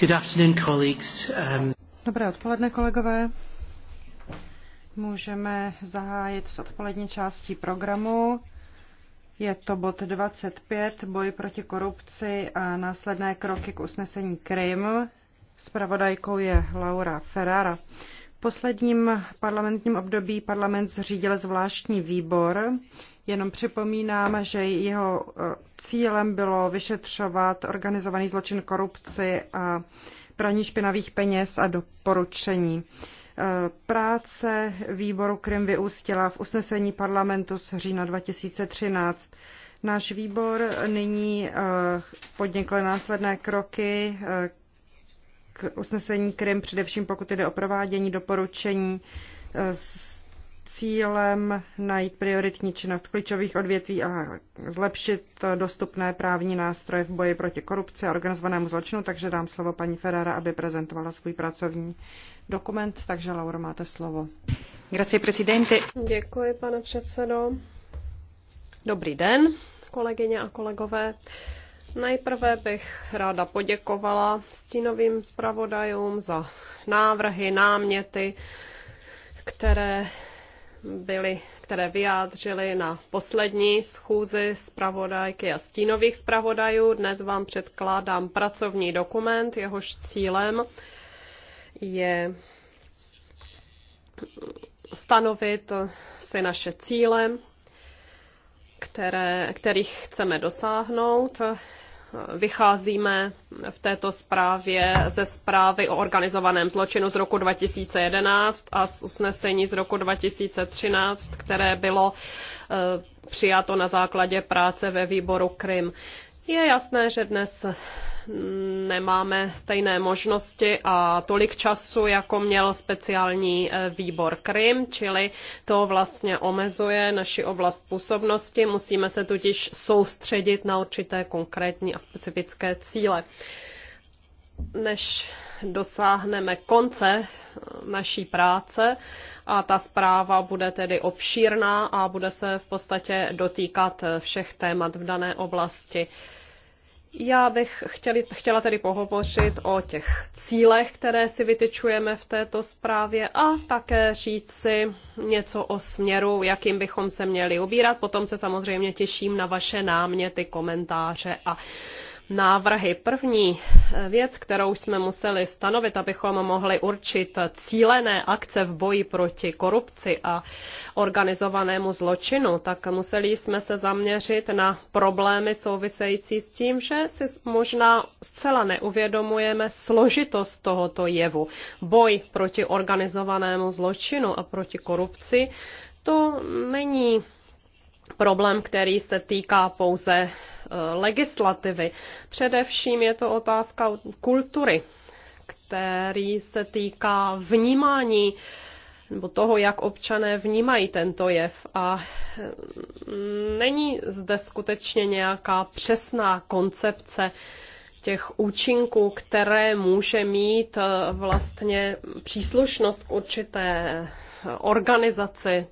Um, Dobré odpoledne, kolegové. Můžeme zahájit s odpolední částí programu. Je to bod 25, boj proti korupci a následné kroky k usnesení Krym. Spravodajkou je Laura Ferrara posledním parlamentním období parlament zřídil zvláštní výbor. Jenom připomínám, že jeho eh, cílem bylo vyšetřovat organizovaný zločin korupci a praní špinavých peněz a doporučení. Eh, práce výboru Krym vyústila v usnesení parlamentu z října 2013. Náš výbor nyní eh, podnikl následné kroky k usnesení Krym, především pokud jde o provádění doporučení e, s cílem najít prioritní činnost klíčových odvětví a zlepšit dostupné právní nástroje v boji proti korupci a organizovanému zločinu. Takže dám slovo paní Ferrara, aby prezentovala svůj pracovní dokument. Takže Laura, máte slovo. Grazie, presidente. Děkuji, pane předsedo. Dobrý den, kolegyně a kolegové. Uh, Nejprve bych ráda poděkovala stínovým zpravodajům za návrhy, náměty, které byly, které vyjádřili na poslední schůzi zpravodajky a stínových zpravodajů. Dnes vám předkládám pracovní dokument, jehož cílem je stanovit si naše cíle které, kterých chceme dosáhnout. Vycházíme v této zprávě ze zprávy o organizovaném zločinu z roku 2011 a z usnesení z roku 2013, které bylo eh, přijato na základě práce ve výboru Krym. Je jasné, že dnes nemáme stejné možnosti a tolik času, jako měl speciální eh, výbor Krym, čili to vlastně omezuje naši oblast působnosti. Musíme se totiž soustředit na určité konkrétní a specifické cíle. Než dosáhneme konce eh, naší práce a ta zpráva bude tedy obšírná a bude se v podstatě dotýkat eh, všech témat v dané oblasti. Já bych chtěli, chtěla tedy pohovořit o těch cílech, které si vytyčujeme v této zprávě a také říct si něco o směru, jakým bychom se měli ubírat. Potom se samozřejmě těším na vaše náměty, komentáře a návrhy. První eh, věc, kterou jsme museli stanovit, abychom mohli určit cílené akce v boji proti korupci a organizovanému zločinu, tak museli jsme se zaměřit na problémy související s tím, že si možná zcela neuvědomujeme složitost tohoto jevu. Boj proti organizovanému zločinu a proti korupci, to není problém, který se týká pouze Eh, legislativy. Především je to otázka kultury, který se týká vnímání nebo toho, jak občané vnímají tento jev. A mm, není zde skutečně nějaká přesná koncepce těch účinků, které může mít eh, vlastně příslušnost k určité organizaci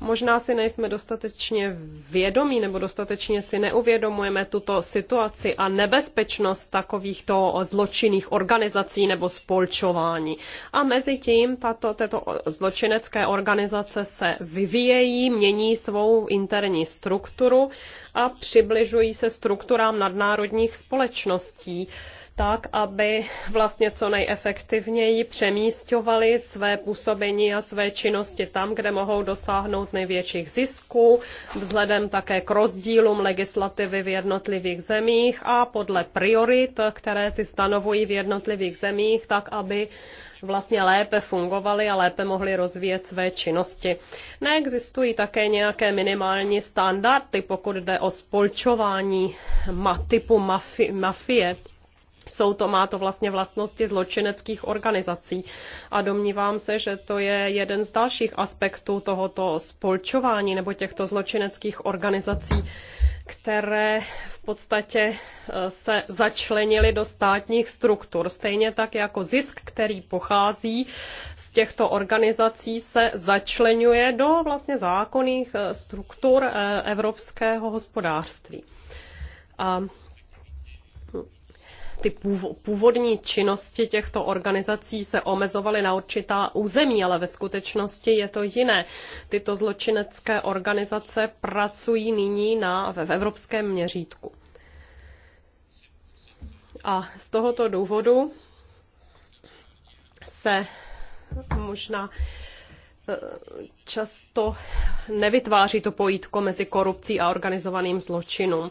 Možná si nejsme dostatečně vědomí nebo dostatečně si neuvědomujeme tuto situaci a nebezpečnost takovýchto zločinných organizací nebo spolčování. A mezi tím tato, tato zločinecké organizace se vyvíjejí, mění svou interní strukturu a přibližují se strukturám nadnárodních společností tak, aby vlastně co nejefektivněji přemístovali své působení a své činnosti tam, kde mohou dosáhnout největších zisků, vzhledem také k rozdílům legislativy v jednotlivých zemích a podle priorit, které si stanovují v jednotlivých zemích, tak, aby vlastně lépe fungovaly a lépe mohly rozvíjet své činnosti. Neexistují také nějaké minimální standardy, pokud jde o spolčování typu mafie jsou to, má to vlastně vlastnosti zločineckých organizací. A domnívám se, že to je jeden z dalších aspektů tohoto spolčování nebo těchto zločineckých organizací, které v podstatě e, se začlenily do státních struktur. Stejně tak jako zisk, který pochází z těchto organizací, se začlenuje do vlastně zákonných e, struktur e, evropského hospodářství. A ty původní činnosti těchto organizací se omezovaly na určitá území, ale ve skutečnosti je to jiné. Tyto zločinecké organizace pracují nyní na, v evropském měřítku. A z tohoto důvodu se možná eh, často nevytváří to pojítko mezi korupcí a organizovaným zločinem.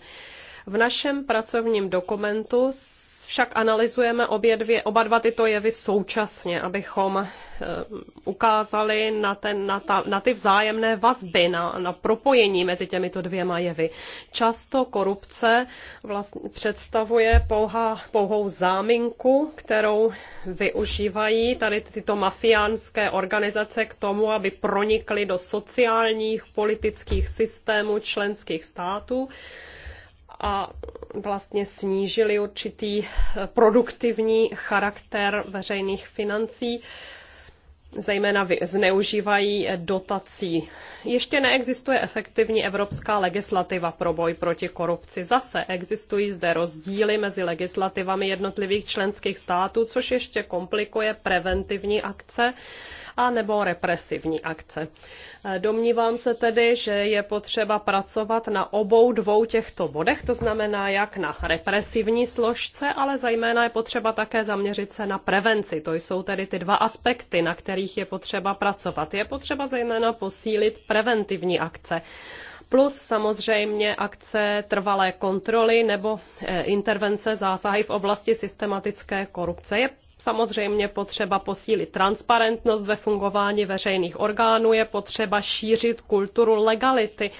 V našem pracovním dokumentu však analyzujeme obě dvě, oba dva tyto jevy současně, abychom eh, ukázali na, ten, na, ta, na ty vzájemné vazby, na, na propojení mezi těmito dvěma jevy. Často korupce vlastně představuje pouha, pouhou záminku, kterou využívají tady tyto mafiánské organizace k tomu, aby pronikly do sociálních, politických systémů členských států a vlastně snížili určitý eh, produktivní charakter veřejných financí zejména zneužívají eh, dotací. Ještě neexistuje efektivní evropská legislativa pro boj proti korupci. Zase existují zde rozdíly mezi legislativami jednotlivých členských států, což ještě komplikuje preventivní akce a nebo represivní akce. Domnívám se tedy, že je potřeba pracovat na obou dvou těchto bodech, to znamená jak na represivní složce, ale zejména je potřeba také zaměřit se na prevenci. To jsou tedy ty dva aspekty, na kterých je potřeba pracovat. Je potřeba zejména posílit preventivní akce plus samozřejmě akce trvalé kontroly nebo eh, intervence zásahy v oblasti systematické korupce. Je samozřejmě potřeba posílit transparentnost ve fungování veřejných orgánů, je potřeba šířit kulturu legality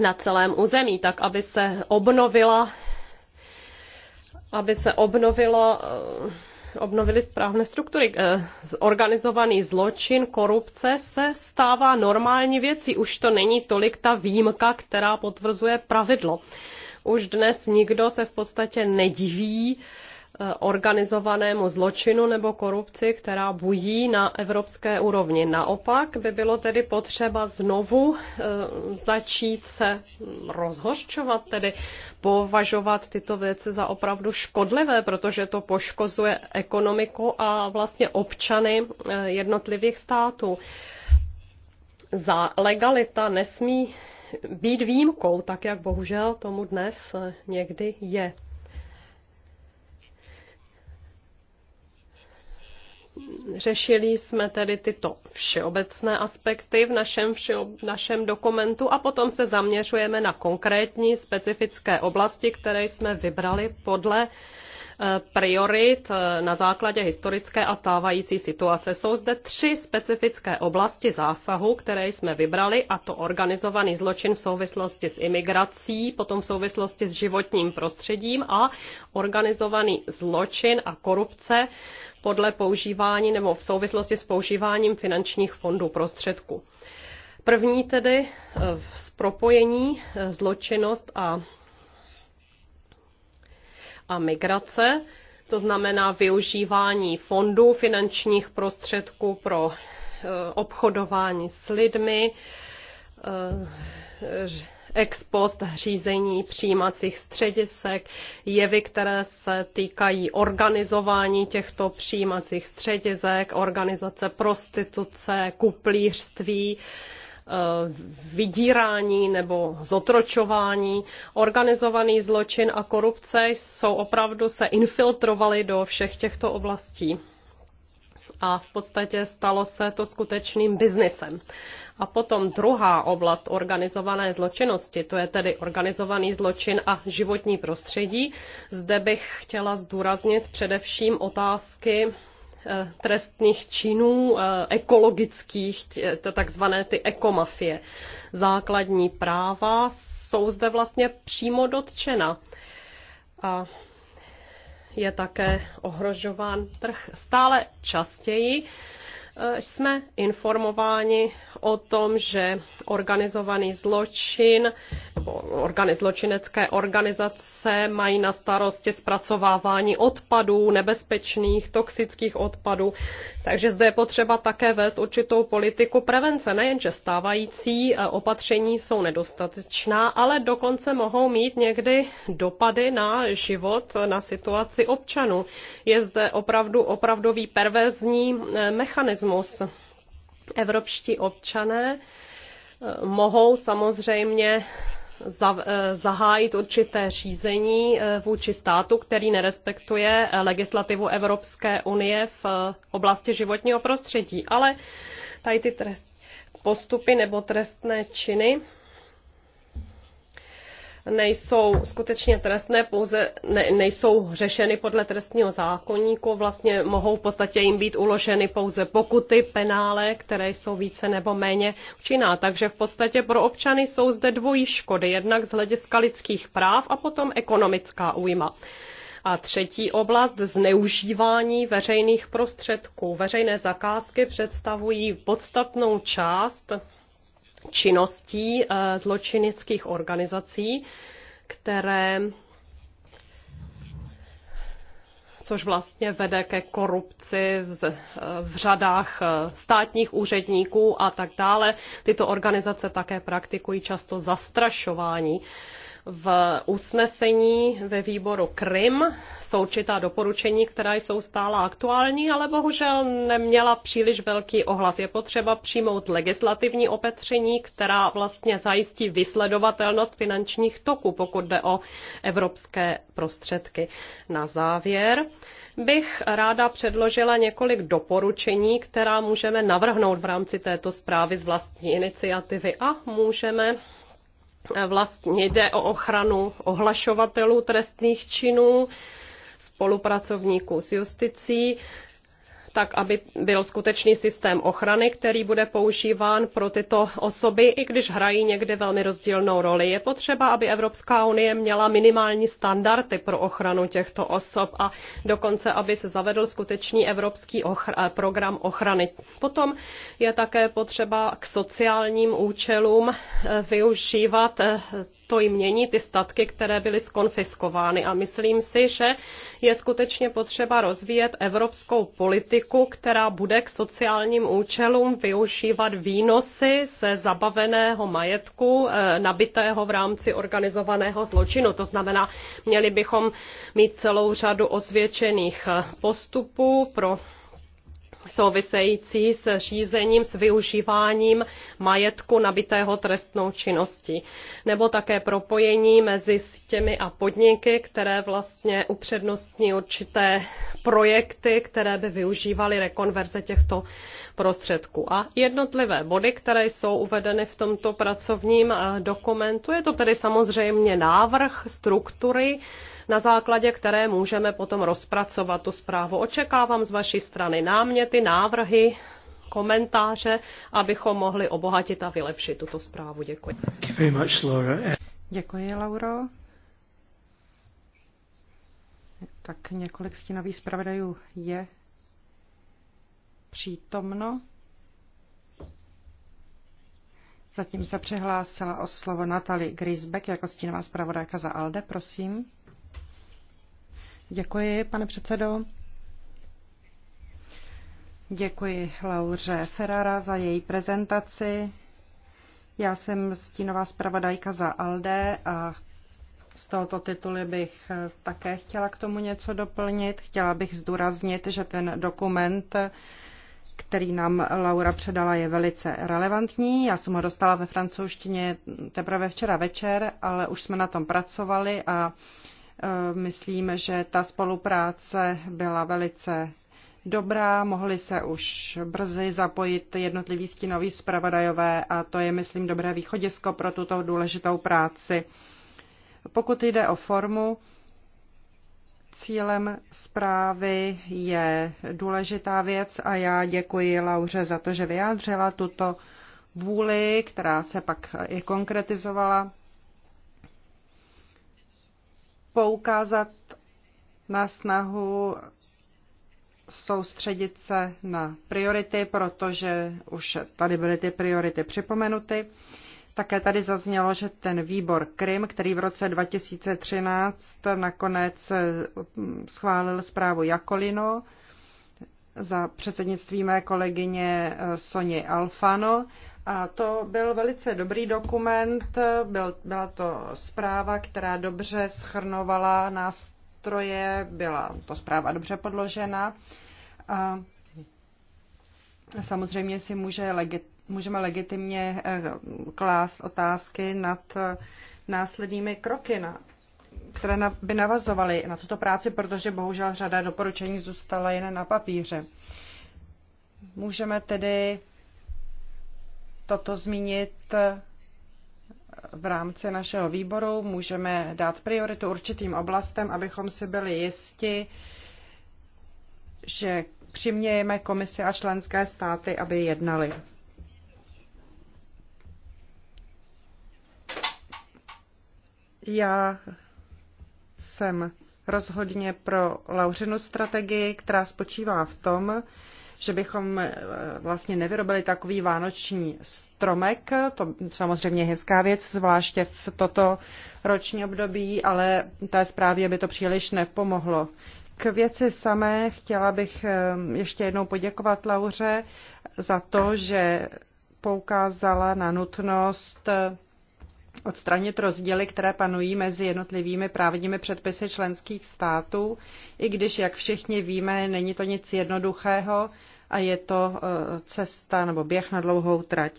na celém území, tak aby se obnovila aby se obnovila eh, obnovily správné struktury. Eh, Organizovaný zločin, korupce se stává normální věcí. Už to není tolik ta výjimka, která potvrzuje pravidlo. Už dnes nikdo se v podstatě nediví, Eh, organizovanému zločinu nebo korupci, která bují na evropské úrovni. Naopak by bylo tedy potřeba znovu eh, začít se rozhořčovat, tedy považovat tyto věci za opravdu škodlivé, protože to poškozuje ekonomiku a vlastně občany eh, jednotlivých států. Za legalita nesmí být výjimkou, tak jak bohužel tomu dnes někdy je. Řešili jsme tedy tyto všeobecné aspekty v našem, všeo, našem dokumentu a potom se zaměřujeme na konkrétní specifické oblasti, které jsme vybrali podle eh, priorit eh, na základě historické a stávající situace. Jsou zde tři specifické oblasti zásahu, které jsme vybrali, a to organizovaný zločin v souvislosti s imigrací, potom v souvislosti s životním prostředím a organizovaný zločin a korupce podle používání nebo v souvislosti s používáním finančních fondů prostředků. První tedy eh, z propojení eh, zločinnost a, a migrace, to znamená využívání fondů finančních prostředků pro eh, obchodování s lidmi, ex post řízení přijímacích středisek, jevy, které se týkají organizování těchto přijímacích středisek, organizace prostituce, kuplířství, eh, vydírání nebo zotročování. Organizovaný zločin a korupce jsou opravdu se infiltrovaly do všech těchto oblastí a v podstatě stalo se to skutečným biznesem. A potom druhá oblast organizované zločinnosti, to je tedy organizovaný zločin a životní prostředí. Zde bych chtěla zdůraznit především otázky eh, trestných činů eh, ekologických, takzvané ty ekomafie. Základní práva jsou zde vlastně přímo dotčena. A je také ohrožován trh stále častěji jsme informováni o tom, že organizovaný zločin nebo organi, zločinecké organizace mají na starosti zpracovávání odpadů, nebezpečných, toxických odpadů. Takže zde je potřeba také vést určitou politiku prevence. Nejenže stávající eh, opatření jsou nedostatečná, ale dokonce mohou mít někdy dopady na život, na situaci občanů. Je zde opravdu opravdový perverzní eh, mechanismus terorismus. Evropští občané eh, mohou samozřejmě eh, zahájit určité řízení eh, vůči státu, který nerespektuje legislativu Evropské unie v oblasti životního prostředí. Ale tady ty trest, postupy nebo trestné činy nejsou skutečně trestné, pouze ne, nejsou řešeny podle trestního zákonníku, vlastně mohou v podstatě jim být uloženy pouze pokuty, penále, které jsou více nebo méně činná. Takže v podstatě pro občany jsou zde dvojí škody, jednak z hlediska lidských práv a potom ekonomická újma. A třetí oblast zneužívání veřejných prostředků. Veřejné zakázky představují podstatnou část činností eh, zločineckých organizací, které což vlastně vede ke korupci v, eh, v řadách eh, státních úředníků a tak dále. Tyto organizace také praktikují často zastrašování v usnesení ve výboru Krym jsou určitá doporučení, která jsou stále aktuální, ale bohužel neměla příliš velký ohlas. Je potřeba přijmout legislativní opatření, která vlastně zajistí vysledovatelnost finančních toků, pokud jde o evropské prostředky. Na závěr bych ráda předložila několik doporučení, která můžeme navrhnout v rámci této zprávy z vlastní iniciativy a můžeme Eh, vlastně jde o ochranu ohlašovatelů trestných činů, spolupracovníků s justicí tak aby byl skutečný systém ochrany, který bude používán pro tyto osoby, i když hrají někde velmi rozdílnou roli. Je potřeba, aby Evropská unie měla minimální standardy pro ochranu těchto osob a dokonce, aby se zavedl skutečný evropský ochr- program ochrany. Potom je také potřeba k sociálním účelům eh, využívat eh, to jim mění ty statky, které byly skonfiskovány. A myslím si, že je skutečně potřeba rozvíjet evropskou politiku, která bude k sociálním účelům využívat výnosy ze zabaveného majetku eh, nabitého v rámci organizovaného zločinu. To znamená, měli bychom mít celou řadu osvědčených eh, postupů pro související s řízením, s využíváním majetku nabitého trestnou činností, nebo také propojení mezi těmi a podniky, které vlastně upřednostní určité projekty, které by využívaly rekonverze těchto prostředků. A jednotlivé body, které jsou uvedeny v tomto pracovním eh, dokumentu, je to tedy samozřejmě návrh struktury, na základě které můžeme potom rozpracovat tu zprávu. Očekávám z vaší strany náměty, návrhy, komentáře, abychom mohli obohatit a vylepšit tuto zprávu. Děkuji. Laura. Děkuji, Lauro. Tak několik stínových zpravodajů je přítomno. Zatím se přihlásila o slovo Natalie Grisbeck jako stínová zpravodajka za ALDE, prosím. Děkuji, pane předsedo. Děkuji Lauře Ferrara za její prezentaci. Já jsem stínová zpravodajka za ALDE a z tohoto tituly bych také chtěla k tomu něco doplnit. Chtěla bych zdůraznit, že ten dokument, který nám Laura předala, je velice relevantní. Já jsem ho dostala ve francouzštině teprve včera večer, ale už jsme na tom pracovali a uh, Eh, myslím, že ta spolupráce byla velice dobrá, mohli se už brzy zapojit jednotliví stínoví zpravodajové a to je, myslím, dobré východisko pro tuto důležitou práci. Pokud jde o formu, cílem zprávy je důležitá věc a já děkuji Lauře za to, že vyjádřila tuto vůli, která se pak i konkretizovala poukázat na snahu soustředit se na priority, protože už tady byly ty priority připomenuty. Také tady zaznělo, že ten výbor Krym, který v roce 2013 nakonec eh, schválil zprávu Jakolino za předsednictví mé kolegyně eh, Soni Alfano, a to byl velice dobrý dokument, byl, byla to zpráva, která dobře schrnovala nástroje, byla to zpráva dobře podložena. A samozřejmě si může legit, můžeme legitimně eh, klást otázky nad eh, následnými kroky, na, které by navazovaly na tuto práci, protože bohužel řada doporučení zůstala jen na papíře. Můžeme tedy toto zmínit eh, v rámci našeho výboru. Můžeme dát prioritu určitým oblastem, abychom si byli jisti, že přimějeme komisi a členské státy, aby jednali. Já jsem rozhodně pro Laurinu strategii, která spočívá v tom, že bychom eh, vlastně nevyrobili takový vánoční stromek. To samozřejmě je hezká věc, zvláště v toto roční období, ale té zprávě by to příliš nepomohlo. K věci samé chtěla bych eh, ještě jednou poděkovat Lauře za to, že poukázala na nutnost odstranit rozdíly, které panují mezi jednotlivými právními předpisy členských států, i když, jak všichni víme, není to nic jednoduchého a je to e, cesta nebo běh na dlouhou trať.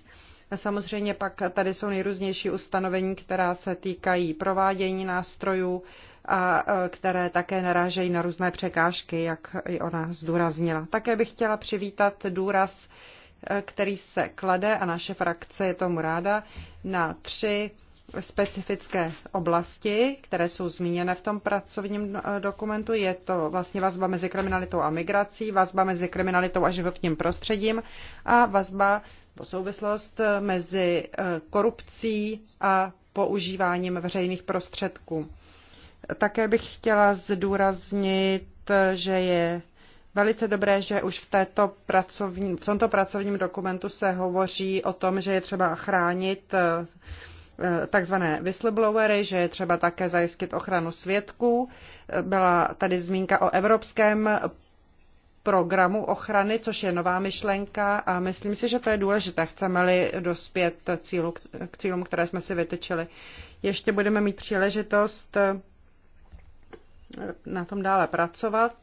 A samozřejmě pak tady jsou nejrůznější ustanovení, která se týkají provádění nástrojů a e, které také narážejí na různé překážky, jak i ona zdůraznila. Také bych chtěla přivítat důraz e, který se klade, a naše frakce je tomu ráda, na tři specifické oblasti, které jsou zmíněné v tom pracovním eh, dokumentu. Je to vlastně vazba mezi kriminalitou a migrací, vazba mezi kriminalitou a životním prostředím a vazba po souvislost eh, mezi eh, korupcí a používáním veřejných prostředků. Také bych chtěla zdůraznit, že je velice dobré, že už v, této pracovní, v tomto pracovním dokumentu se hovoří o tom, že je třeba chránit Eh, takzvané whistleblowery, že je třeba také zajistit ochranu svědků. Eh, byla tady zmínka o evropském programu ochrany, což je nová myšlenka a myslím si, že to je důležité, chceme-li dospět cílu, k cílům, které jsme si vytyčili. Ještě budeme mít příležitost eh, na tom dále pracovat.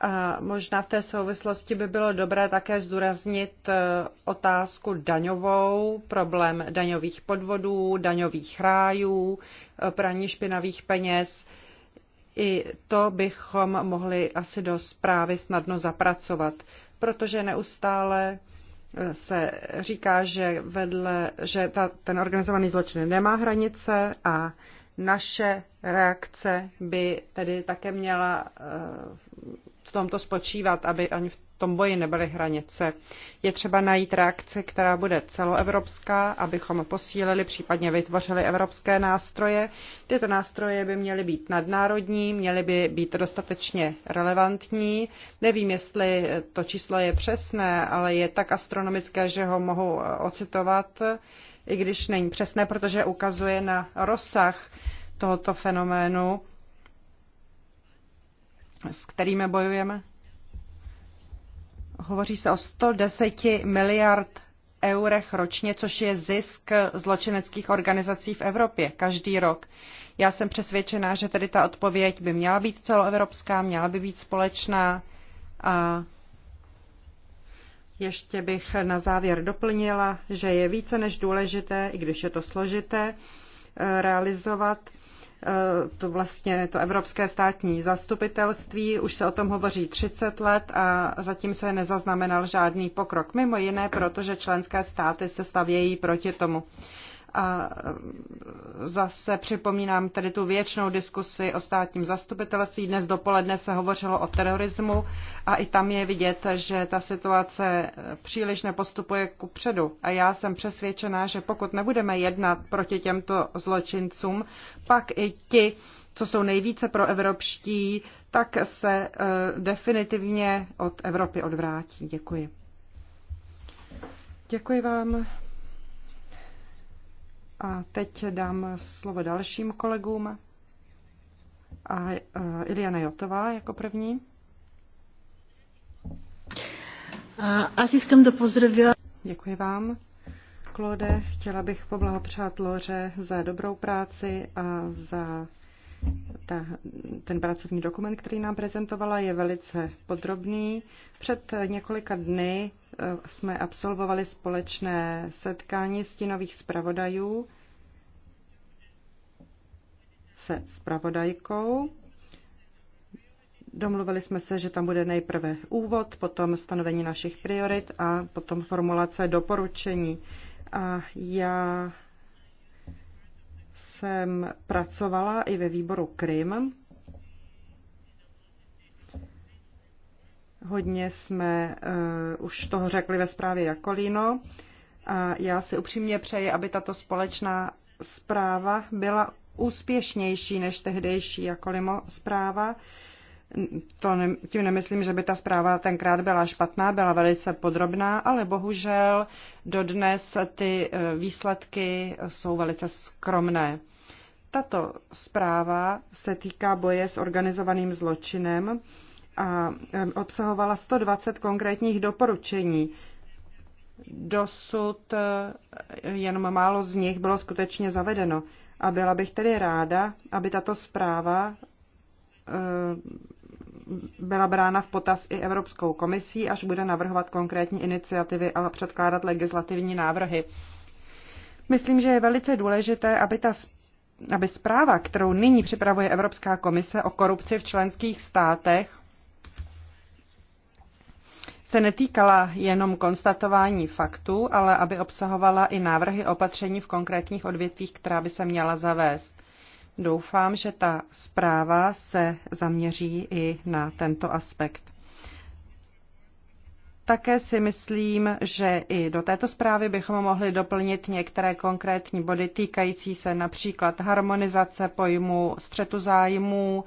A možná v té souvislosti by bylo dobré také zdůraznit e, otázku daňovou, problém daňových podvodů, daňových rájů, e, praní špinavých peněz. I to bychom mohli asi do zprávy snadno zapracovat, protože neustále e, se říká, že, vedle, že ta, ten organizovaný zločin nemá hranice a naše reakce by tedy také měla v tomto spočívat, aby ani v tom boji nebyly hranice. Je třeba najít reakci, která bude celoevropská, abychom posílili, případně vytvořili evropské nástroje. Tyto nástroje by měly být nadnárodní, měly by být dostatečně relevantní. Nevím, jestli to číslo je přesné, ale je tak astronomické, že ho mohu ocitovat, i když není přesné, protože ukazuje na rozsah tohoto fenoménu s kterými bojujeme. Hovoří se o 110 miliard eurech ročně, což je zisk zločineckých organizací v Evropě každý rok. Já jsem přesvědčená, že tedy ta odpověď by měla být celoevropská, měla by být společná a ještě bych na závěr doplnila, že je více než důležité, i když je to složité, realizovat Eh, to vlastně to Evropské státní zastupitelství, už se o tom hovoří 30 let a zatím se nezaznamenal žádný pokrok, mimo jiné, protože členské státy se stavějí proti tomu. A zase připomínám tedy tu věčnou diskusi o státním zastupitelství. Dnes dopoledne se hovořilo o terorismu a i tam je vidět, že ta situace příliš nepostupuje ku předu. A já jsem přesvědčená, že pokud nebudeme jednat proti těmto zločincům, pak i ti, co jsou nejvíce proevropští, tak se e, definitivně od Evropy odvrátí. Děkuji. Děkuji vám. A teď dám slovo dalším kolegům. A uh, Iliana Jotová jako první. Asi jsem to pozdravila. Děkuji vám. Klode, chtěla bych poblahopřát Loře za dobrou práci a za ta, ten pracovní dokument, který nám prezentovala, je velice podrobný. Před několika dny eh, jsme absolvovali společné setkání stínových zpravodajů se zpravodajkou. Domluvili jsme se, že tam bude nejprve úvod, potom stanovení našich priorit a potom formulace doporučení. A já jsem pracovala i ve výboru Krym. Hodně jsme uh, už toho řekli ve zprávě Jakolino. A já si upřímně přeji, aby tato společná zpráva byla úspěšnější než tehdejší Jakolimo zpráva. Uh, to ne, tím nemyslím, že by ta zpráva tenkrát byla špatná, byla velice podrobná, ale bohužel dodnes ty e, výsledky jsou velice skromné. Tato zpráva se týká boje s organizovaným zločinem a e, obsahovala 120 konkrétních doporučení. Dosud e, jenom málo z nich bylo skutečně zavedeno. A byla bych tedy ráda, aby tato zpráva byla brána v potaz i Evropskou komisí, až bude navrhovat konkrétní iniciativy a předkládat legislativní návrhy. Myslím, že je velice důležité, aby ta aby zpráva, kterou nyní připravuje Evropská komise o korupci v členských státech, se netýkala jenom konstatování faktů, ale aby obsahovala i návrhy opatření v konkrétních odvětvích, která by se měla zavést. Doufám, že ta zpráva se zaměří i na tento aspekt. Také si myslím, že i do této zprávy bychom mohli doplnit některé konkrétní body týkající se například harmonizace pojmu střetu zájmů,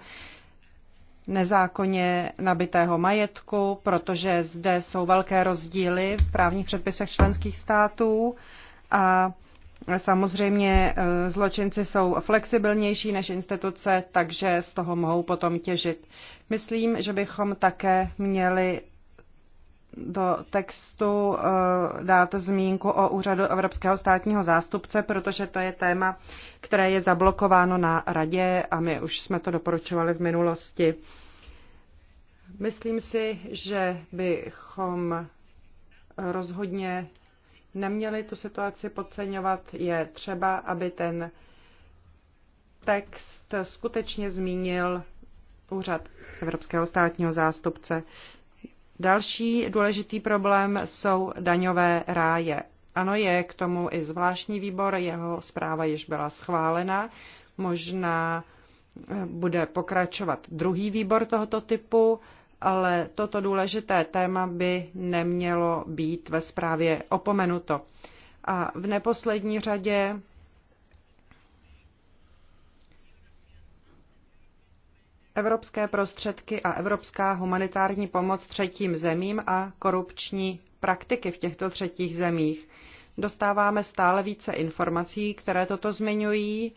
nezákonně nabitého majetku, protože zde jsou velké rozdíly v právních předpisech členských států a Samozřejmě eh, zločinci jsou flexibilnější než instituce, takže z toho mohou potom těžit. Myslím, že bychom také měli do textu eh, dát zmínku o úřadu Evropského státního zástupce, protože to je téma, které je zablokováno na radě a my už jsme to doporučovali v minulosti. Myslím si, že bychom rozhodně neměli tu situaci podceňovat. Je třeba, aby ten text skutečně zmínil úřad Evropského státního zástupce. Další důležitý problém jsou daňové ráje. Ano, je k tomu i zvláštní výbor, jeho zpráva již byla schválena. Možná eh, bude pokračovat druhý výbor tohoto typu ale toto důležité téma by nemělo být ve zprávě opomenuto. A v neposlední řadě evropské prostředky a evropská humanitární pomoc třetím zemím a korupční praktiky v těchto třetích zemích. Dostáváme stále více informací, které toto zmiňují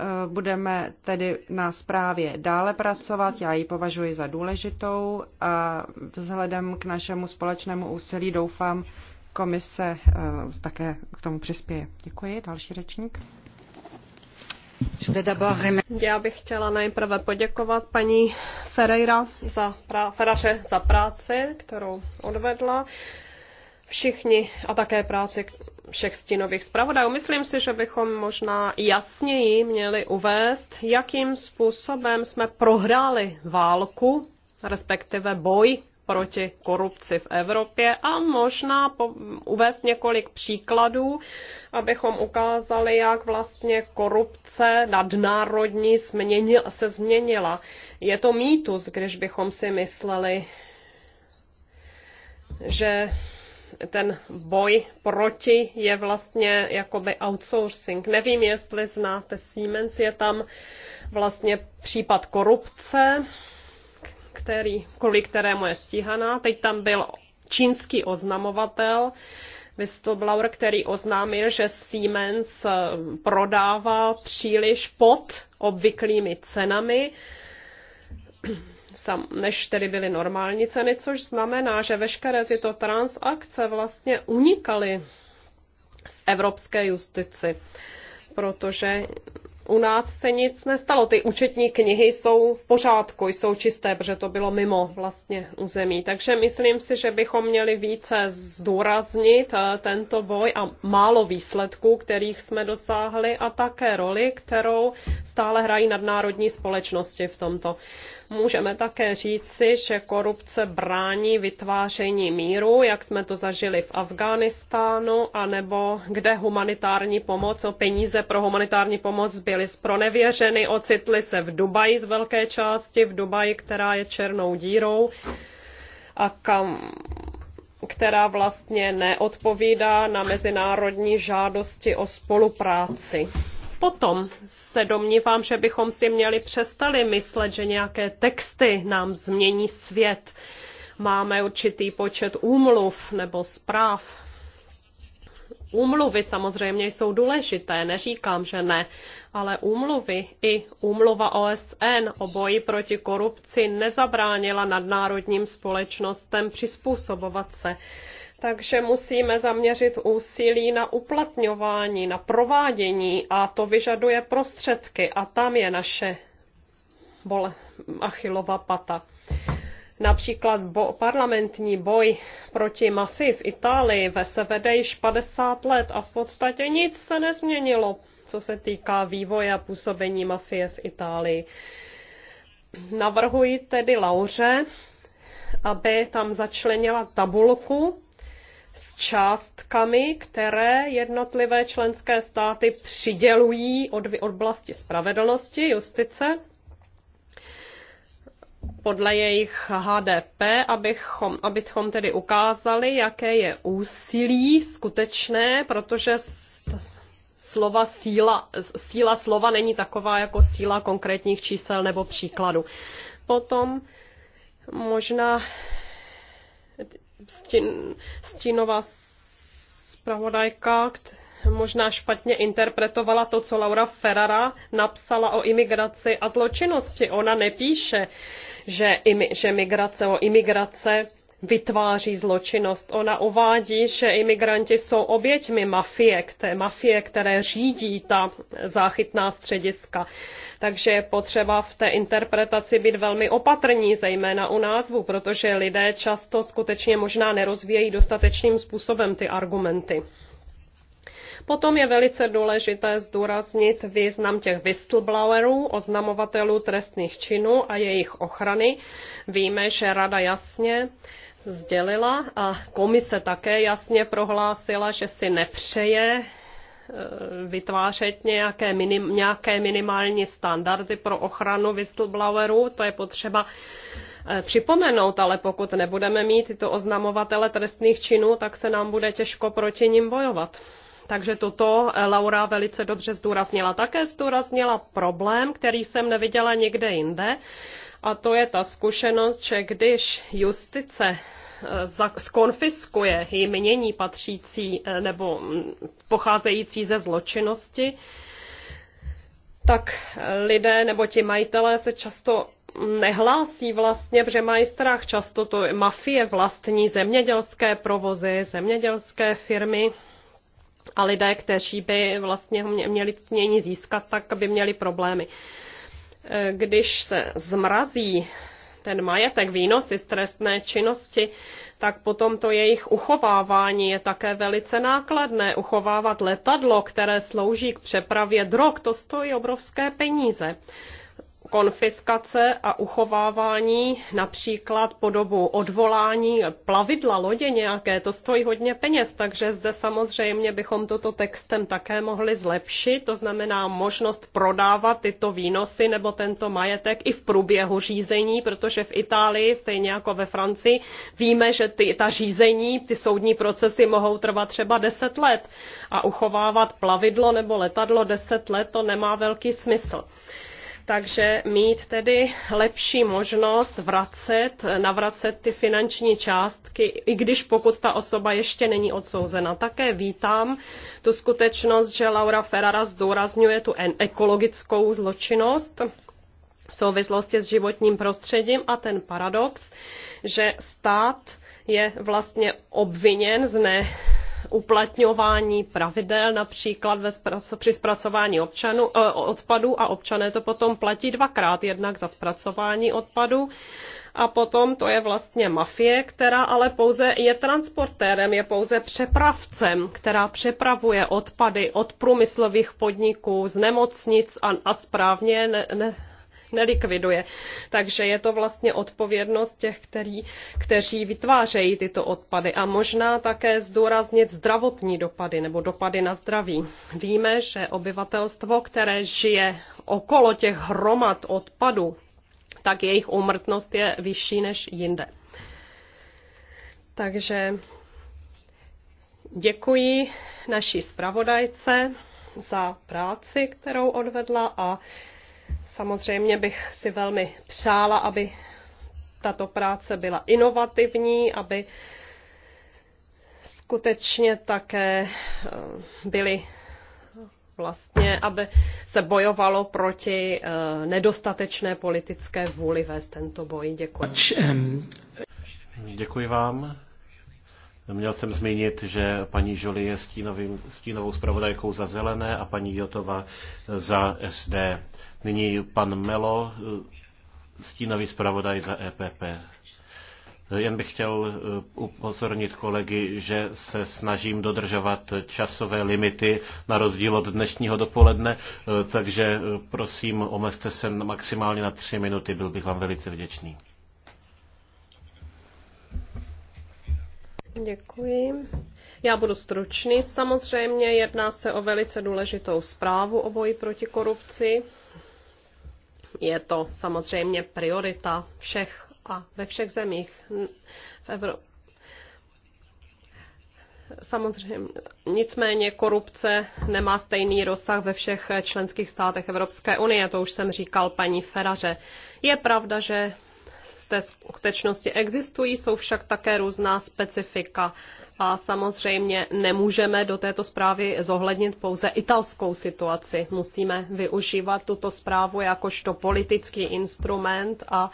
Eh, budeme tedy na zprávě dále pracovat. Já ji považuji za důležitou a vzhledem k našemu společnému úsilí doufám, komise eh, také k tomu přispěje. Děkuji. Další řečník. Já bych chtěla nejprve poděkovat paní Ferreira za, Ferraře za práci, kterou odvedla všichni a také práci všech stínových zpravodajů. Myslím si, že bychom možná jasněji měli uvést, jakým způsobem jsme prohráli válku, respektive boj proti korupci v Evropě a možná po, uvést několik příkladů, abychom ukázali, jak vlastně korupce nadnárodní změnil, se změnila. Je to mýtus, když bychom si mysleli, že ten boj proti je vlastně jakoby outsourcing. Nevím, jestli znáte Siemens, je tam vlastně případ korupce, který, kvůli kterému je stíhaná. Teď tam byl čínský oznamovatel, whistleblower, který oznámil, že Siemens eh, prodává příliš pod obvyklými cenami než tedy byly normální ceny, což znamená, že veškeré tyto transakce vlastně unikaly z evropské justici, protože u nás se nic nestalo. Ty účetní knihy jsou v pořádku, jsou čisté, protože to bylo mimo vlastně území. Takže myslím si, že bychom měli více zdůraznit eh, tento boj a málo výsledků, kterých jsme dosáhli a také roli, kterou stále hrají nadnárodní společnosti v tomto. Můžeme také říci, že korupce brání vytváření míru, jak jsme to zažili v Afghánistánu, anebo kde humanitární pomoc, o peníze pro humanitární pomoc byly zpronevěřeny, ocitly se v Dubaji z velké části, v Dubaji, která je černou dírou a kam, která vlastně neodpovídá na mezinárodní žádosti o spolupráci Potom se domnívám, že bychom si měli přestali myslet, že nějaké texty nám změní svět. Máme určitý počet úmluv nebo zpráv. Úmluvy samozřejmě jsou důležité, neříkám, že ne, ale úmluvy i úmluva OSN o boji proti korupci nezabránila nadnárodním společnostem přizpůsobovat se takže musíme zaměřit úsilí na uplatňování, na provádění a to vyžaduje prostředky a tam je naše bole, achilová pata. Například bo, parlamentní boj proti mafii v Itálii ve se vede již 50 let a v podstatě nic se nezměnilo, co se týká vývoje a působení mafie v Itálii. Navrhuji tedy Lauře, aby tam začlenila tabulku s částkami, které jednotlivé členské státy přidělují od oblasti spravedlnosti, justice, podle jejich HDP, abychom, abychom tedy ukázali, jaké je úsilí skutečné, protože slova síla, síla slova není taková jako síla konkrétních čísel nebo příkladu. Potom možná stín, stínová zpravodajka možná špatně interpretovala to, co Laura Ferrara napsala o imigraci a zločinnosti. Ona nepíše, že, imi, že migrace o imigrace vytváří zločinnost. Ona uvádí, že imigranti jsou oběťmi mafie, té mafie, které řídí ta záchytná střediska. Takže je potřeba v té interpretaci být velmi opatrní, zejména u názvu, protože lidé často skutečně možná nerozvíjejí dostatečným způsobem ty argumenty. Potom je velice důležité zdůraznit význam těch whistleblowerů, oznamovatelů trestných činů a jejich ochrany. Víme, že Rada jasně sdělila a komise také jasně prohlásila, že si nepřeje e, vytvářet nějaké, minim, nějaké minimální standardy pro ochranu whistleblowerů. To je potřeba e, připomenout, ale pokud nebudeme mít tyto oznamovatele trestných činů, tak se nám bude těžko proti nim bojovat. Takže toto e, Laura velice dobře zdůraznila. Také zdůraznila problém, který jsem neviděla někde jinde, a to je ta zkušenost, že když justice Eh, skonfiskuje jmění patřící eh, nebo pocházející ze zločinnosti, tak eh, lidé nebo ti majitelé se často nehlásí vlastně, protože mají strach. Často to mafie vlastní zemědělské provozy, zemědělské firmy a lidé, kteří by vlastně měli mění získat, tak by měli problémy. Když se zmrazí ten majetek, výnosy z trestné činnosti, tak potom to jejich uchovávání je také velice nákladné. Uchovávat letadlo, které slouží k přepravě drog, to stojí obrovské peníze konfiskace a uchovávání například po dobu odvolání plavidla, lodě nějaké, to stojí hodně peněz, takže zde samozřejmě bychom toto textem také mohli zlepšit, to znamená možnost prodávat tyto výnosy nebo tento majetek i v průběhu řízení, protože v Itálii, stejně jako ve Francii, víme, že ty, ta řízení, ty soudní procesy mohou trvat třeba 10 let a uchovávat plavidlo nebo letadlo 10 let, to nemá velký smysl takže mít tedy lepší možnost vracet, navracet ty finanční částky, i když pokud ta osoba ještě není odsouzena. Také vítám tu skutečnost, že Laura Ferrara zdůrazňuje tu ekologickou zločinnost v souvislosti s životním prostředím a ten paradox, že stát je vlastně obviněn z ne uplatňování pravidel, například ve zpraco- při zpracování občanů, eh, odpadu a občané to potom platí dvakrát, jednak za zpracování odpadu a potom to je vlastně mafie, která ale pouze je transportérem, je pouze přepravcem, která přepravuje odpady od průmyslových podniků, z nemocnic a, a správně ne, ne, nelikviduje. Takže je to vlastně odpovědnost těch, který, kteří vytvářejí tyto odpady a možná také zdůraznit zdravotní dopady nebo dopady na zdraví. Víme, že obyvatelstvo, které žije okolo těch hromad odpadu, tak jejich úmrtnost je vyšší než jinde. Takže děkuji naší zpravodajce za práci, kterou odvedla a Samozřejmě bych si velmi přála, aby tato práce byla inovativní, aby skutečně také eh, byly vlastně, aby se bojovalo proti eh, nedostatečné politické vůli vést tento boj. Děkuji. Děkuji vám. Měl jsem zmínit, že paní Žoli je stínovým, stínovou zpravodajkou za zelené a paní Jotova za SD. Nyní pan Melo, stínový zpravodaj za EPP. Jen bych chtěl e, upozornit kolegy, že se snažím dodržovat časové limity na rozdíl od dnešního dopoledne, e, takže e, prosím, omezte se maximálně na tři minuty, byl bych vám velice vděčný. Děkuji. Já budu stručný. Samozřejmě jedná se o velice důležitou zprávu o boji proti korupci. Je to samozřejmě priorita všech a ve všech zemích v Evropě. Samozřejmě. Nicméně korupce nemá stejný rozsah ve všech členských státech Evropské unie, to už jsem říkal paní Feraře. Je pravda, že té skutečnosti existují, jsou však také různá specifika. A samozřejmě nemůžeme do této zprávy zohlednit pouze italskou situaci. Musíme využívat tuto zprávu jakožto politický instrument a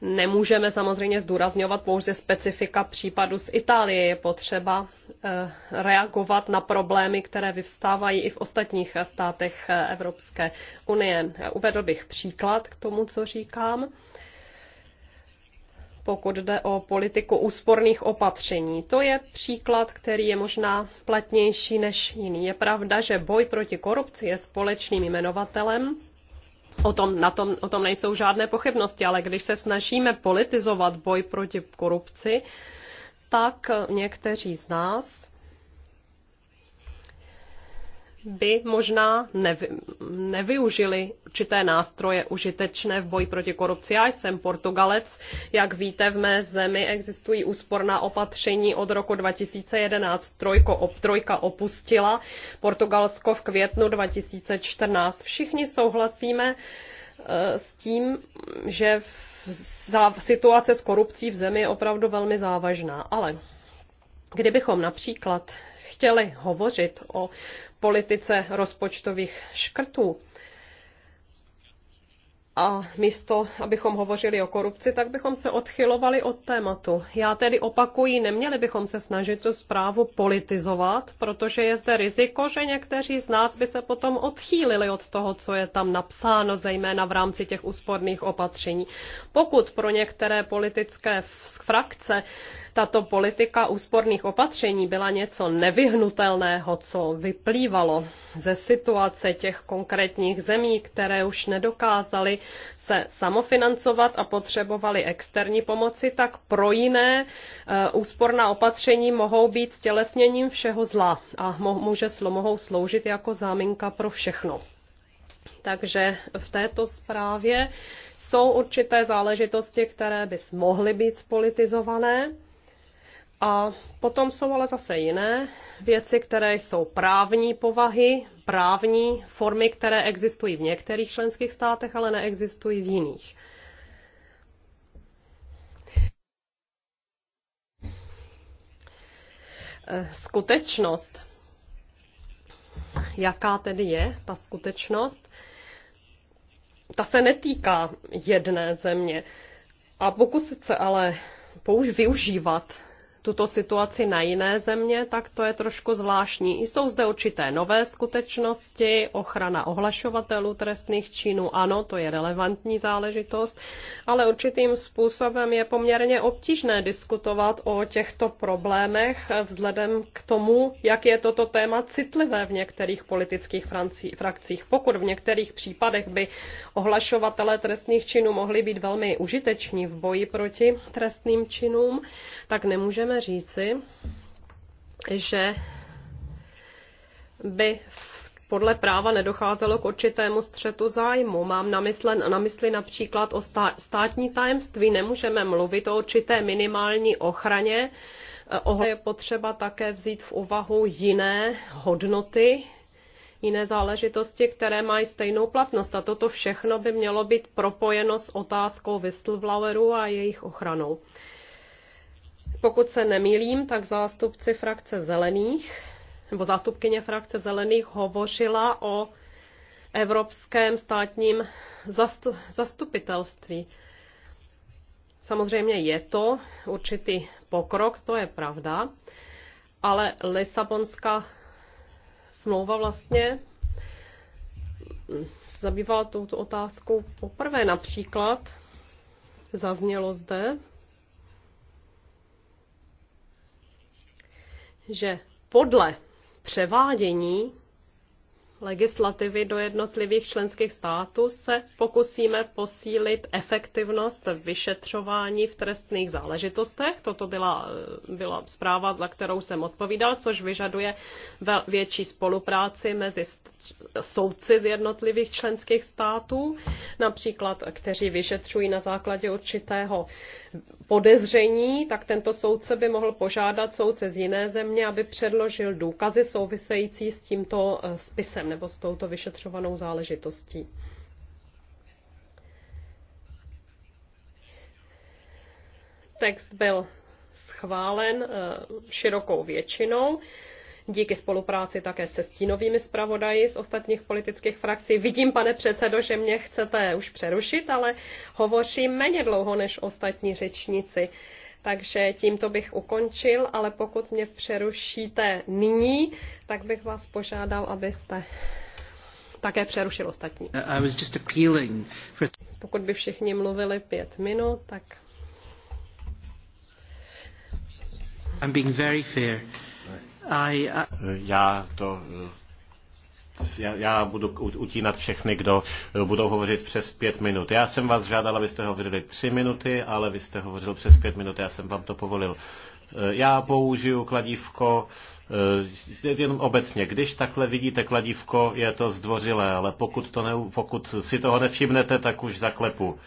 nemůžeme samozřejmě zdůrazňovat pouze specifika případu z Itálie. Je potřeba eh, reagovat na problémy, které vyvstávají i v ostatních státech eh, Evropské unie. Uvedl bych příklad k tomu, co říkám pokud jde o politiku úsporných opatření. To je příklad, který je možná platnější než jiný. Je pravda, že boj proti korupci je společným jmenovatelem. O tom, na tom, o tom nejsou žádné pochybnosti, ale když se snažíme politizovat boj proti korupci, tak někteří z nás by možná nevy, nevyužili určité nástroje užitečné v boji proti korupci. Já jsem Portugalec. Jak víte, v mé zemi existují úsporná opatření od roku 2011. Trojko, op, trojka opustila Portugalsko v květnu 2014. Všichni souhlasíme eh, s tím, že situace s korupcí v zemi je opravdu velmi závažná. Ale kdybychom například chtěli hovořit o politice rozpočtových škrtů, a místo, abychom hovořili o korupci, tak bychom se odchylovali od tématu. Já tedy opakuji, neměli bychom se snažit tu zprávu politizovat, protože je zde riziko, že někteří z nás by se potom odchýlili od toho, co je tam napsáno, zejména v rámci těch úsporných opatření. Pokud pro některé politické frakce tato politika úsporných opatření byla něco nevyhnutelného, co vyplývalo ze situace těch konkrétních zemí, které už nedokázaly se samofinancovat a potřebovali externí pomoci, tak pro jiné eh, úsporná opatření mohou být stělesněním všeho zla a může, mohou sloužit jako záminka pro všechno. Takže v této zprávě jsou určité záležitosti, které by mohly být spolitizované a potom jsou ale zase jiné věci, které jsou právní povahy, právní formy, které existují v některých členských státech, ale neexistují v jiných. Skutečnost. Jaká tedy je ta skutečnost? Ta se netýká jedné země. A pokusit se ale použ- využívat tuto situaci na jiné země, tak to je trošku zvláštní. Jsou zde určité nové skutečnosti, ochrana ohlašovatelů trestných činů, ano, to je relevantní záležitost, ale určitým způsobem je poměrně obtížné diskutovat o těchto problémech vzhledem k tomu, jak je toto téma citlivé v některých politických frakcích. Pokud v některých případech by ohlašovatelé trestných činů mohli být velmi užiteční v boji proti trestným činům, tak nemůžeme můžeme říci, že by podle práva nedocházelo k určitému střetu zájmu. Mám na mysli, na mysli například o státní tajemství. Nemůžeme mluvit o určité minimální ochraně. Eh, ohle je potřeba také vzít v úvahu jiné hodnoty, jiné záležitosti, které mají stejnou platnost. A toto všechno by mělo být propojeno s otázkou whistleblowerů a jejich ochranou. Pokud se nemýlím, tak zástupci frakce zelených, nebo zástupkyně frakce zelených hovořila o evropském státním zastu, zastupitelství. Samozřejmě je to určitý pokrok, to je pravda, ale Lisabonská smlouva vlastně zabývala touto otázkou poprvé. Například zaznělo zde, že podle převádění legislativy do jednotlivých členských států se pokusíme posílit efektivnost vyšetřování v trestných záležitostech. Toto byla, byla zpráva, za kterou jsem odpovídal, což vyžaduje větší spolupráci mezi soudci z jednotlivých členských států, například kteří vyšetřují na základě určitého podezření, tak tento soudce by mohl požádat soudce z jiné země, aby předložil důkazy související s tímto eh, spisem případem nebo s touto vyšetřovanou záležitostí. Text byl schválen eh, širokou většinou. Díky spolupráci také se stínovými zpravodaji z ostatních politických frakcí. Vidím, pane předsedo, že mě chcete už přerušit, ale hovořím méně dlouho než ostatní řečníci. Takže tímto bych ukončil, ale pokud mě přerušíte nyní, tak bych vás požádal, abyste také přerušil ostatní. Uh, for... Pokud by všichni mluvili pět minut, tak. I'm being very fair. I, I... Já to eh, já, já budu utínat všechny, kdo eh, budou hovořit přes pět minut. Já jsem vás žádal, abyste hovořili tři minuty, ale vy jste hovořil přes pět minut, já jsem vám to povolil. Eh, já použiju kladívko eh, jenom obecně. Když takhle vidíte kladívko, je to zdvořilé, ale pokud, to ne, pokud si toho nevšimnete, tak už zaklepu.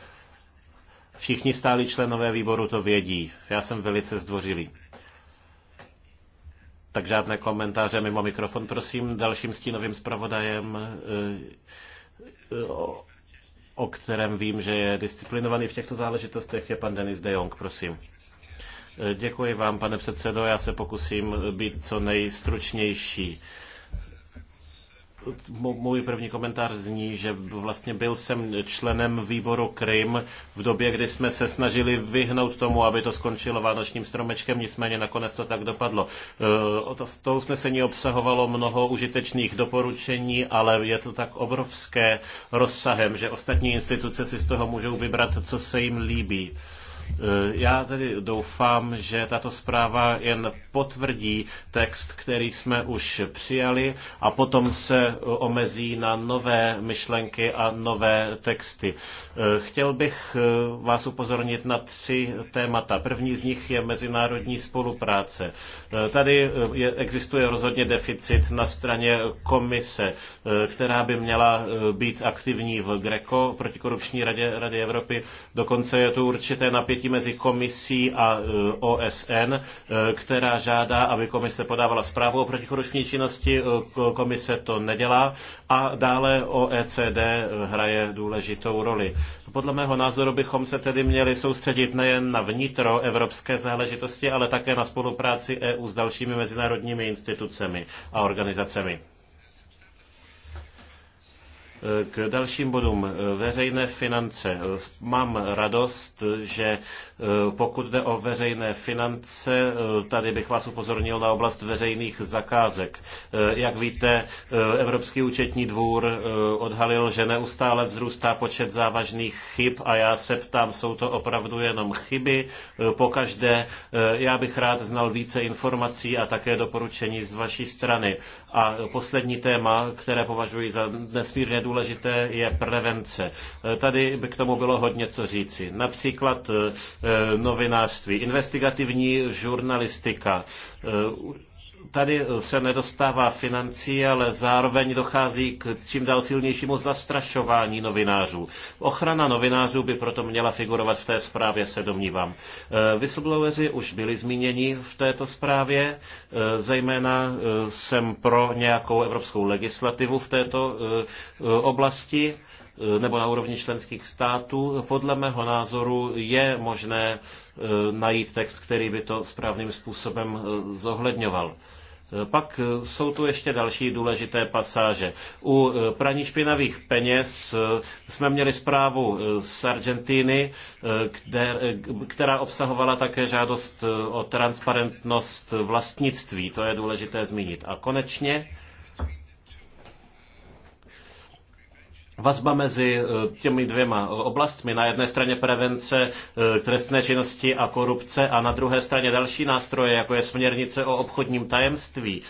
Všichni stáli členové výboru to vědí. Já jsem velice zdvořilý. Tak žádné komentáře mimo mikrofon, prosím. Dalším stínovým zpravodajem, eh, eh, o, o kterém vím, že je disciplinovaný v těchto záležitostech, je pan Denis de Jong, prosím. Eh, děkuji vám, pane předsedo. Já se pokusím být co nejstručnější můj první komentář zní, že vlastně byl jsem členem výboru Krym v době, kdy jsme se snažili vyhnout tomu, aby to skončilo vánočním stromečkem, nicméně nakonec to tak dopadlo. E, to usnesení obsahovalo mnoho užitečných doporučení, ale je to tak obrovské rozsahem, že ostatní instituce si z toho můžou vybrat, co se jim líbí. Eh, já tedy doufám, že tato zpráva jen potvrdí text, který jsme už přijali a potom se omezí na nové myšlenky a nové texty. Eh, chtěl bych eh, vás upozornit na tři témata. První z nich je mezinárodní spolupráce. Tady existuje rozhodně deficit na straně komise, která by měla být aktivní v Greco, protikorupční radě radě Evropy. Dokonce je tu určité napětí rozpětí mezi komisí a e, OSN, e, která žádá, aby komise podávala zprávu o protikorupční činnosti, e, komise to nedělá a dále OECD hraje důležitou roli. Podle mého názoru bychom se tedy měli soustředit nejen na vnitro evropské záležitosti, ale také na spolupráci EU s dalšími mezinárodními institucemi a organizacemi. K dalším bodům. Veřejné finance. Mám radost, že eh, pokud jde o veřejné finance, eh, tady bych vás upozornil na oblast veřejných zakázek. Eh, jak víte, Evropský účetní dvůr odhalil, že neustále vzrůstá počet závažných chyb a já se ptám, jsou to opravdu jenom chyby. Pokaždé já bych rád znal více informací a také doporučení z vaší strany. A poslední téma, které považuji za nesmírně důležité, je prevence. Eh, tady by k tomu bylo hodně co říci. Například eh, eh, novinářství, investigativní žurnalistika, tady se nedostává financí, ale zároveň dochází k čím dál silnějšímu zastrašování novinářů. Ochrana novinářů by proto měla figurovat v té zprávě, se domnívám. Eh, Whistlebloweri už byli zmíněni v této zprávě, eh, zejména eh, jsem pro nějakou evropskou legislativu v této oblasti nebo na úrovni členských států. Podle mého názoru je možné Eh, najít text, který by to správným způsobem eh, zohledňoval. Eh, pak jsou tu ještě další důležité pasáže. U praní špinavých peněz jsme měli zprávu z Argentíny, která obsahovala také žádost o transparentnost vlastnictví. To je důležité zmínit. A konečně vazba mezi eh, těmi dvěma eh, oblastmi. Na jedné straně prevence eh, trestné činnosti a korupce a na druhé straně další nástroje, jako je směrnice o obchodním tajemství.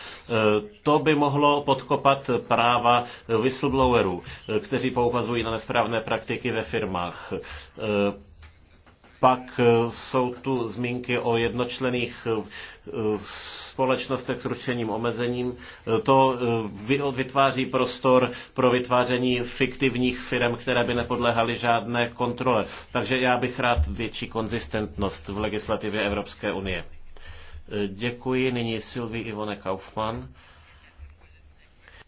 To by mohlo podkopat práva whistleblowerů, kteří poukazují na nesprávné praktiky ve firmách. Pak eh, jsou tu zmínky o jednočlených eh, společnostech s ručením omezením. Eh, to vytváří prostor pro vytváření fiktivních firm, které by nepodléhaly žádné kontrole. Takže já bych rád větší konzistentnost v legislativě Evropské unie. Děkuji. Nyní Sylvie Ivone Kaufmann.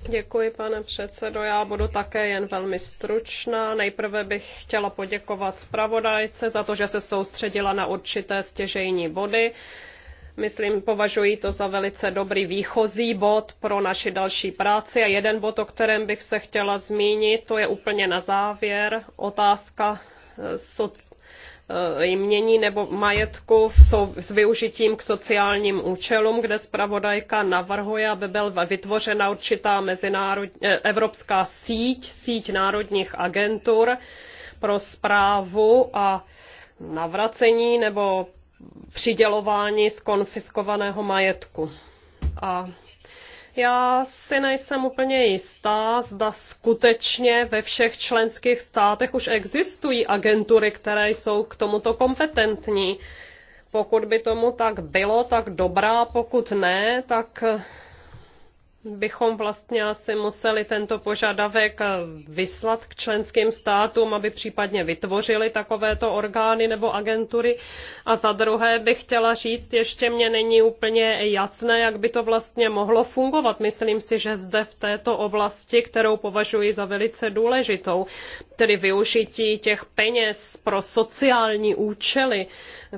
Děkuji, pane předsedo. Já budu také jen velmi stručná. Nejprve bych chtěla poděkovat zpravodajce za to, že se soustředila na určité stěžejní body. Myslím, považuji to za velice dobrý výchozí bod pro naši další práci. A jeden bod, o kterém bych se chtěla zmínit, to je úplně na závěr otázka Eh, jmění nebo majetku s využitím k sociálním účelům, kde zpravodajka navrhuje, aby byla vytvořena určitá eh, evropská síť, síť národních agentur pro zprávu a navracení nebo přidělování skonfiskovaného majetku. A já si nejsem úplně jistá, zda skutečně ve všech členských státech už existují agentury, které jsou k tomuto kompetentní. Pokud by tomu tak bylo, tak dobrá, pokud ne, tak bychom vlastně asi museli tento požadavek vyslat k členským státům, aby případně vytvořili takovéto orgány nebo agentury. A za druhé bych chtěla říct, ještě mě není úplně jasné, jak by to vlastně mohlo fungovat. Myslím si, že zde v této oblasti, kterou považuji za velice důležitou, tedy využití těch peněz pro sociální účely,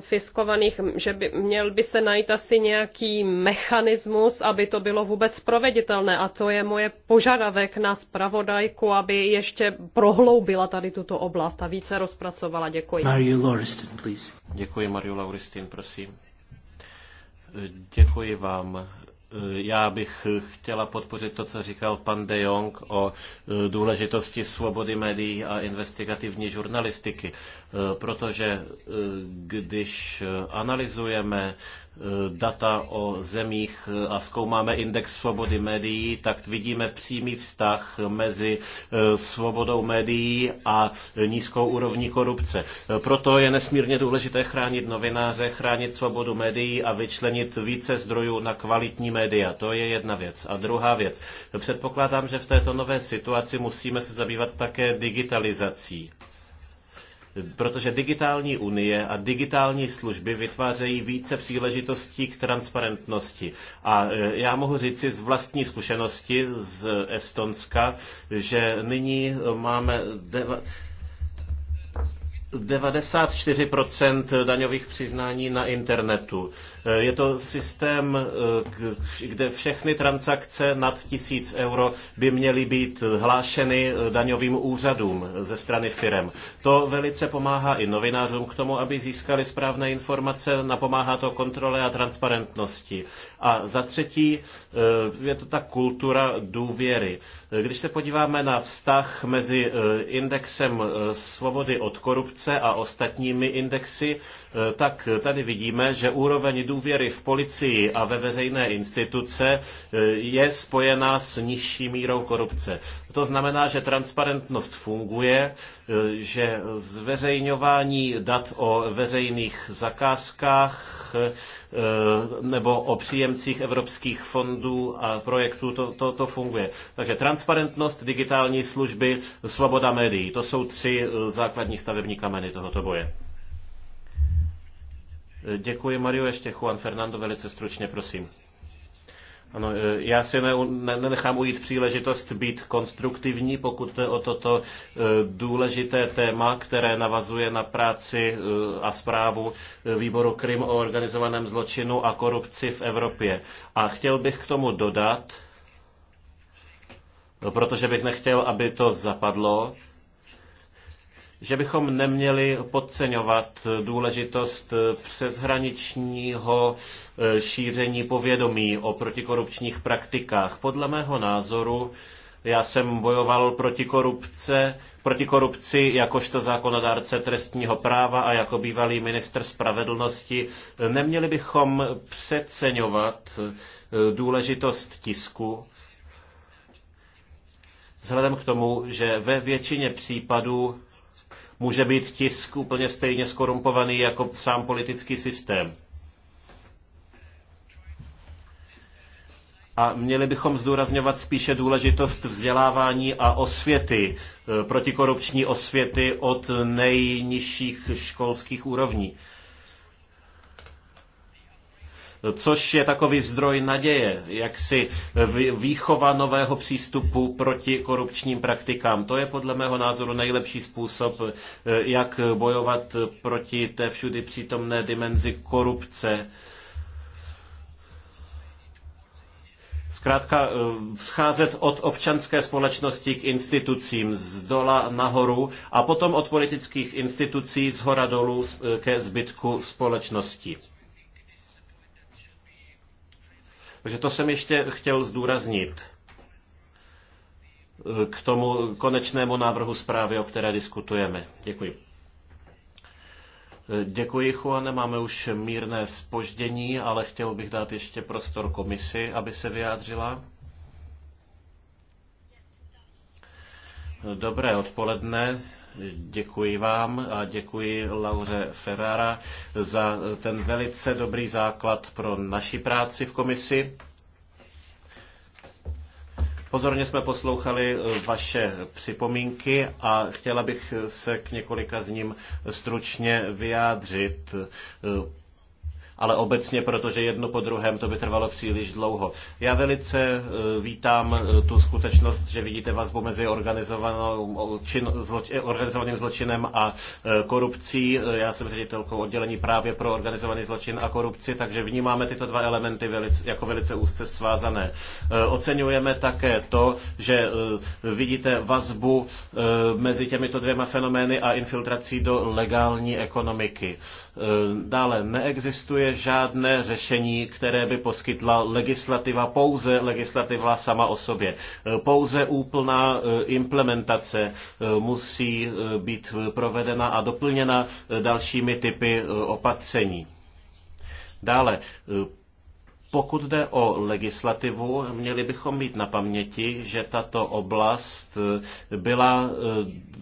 fiskovaných, že by měl by se najít asi nějaký mechanismus, aby to bylo vůbec provedeno neproveditelné a to je moje požadavek na zpravodajku, aby ještě prohloubila tady tuto oblast a více rozpracovala. Děkuji. Mario Lauristin, please. Děkuji, Mario Lauristin, prosím. Děkuji vám. Já bych chtěla podpořit to, co říkal pan De Jong o důležitosti svobody médií a investigativní žurnalistiky, protože když analyzujeme Eh, data o zemích eh, a zkoumáme index svobody médií, tak vidíme přímý vztah mezi eh, svobodou médií a nízkou úrovní korupce. Proto je nesmírně důležité chránit novináře, chránit svobodu médií a vyčlenit více zdrojů na kvalitní média. To je jedna věc. A druhá věc. Předpokládám, že v této nové situaci musíme se zabývat také digitalizací protože digitální unie a digitální služby vytvářejí více příležitostí k transparentnosti. A e, já mohu říci z vlastní zkušenosti z Estonska, že nyní máme deva... 94% daňových přiznání na internetu. Eh, je to systém, eh, kde všechny transakce nad tisíc euro by měly být hlášeny eh, daňovým úřadům ze strany firem. To velice pomáhá i novinářům k tomu, aby získali správné informace, napomáhá to kontrole a transparentnosti. A za třetí eh, je to ta kultura důvěry. Eh, když se podíváme na vztah mezi eh, indexem svobody od korupce a ostatními indexy, tak tady vidíme, že úroveň důvěry v policii a ve veřejné instituce je spojená s nižší mírou korupce. To znamená, že transparentnost funguje, e, že zveřejňování dat o veřejných zakázkách e, nebo o příjemcích evropských fondů a projektů, to, to, to funguje. Takže transparentnost, digitální služby, svoboda médií, to jsou tři e, základní stavební kameny tohoto boje. Děkuji, Mario. Ještě Juan Fernando, velice stručně, prosím. Ano, e, já si ne, ne, nenechám ujít příležitost být konstruktivní, pokud jde o toto e, důležité téma, které navazuje na práci e, a zprávu výboru Krym o organizovaném zločinu a korupci v Evropě. A chtěl bych k tomu dodat, no, protože bych nechtěl, aby to zapadlo, že bychom neměli podceňovat důležitost přeshraničního e, šíření povědomí o protikorupčních praktikách. Podle mého názoru já jsem bojoval proti, korupce, proti korupci jakožto zákonodárce trestního práva a jako bývalý minister spravedlnosti. Neměli bychom přeceňovat e, důležitost tisku, vzhledem k tomu, že ve většině případů může být tisk úplně stejně skorumpovaný jako sám politický systém. A měli bychom zdůrazňovat spíše důležitost vzdělávání a osvěty, eh, protikorupční osvěty od nejnižších školských úrovní což je takový zdroj naděje, jak si výchova nového přístupu proti korupčním praktikám. To je podle mého názoru nejlepší způsob, eh, jak bojovat proti té všudy přítomné dimenzi korupce. Zkrátka eh, vzcházet od občanské společnosti k institucím z dola nahoru a potom od politických institucí z hora dolů eh, ke zbytku společnosti. Takže to jsem ještě chtěl zdůraznit k tomu konečnému návrhu zprávy, o které diskutujeme. Děkuji. Děkuji, Juane. Máme už mírné spoždění, ale chtěl bych dát ještě prostor komisi, aby se vyjádřila. Dobré odpoledne. Děkuji vám a děkuji Lauře Ferrara za ten velice dobrý základ pro naši práci v komisi. Pozorně jsme poslouchali vaše připomínky a chtěla bych se k několika z ním stručně vyjádřit ale obecně, protože jedno po druhém to by trvalo příliš dlouho. Já velice eh, vítám eh, tu skutečnost, že vidíte vazbu mezi organizovanou, čin, zloč, eh, organizovaným zločinem a korupcí. Já jsem ředitelkou oddělení právě pro organizovaný zločin a korupci, takže vnímáme tyto dva elementy velice, jako velice úzce svázané. Oceňujeme také to, že vidíte vazbu mezi těmito dvěma fenomény a infiltrací do legální ekonomiky. Eh, dále neexistuje žádné řešení, které by poskytla legislativa, pouze legislativa sama o sobě. Eh, pouze úplná eh, implementace musí být provedena a doplněna dalšími typy opatření. Dále, pokud jde o legislativu, měli bychom mít na paměti, že tato oblast eh, byla eh,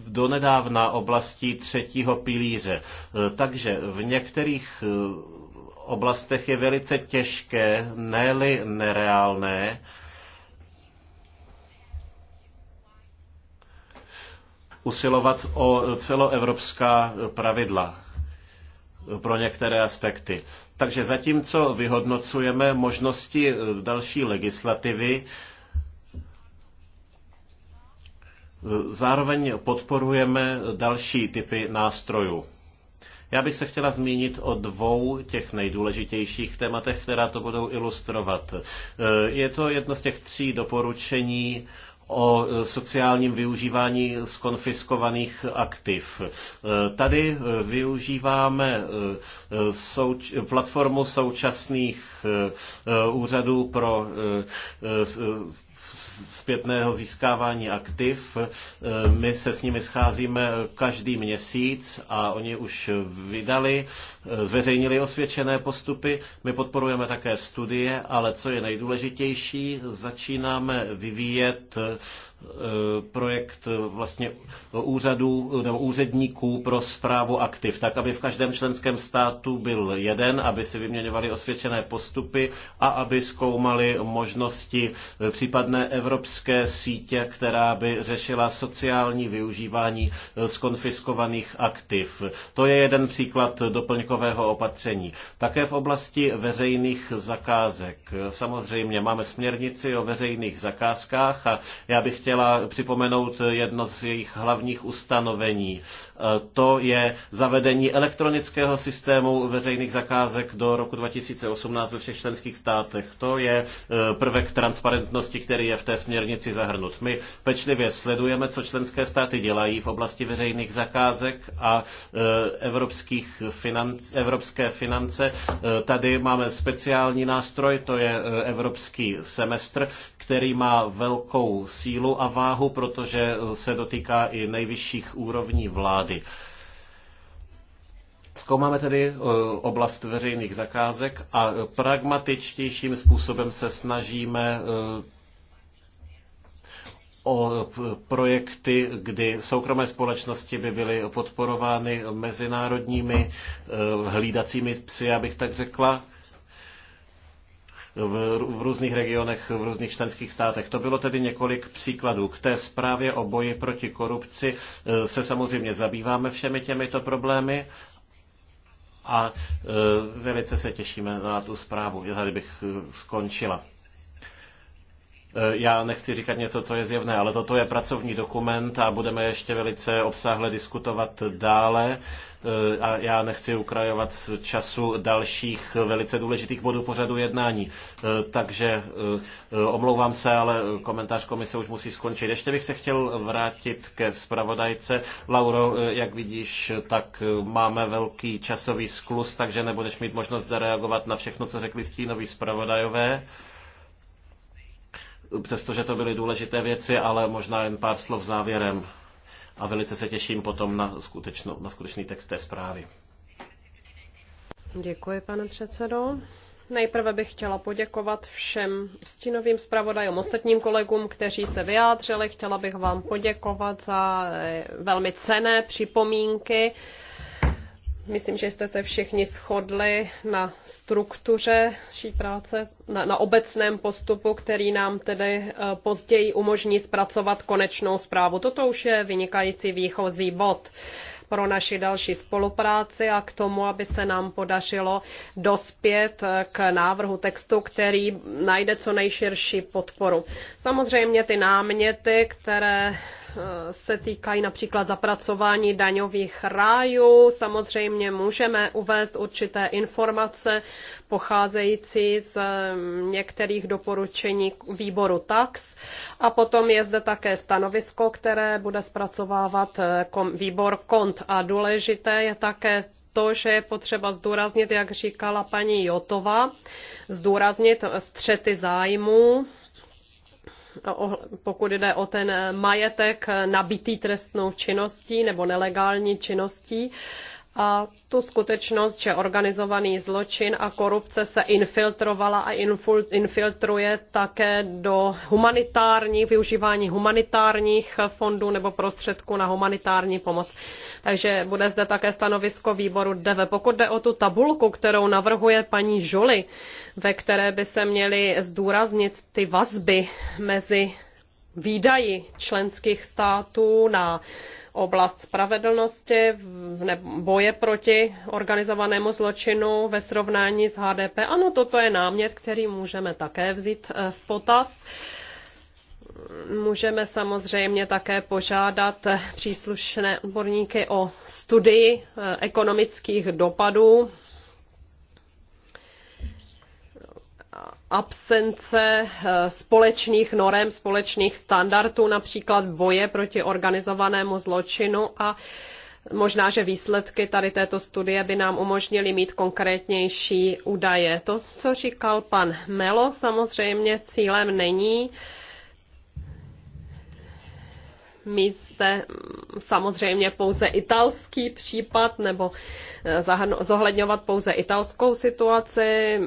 donedávna oblastí třetího pilíře. Eh, takže v některých oblastech je velice těžké, ne-li nereálné, usilovat o celoevropská pravidla pro některé aspekty. Takže zatímco vyhodnocujeme možnosti eh, další legislativy, eh, zároveň podporujeme další typy nástrojů. Já bych se chtěla zmínit o dvou těch nejdůležitějších tématech, která to budou ilustrovat. Eh, je to jedno z těch tří doporučení o e, sociálním využívání skonfiskovaných aktiv. E, tady e, využíváme souč- platformu současných úřadů pro zpětného získávání aktiv. E, my se s nimi scházíme každý měsíc a oni už vydali, e, zveřejnili osvědčené postupy. My podporujeme také studie, ale co je nejdůležitější, začínáme vyvíjet Eh, projekt eh, vlastně eh, úřadů nebo úředníků pro zprávu aktiv, tak aby v každém členském státu byl jeden, aby si vyměňovali osvědčené postupy a aby zkoumali možnosti případné evropské sítě, která by řešila sociální využívání skonfiskovaných aktiv. To je jeden příklad doplňkového opatření. Také v oblasti veřejných zakázek. Samozřejmě máme směrnici o veřejných zakázkách a já bych chtěl chtěla připomenout jedno z jejich hlavních ustanovení. E, to je zavedení elektronického systému veřejných zakázek do roku 2018 ve všech členských státech. To je e, prvek transparentnosti, který je v té směrnici zahrnut. My pečlivě sledujeme, co členské státy dělají v oblasti veřejných zakázek a e, evropských financ, evropské finance. Tady máme speciální nástroj, to je evropský semestr, který má velkou sílu a váhu, protože eh, se dotýká i nejvyšších úrovní vlády. Zkoumáme tedy eh, oblast veřejných zakázek a eh, pragmatičtějším způsobem se snažíme o projekty, kdy soukromé společnosti by byly podporovány mezinárodními hlídacími psy, abych tak řekla, v, v různých regionech, v různých členských státech. To bylo tedy několik příkladů. K té zprávě o boji proti korupci e, se samozřejmě zabýváme všemi těmito problémy a e, velice se těšíme na tu zprávu. Já tady bych e, skončila. Eh, já nechci říkat něco, co je zjevné, ale toto je pracovní dokument a budeme ještě velice obsáhle diskutovat dále. Eh, a já nechci ukrajovat z času dalších velice důležitých bodů pořadu jednání. Eh, takže omlouvám se, ale komentář komise už musí skončit. Ještě bych se chtěl vrátit ke zpravodajce. Lauro, jak vidíš, tak máme velký časový sklus, takže nebudeš mít možnost zareagovat na všechno, co řekli stínoví zpravodajové přestože to byly důležité věci, ale možná jen pár slov závěrem. A velice se těším potom na, skutečno, na skutečný text té zprávy. Děkuji, pane předsedo. Nejprve bych chtěla poděkovat všem stínovým zpravodajům, ostatním kolegům, kteří se vyjádřili. Chtěla bych vám poděkovat za eh, velmi cené připomínky Myslím, že jste se všichni shodli na struktuře naší práce, na, na obecném postupu, který nám tedy eh, později umožní zpracovat konečnou zprávu. Toto už je vynikající výchozí bod pro naši další spolupráci a k tomu, aby se nám podařilo dospět eh, k návrhu textu, který najde co nejširší podporu. Samozřejmě ty náměty, které Eh, se týkají například zapracování daňových rájů. Samozřejmě můžeme uvést určité informace pocházející z mm, některých doporučení výboru TAX. A potom je zde také stanovisko, které bude zpracovávat eh, výbor KONT. A důležité je také to, že je potřeba zdůraznit, jak říkala paní Jotova, zdůraznit střety zájmů pokud jde o ten majetek nabitý trestnou činností nebo nelegální činností, a tu skutečnost, že organizovaný zločin a korupce se infiltrovala a infiltruje také do humanitární, využívání humanitárních fondů nebo prostředků na humanitární pomoc. Takže bude zde také stanovisko výboru DV. Pokud jde o tu tabulku, kterou navrhuje paní Žoli, ve které by se měly zdůraznit ty vazby mezi výdaji členských států na oblast spravedlnosti, boje proti organizovanému zločinu ve srovnání s HDP. Ano, toto je námět, který můžeme také vzít eh, v potaz. Můžeme samozřejmě také požádat příslušné odborníky o studii eh, ekonomických dopadů absence eh, společných norem, společných standardů, například boje proti organizovanému zločinu a Možná, že výsledky tady této studie by nám umožnily mít konkrétnější údaje. To, co říkal pan Melo, samozřejmě cílem není uh, mít zde mm, samozřejmě pouze italský případ nebo eh, zohledňovat pouze italskou situaci.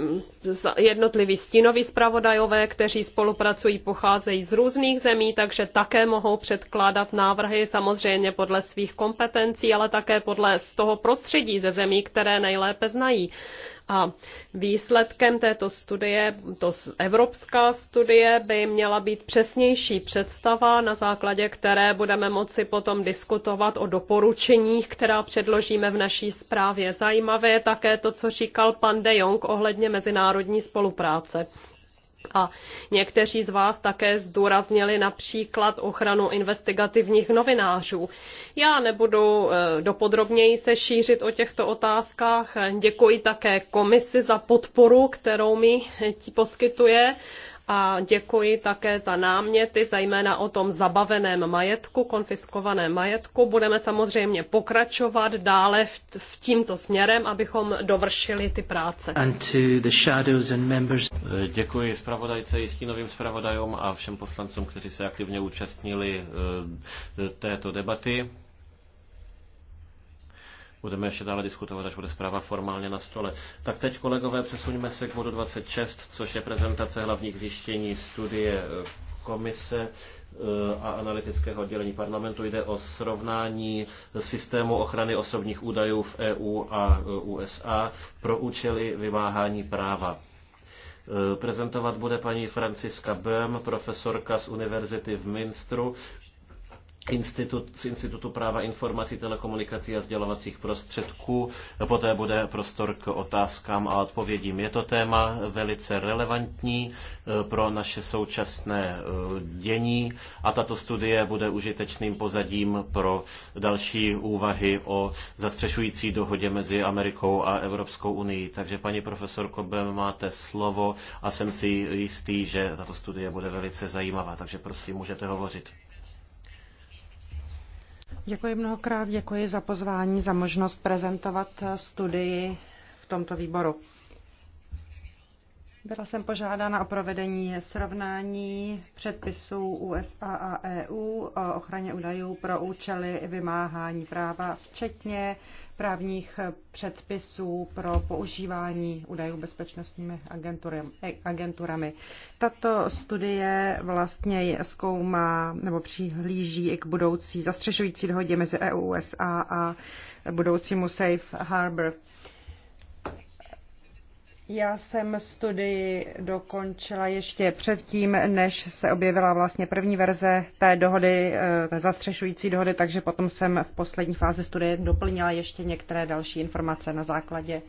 Jednotliví stínoví zpravodajové, kteří spolupracují, pocházejí z různých zemí, takže také mohou předkládat návrhy samozřejmě podle svých kompetencí, ale také podle z toho prostředí ze zemí, které nejlépe znají. A výsledkem této studie, to evropská studie, by měla být přesnější představa, na základě které budeme moci potom diskutovat o doporučeních, která předložíme v naší zprávě. Zajímavé je také to, co říkal pan De Jong ohledně mezinárodní spolupráce. A někteří z vás také zdůraznili například ochranu investigativních novinářů. Já nebudu eh, dopodrobněji se šířit o těchto otázkách. Děkuji také komisi za podporu, kterou mi poskytuje a děkuji také za náměty, zejména o tom zabaveném majetku, konfiskovaném majetku. Budeme samozřejmě pokračovat dále v, v tímto směrem, abychom dovršili ty práce. And to the shadows and members. Děkuji zpravodajce i stínovým zpravodajům a všem poslancům, kteří se aktivně účastnili eh, této debaty. Budeme ještě dále diskutovat, až bude zpráva formálně na stole. Tak teď, kolegové, přesuňme se k bodu 26, což je prezentace hlavních zjištění studie e, komise e, a analytického oddělení parlamentu. Jde o srovnání systému ochrany osobních údajů v EU a e, USA pro účely vymáhání práva. Prezentovat bude paní Franciska Böhm, profesorka z Univerzity v Minstru, Institut, z Institutu práva informací, telekomunikací a sdělovacích prostředků. Poté bude prostor k otázkám a odpovědím. Je to téma velice relevantní eh, pro naše současné eh, dění a tato studie bude užitečným pozadím pro další úvahy o zastřešující dohodě mezi Amerikou a Evropskou unii. Takže paní profesorko, máte slovo a jsem si jistý, že tato studie bude velice zajímavá. Takže prosím, můžete hovořit. Děkuji mnohokrát, děkuji za pozvání, za možnost prezentovat studii v tomto výboru. Byla jsem požádána o provedení srovnání předpisů USA a EU o ochraně údajů pro účely vymáhání práva, včetně právních předpisů pro používání údajů bezpečnostními e, agenturami. Tato studie vlastně zkoumá nebo přihlíží i k budoucí zastřešující dohodě mezi EU, USA a budoucímu Safe Harbor. Já jsem studii dokončila ještě předtím, než se objevila vlastně první verze té dohody, eh, té zastřešující dohody, takže potom jsem v poslední fázi studie doplnila ještě některé další informace na základě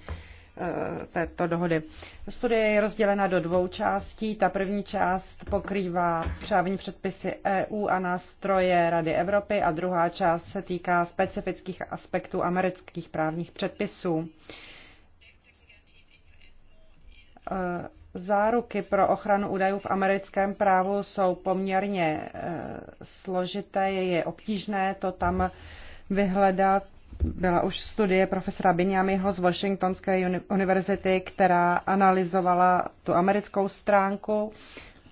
eh, této dohody. Studie je rozdělena do dvou částí. Ta první část pokrývá právní předpisy EU a nástroje Rady Evropy a druhá část se týká specifických aspektů amerických právních předpisů. Eh, záruky pro ochranu údajů v americkém právu jsou poměrně eh, složité, je obtížné to tam vyhledat. Byla už studie profesora Binyamiho z Washingtonské univerzity, která analyzovala tu americkou stránku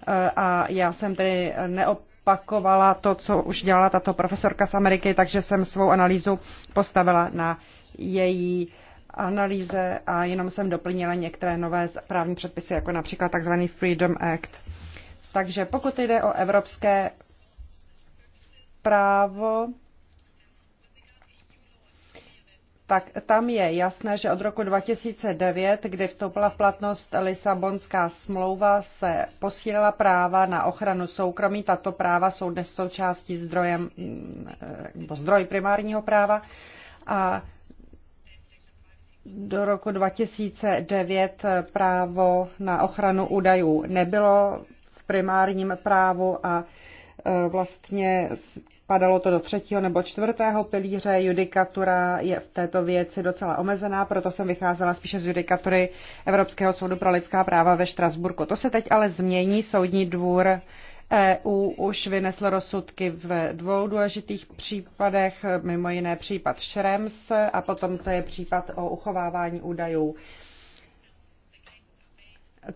eh, a já jsem tedy neopakovala to, co už dělala tato profesorka z Ameriky, takže jsem svou analýzu postavila na její analýze a jenom jsem doplnila některé nové právní předpisy, jako například tzv. Freedom Act. Takže pokud jde o evropské právo, tak tam je jasné, že od roku 2009, kdy vstoupila v platnost Lisabonská smlouva, se posílila práva na ochranu soukromí. Tato práva jsou dnes součástí zdrojem, mm, nebo zdroj primárního práva. A do roku 2009 právo na ochranu údajů nebylo v primárním právu a e, vlastně padalo to do třetího nebo čtvrtého pilíře. Judikatura je v této věci docela omezená, proto jsem vycházela spíše z judikatury Evropského soudu pro lidská práva ve Štrasburku. To se teď ale změní. Soudní dvůr EU už vynesl rozsudky v dvou důležitých případech, mimo jiné případ Šrems a potom to je případ o uchovávání údajů.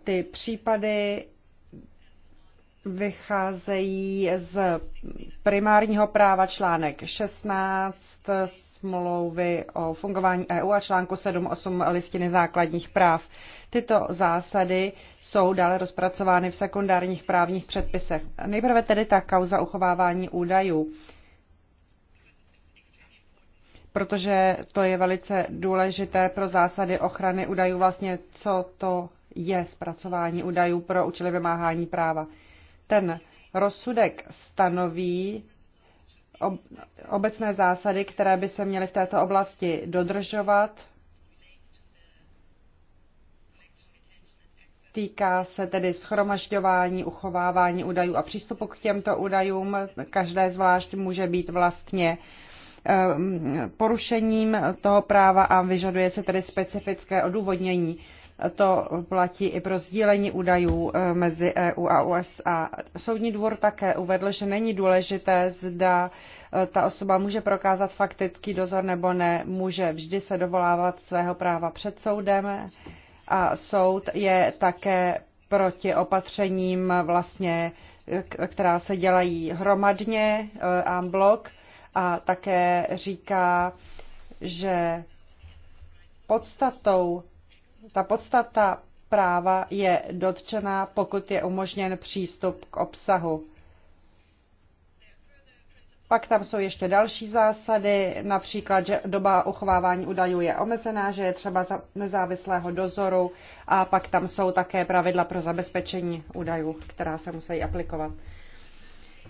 Ty případy vycházejí z primárního práva článek 16 smlouvy o fungování EU a článku 8 listiny základních práv. Tyto zásady jsou dále rozpracovány v sekundárních právních předpisech. Nejprve tedy ta kauza uchovávání údajů protože to je velice důležité pro zásady ochrany údajů, vlastně co to je zpracování údajů pro účely vymáhání práva. Ten rozsudek stanoví, obecné zásady, které by se měly v této oblasti dodržovat. Týká se tedy schromažďování, uchovávání údajů a přístupu k těmto údajům. Každé zvlášť může být vlastně ehm, porušením toho práva a vyžaduje se tedy specifické odůvodnění. To platí i pro sdílení údajů eh, mezi EU a USA. Soudní dvor také uvedl, že není důležité, zda eh, ta osoba může prokázat faktický dozor nebo ne, může vždy se dovolávat svého práva před soudem a soud je také proti opatřením, vlastně, která se dělají hromadně, eh, en blok, a také říká, že podstatou ta podstata práva je dotčená, pokud je umožněn přístup k obsahu. Pak tam jsou ještě další zásady, například, že doba uchovávání údajů je omezená, že je třeba nezávislého dozoru a pak tam jsou také pravidla pro zabezpečení údajů, která se musí aplikovat.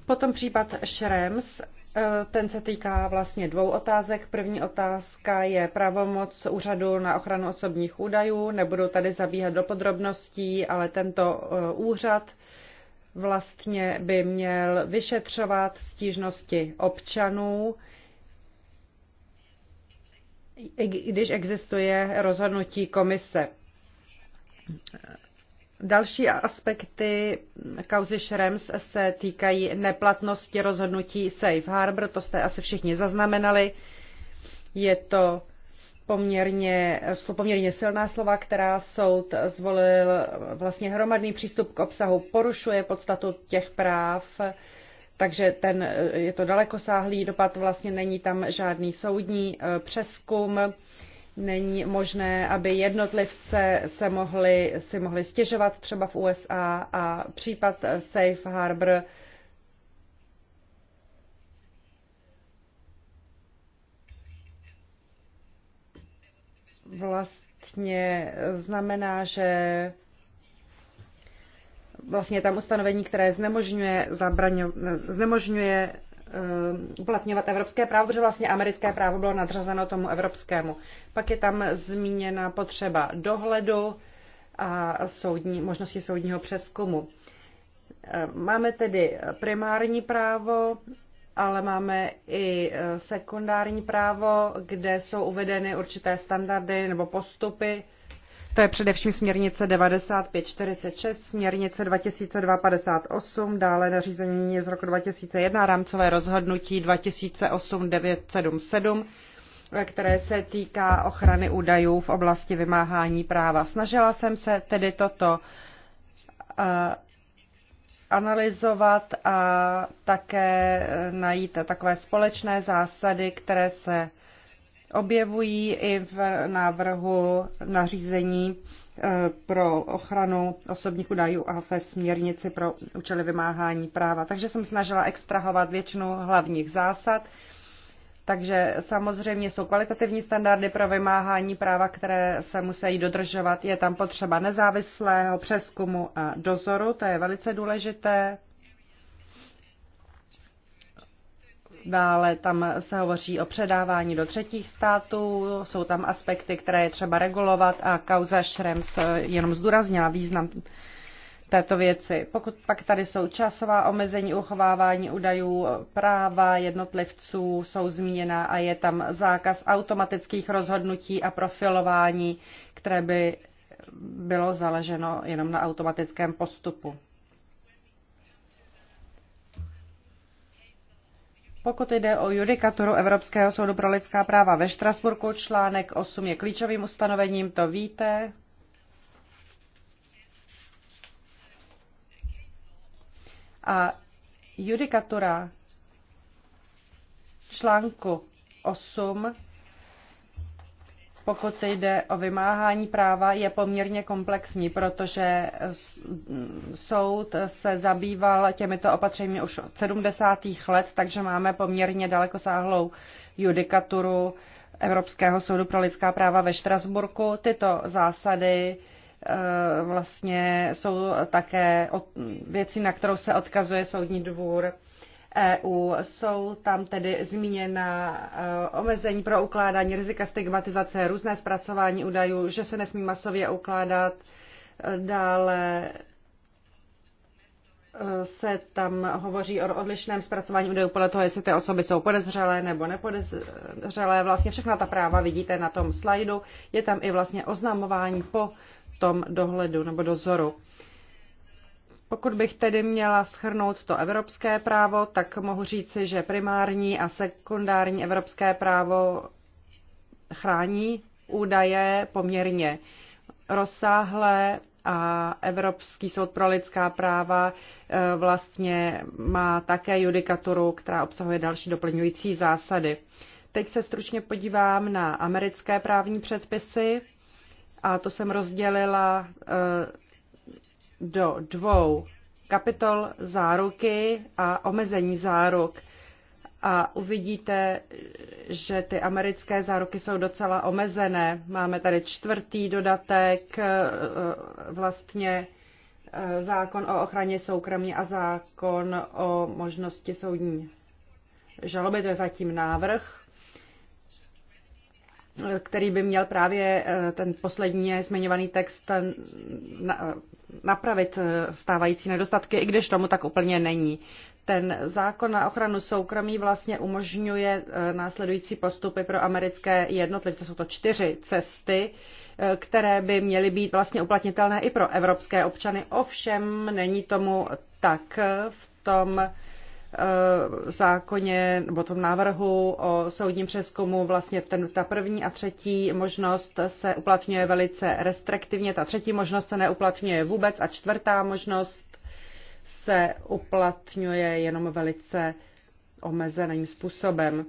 Potom případ Schrems. Eh, ten se týká vlastně dvou otázek. První otázka je pravomoc úřadu na ochranu osobních údajů. Nebudu tady zabíhat do podrobností, ale tento eh, úřad vlastně by měl vyšetřovat stížnosti občanů, i když existuje rozhodnutí komise. Další aspekty kauzy Šrems se týkají neplatnosti rozhodnutí Safe Harbor, to jste asi všichni zaznamenali. Je to poměrně, jsou poměrně silná slova, která soud zvolil vlastně hromadný přístup k obsahu, porušuje podstatu těch práv, takže ten, je to dalekosáhlý dopad, vlastně není tam žádný soudní eh, přeskum Není možné, aby jednotlivce se mohli, si mohli stěžovat třeba v USA a případ Safe Harbor vlastně znamená, že vlastně tam ustanovení, které znemožňuje, zabraňo, znemožňuje Eh, uplatňovat evropské právo, protože vlastně americké právo bylo nadřazeno tomu evropskému. Pak je tam zmíněna potřeba dohledu a soudní, možnosti soudního přeskumu. Eh, máme tedy primární právo, ale máme i eh, sekundární právo, kde jsou uvedeny určité standardy nebo postupy, to je především směrnice 9546, směrnice 2258, dále nařízení z roku 2001, rámcové rozhodnutí 2008-977, které se týká ochrany údajů v oblasti vymáhání práva. Snažila jsem se tedy toto eh, analyzovat a také eh, najít takové společné zásady, které se objevují i v návrhu nařízení e, pro ochranu osobních údajů a ve směrnici pro účely vymáhání práva. Takže jsem snažila extrahovat většinu hlavních zásad. Takže samozřejmě jsou kvalitativní standardy pro vymáhání práva, které se musí dodržovat. Je tam potřeba nezávislého přeskumu a dozoru, to je velice důležité. Dále tam se hovoří o předávání do třetích států, jsou tam aspekty, které je třeba regulovat a kauza Šrems eh, jenom zdůraznila význam této věci. Pokud pak tady jsou časová omezení uchovávání údajů, práva jednotlivců jsou zmíněna a je tam zákaz automatických rozhodnutí a profilování, které by bylo založeno jenom na automatickém postupu. Pokud jde o judikaturu Evropského soudu pro lidská práva ve Štrasburku, článek 8 je klíčovým ustanovením, to víte. A judikatura článku 8 pokud jde o vymáhání práva, je poměrně komplexní, protože soud se zabýval těmito opatřeními už od 70. let, takže máme poměrně dalekosáhlou judikaturu Evropského soudu pro lidská práva ve Štrasburku. Tyto zásady e, vlastně jsou také věci, na kterou se odkazuje soudní dvůr EU. Jsou tam tedy zmíněna e, omezení pro ukládání rizika stigmatizace, různé zpracování údajů, že se nesmí masově ukládat. E, dále e, se tam hovoří o odlišném zpracování údajů podle toho, jestli ty osoby jsou podezřelé nebo nepodezřelé. Vlastně všechna ta práva vidíte na tom slajdu. Je tam i vlastně oznamování po tom dohledu nebo dozoru. Pokud bych tedy měla schrnout to evropské právo, tak mohu říci, že primární a sekundární evropské právo chrání údaje poměrně rozsáhlé a Evropský soud pro lidská práva e, vlastně má také judikaturu, která obsahuje další doplňující zásady. Teď se stručně podívám na americké právní předpisy a to jsem rozdělila e, do dvou kapitol záruky a omezení záruk. A uvidíte, že ty americké záruky jsou docela omezené. Máme tady čtvrtý dodatek, eh, vlastně eh, zákon o ochraně soukromí a zákon o možnosti soudní žaloby, to je zatím návrh který by měl právě eh, ten posledně zmiňovaný text napravit eh, stávající nedostatky, i když tomu tak úplně není. Ten zákon na ochranu soukromí vlastně umožňuje eh, následující postupy pro americké jednotlivce. Jsou to čtyři cesty, které by měly být vlastně uplatnitelné i pro evropské občany. Ovšem není tomu tak v tom Eh, zákoně nebo tom návrhu o soudním přeskumu vlastně ten, ta první a třetí možnost se uplatňuje velice restriktivně, ta třetí možnost se neuplatňuje vůbec a čtvrtá možnost se uplatňuje jenom velice omezeným způsobem.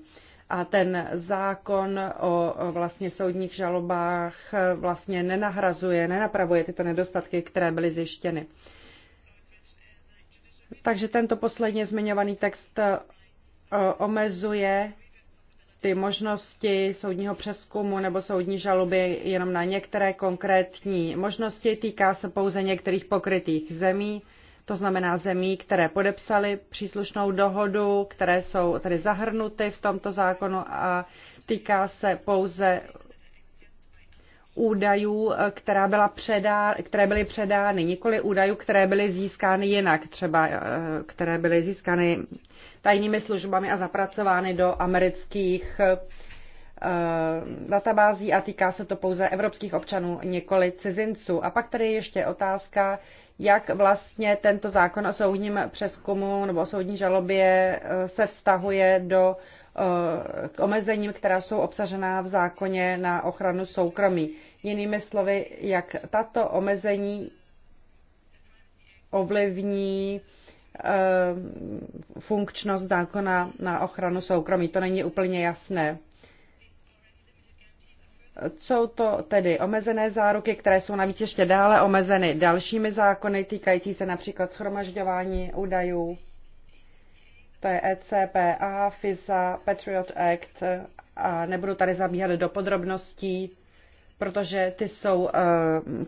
A ten zákon o vlastně soudních žalobách vlastně nenahrazuje, nenapravuje tyto nedostatky, které byly zjištěny. Takže tento posledně zmiňovaný text e, omezuje ty možnosti soudního přeskumu nebo soudní žaloby jenom na některé konkrétní možnosti. Týká se pouze některých pokrytých zemí, to znamená zemí, které podepsaly příslušnou dohodu, které jsou tedy zahrnuty v tomto zákonu a týká se pouze údajů, která byla předá, které byly předány, nikoli údajů, které byly získány jinak, třeba eh, které byly získány tajnými službami a zapracovány do amerických eh, databází a týká se to pouze evropských občanů, nikoli cizinců. A pak tady ještě otázka, jak vlastně tento zákon o soudním přeskumu nebo o soudní žalobě eh, se vztahuje do uh, k omezením, která jsou obsažená v zákoně na ochranu soukromí. Jinými slovy, jak tato omezení ovlivní eh, funkčnost zákona na ochranu soukromí. To není úplně jasné. Jsou to tedy omezené záruky, které jsou navíc ještě dále omezeny dalšími zákony týkající se například schromažďování údajů to je ECPA, FISA, Patriot Act a nebudu tady zabíhat do podrobností, protože ty jsou uh,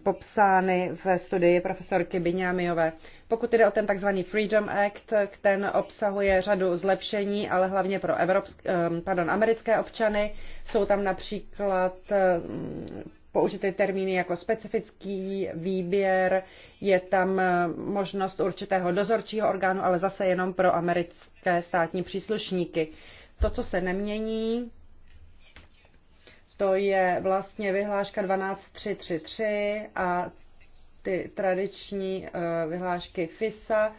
popsány ve studii profesorky Binyámiové. Pokud jde o ten tzv. Freedom Act, ten obsahuje řadu zlepšení, ale hlavně pro evropsk, uh, pardon, americké občany. Jsou tam například uh, použity termíny jako specifický výběr, je tam eh, možnost určitého dozorčího orgánu, ale zase jenom pro americké státní příslušníky. To, co se nemění, to je vlastně vyhláška 12333 a ty tradiční eh, vyhlášky FISA,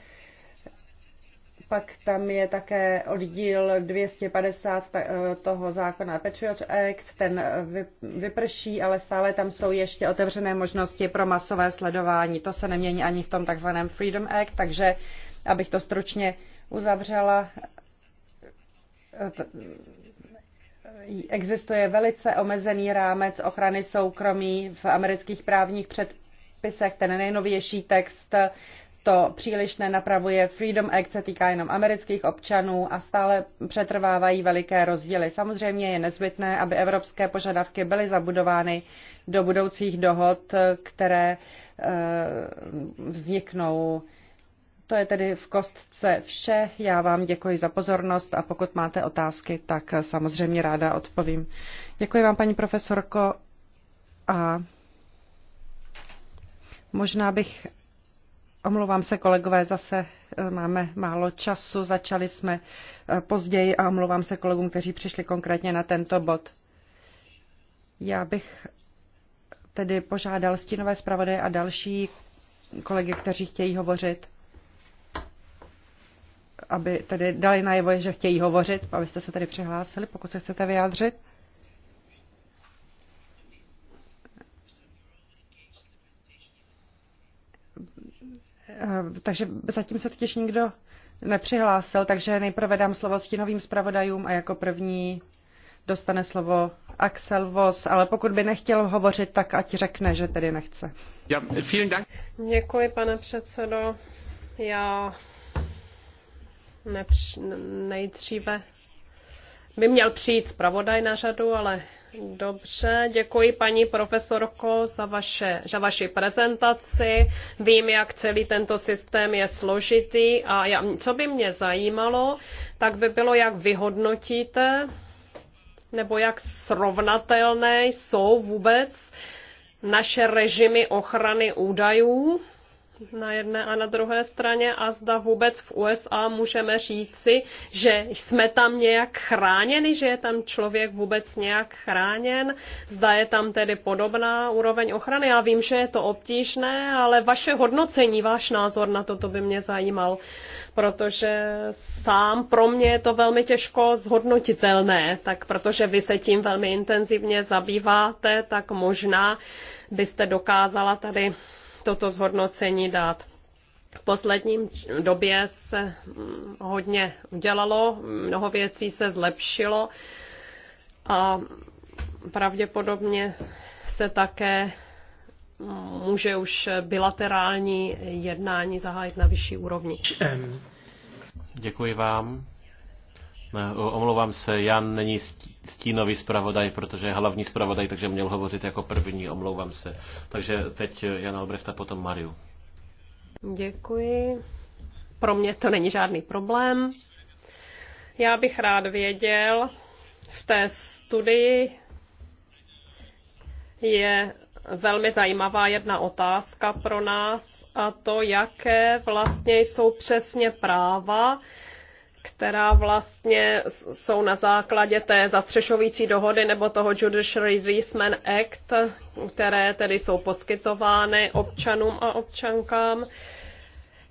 pak tam je také oddíl 250 eh, toho zákona Patriot Act, ten eh, vyprší, ale stále tam jsou ještě otevřené možnosti pro masové sledování. To se nemění ani v tom takzvaném Freedom Act, takže abych to stručně uzavřela, eh, existuje velice omezený rámec ochrany soukromí v amerických právních předpisech. Ten nejnovější text to příliš nenapravuje. Freedom Act se týká jenom amerických občanů a stále přetrvávají veliké rozdíly. Samozřejmě je nezbytné, aby evropské požadavky byly zabudovány do budoucích dohod, které eh, vzniknou. To je tedy v kostce vše. Já vám děkuji za pozornost a pokud máte otázky, tak samozřejmě ráda odpovím. Děkuji vám, paní profesorko. A možná bych Omlouvám se, kolegové, zase eh, máme málo času, začali jsme eh, později a omlouvám se kolegům, kteří přišli konkrétně na tento bod. Já bych tedy požádal stínové zpravodaje a další kolegy, kteří chtějí hovořit, aby tedy dali najevo, že chtějí hovořit, abyste se tedy přihlásili, pokud se chcete vyjádřit. Eh, takže zatím se totiž nikdo nepřihlásil, takže nejprve dám slovo stínovým zpravodajům a jako první dostane slovo Axel Voss, ale pokud by nechtěl hovořit, tak ať řekne, že tedy nechce. Ja, vielen Dank. Děkuji, pane předsedo. Já nepř- nejdříve by měl přijít zpravodaj na řadu, ale dobře. Děkuji paní profesorko za, vaše, za vaši prezentaci. Vím, jak celý tento systém je složitý a já, co by mě zajímalo, tak by bylo, jak vyhodnotíte nebo jak srovnatelné jsou vůbec naše režimy ochrany údajů na jedné a na druhé straně a zda vůbec v USA můžeme říci, že jsme tam nějak chráněni, že je tam člověk vůbec nějak chráněn, zda je tam tedy podobná úroveň ochrany. Já vím, že je to obtížné, ale vaše hodnocení, váš názor na to, to by mě zajímal, protože sám pro mě je to velmi těžko zhodnotitelné, tak protože vy se tím velmi intenzivně zabýváte, tak možná byste dokázala tady toto zhodnocení dát. V posledním době se hodně udělalo, mnoho věcí se zlepšilo a pravděpodobně se také může už bilaterální jednání zahájit na vyšší úrovni. Děkuji vám. Eh, omlouvám se, Jan není stínový zpravodaj, protože je hlavní zpravodaj, takže měl hovořit jako první, omlouvám se. Takže teď eh, Jan Albrecht a potom Mariu. Děkuji. Pro mě to není žádný problém. Já bych rád věděl, v té studii je velmi zajímavá jedna otázka pro nás a to, jaké vlastně jsou přesně práva, která vlastně jsou na základě té zastřešovící dohody nebo toho Judicial Reasement Act, které tedy jsou poskytovány občanům a občankám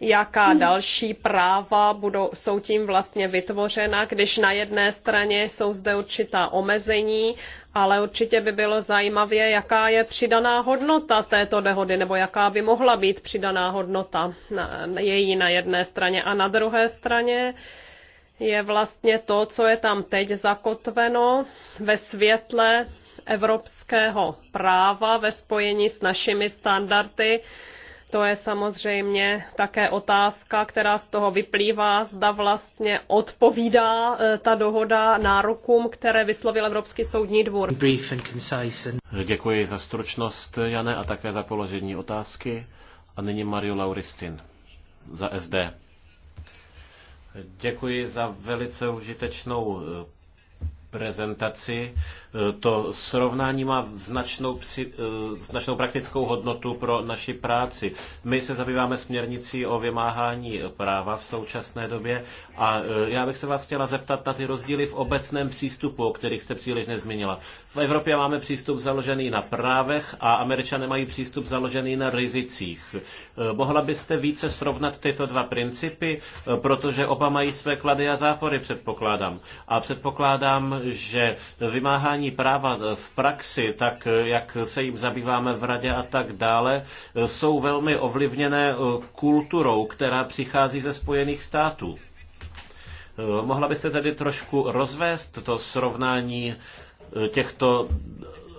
jaká další práva budou, jsou tím vlastně vytvořena, když na jedné straně jsou zde určitá omezení, ale určitě by bylo zajímavě, jaká je přidaná hodnota této dohody, nebo jaká by mohla být přidaná hodnota na, její na jedné straně a na druhé straně. Uh, je vlastně to, co je tam teď zakotveno ve světle evropského práva ve spojení s našimi standardy. To je samozřejmě také otázka, která z toho vyplývá, zda vlastně odpovídá e, ta dohoda nárokům, které vyslovil Evropský soudní dvůr. Děkuji za stručnost, Jane, a také za položení otázky. A nyní Mario Lauristin za SD. Děkuji za velice užitečnou eh, prezentaci. To srovnání má značnou, při, eh, značnou praktickou hodnotu pro naši práci. My se zabýváme směrnicí o vymáhání práva v současné době a eh, já bych se vás chtěla zeptat na ty rozdíly v obecném přístupu, o kterých jste příliš nezmínila. V Evropě máme přístup založený na právech a američané mají přístup založený na rizicích. Eh, mohla byste více srovnat tyto dva principy, protože oba mají své klady a zápory, předpokládám. A předpokládám, že vymáhání uplatňování práva v praxi, tak jak se jim zabýváme v radě a tak dále, jsou velmi ovlivněné kulturou, která přichází ze Spojených států. Mohla byste tedy trošku rozvést to srovnání těchto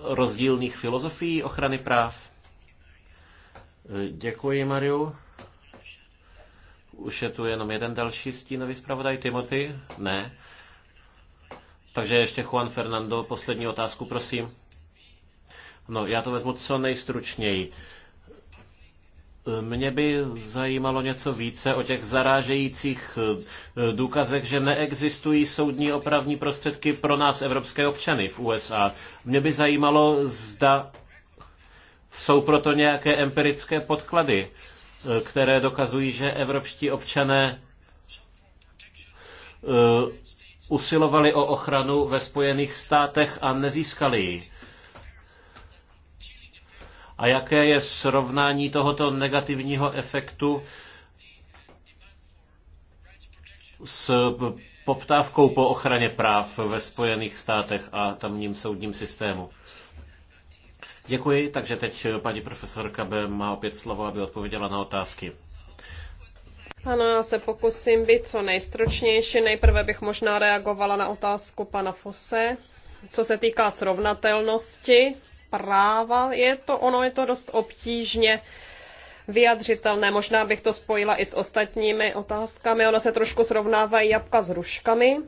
rozdílných filozofií ochrany práv? Děkuji, Mariu. Už je tu jenom jeden další stínový zpravodaj, Timothy? Ne. Takže ještě Juan Fernando, poslední otázku, prosím. No, já to vezmu co nejstručněji. Mě by zajímalo něco více o těch zarážejících eh, důkazech, že neexistují soudní opravní prostředky pro nás, evropské občany v USA. Mě by zajímalo, zda jsou proto nějaké empirické podklady, eh, které dokazují, že evropští občané eh, usilovali o ochranu ve Spojených státech a nezískali ji. A jaké je srovnání tohoto negativního efektu s poptávkou po ochraně práv ve Spojených státech a tamním soudním systému? Děkuji, takže teď paní profesorka B má opět slovo, aby odpověděla na otázky. Ano, já se pokusím být co nejstručnější. Nejprve bych možná reagovala na otázku pana Fose. Co se týká srovnatelnosti práva, je to, ono je to dost obtížně vyjadřitelné. Možná bych to spojila i s ostatními otázkami. Ona se trošku srovnávají jabka s ruškami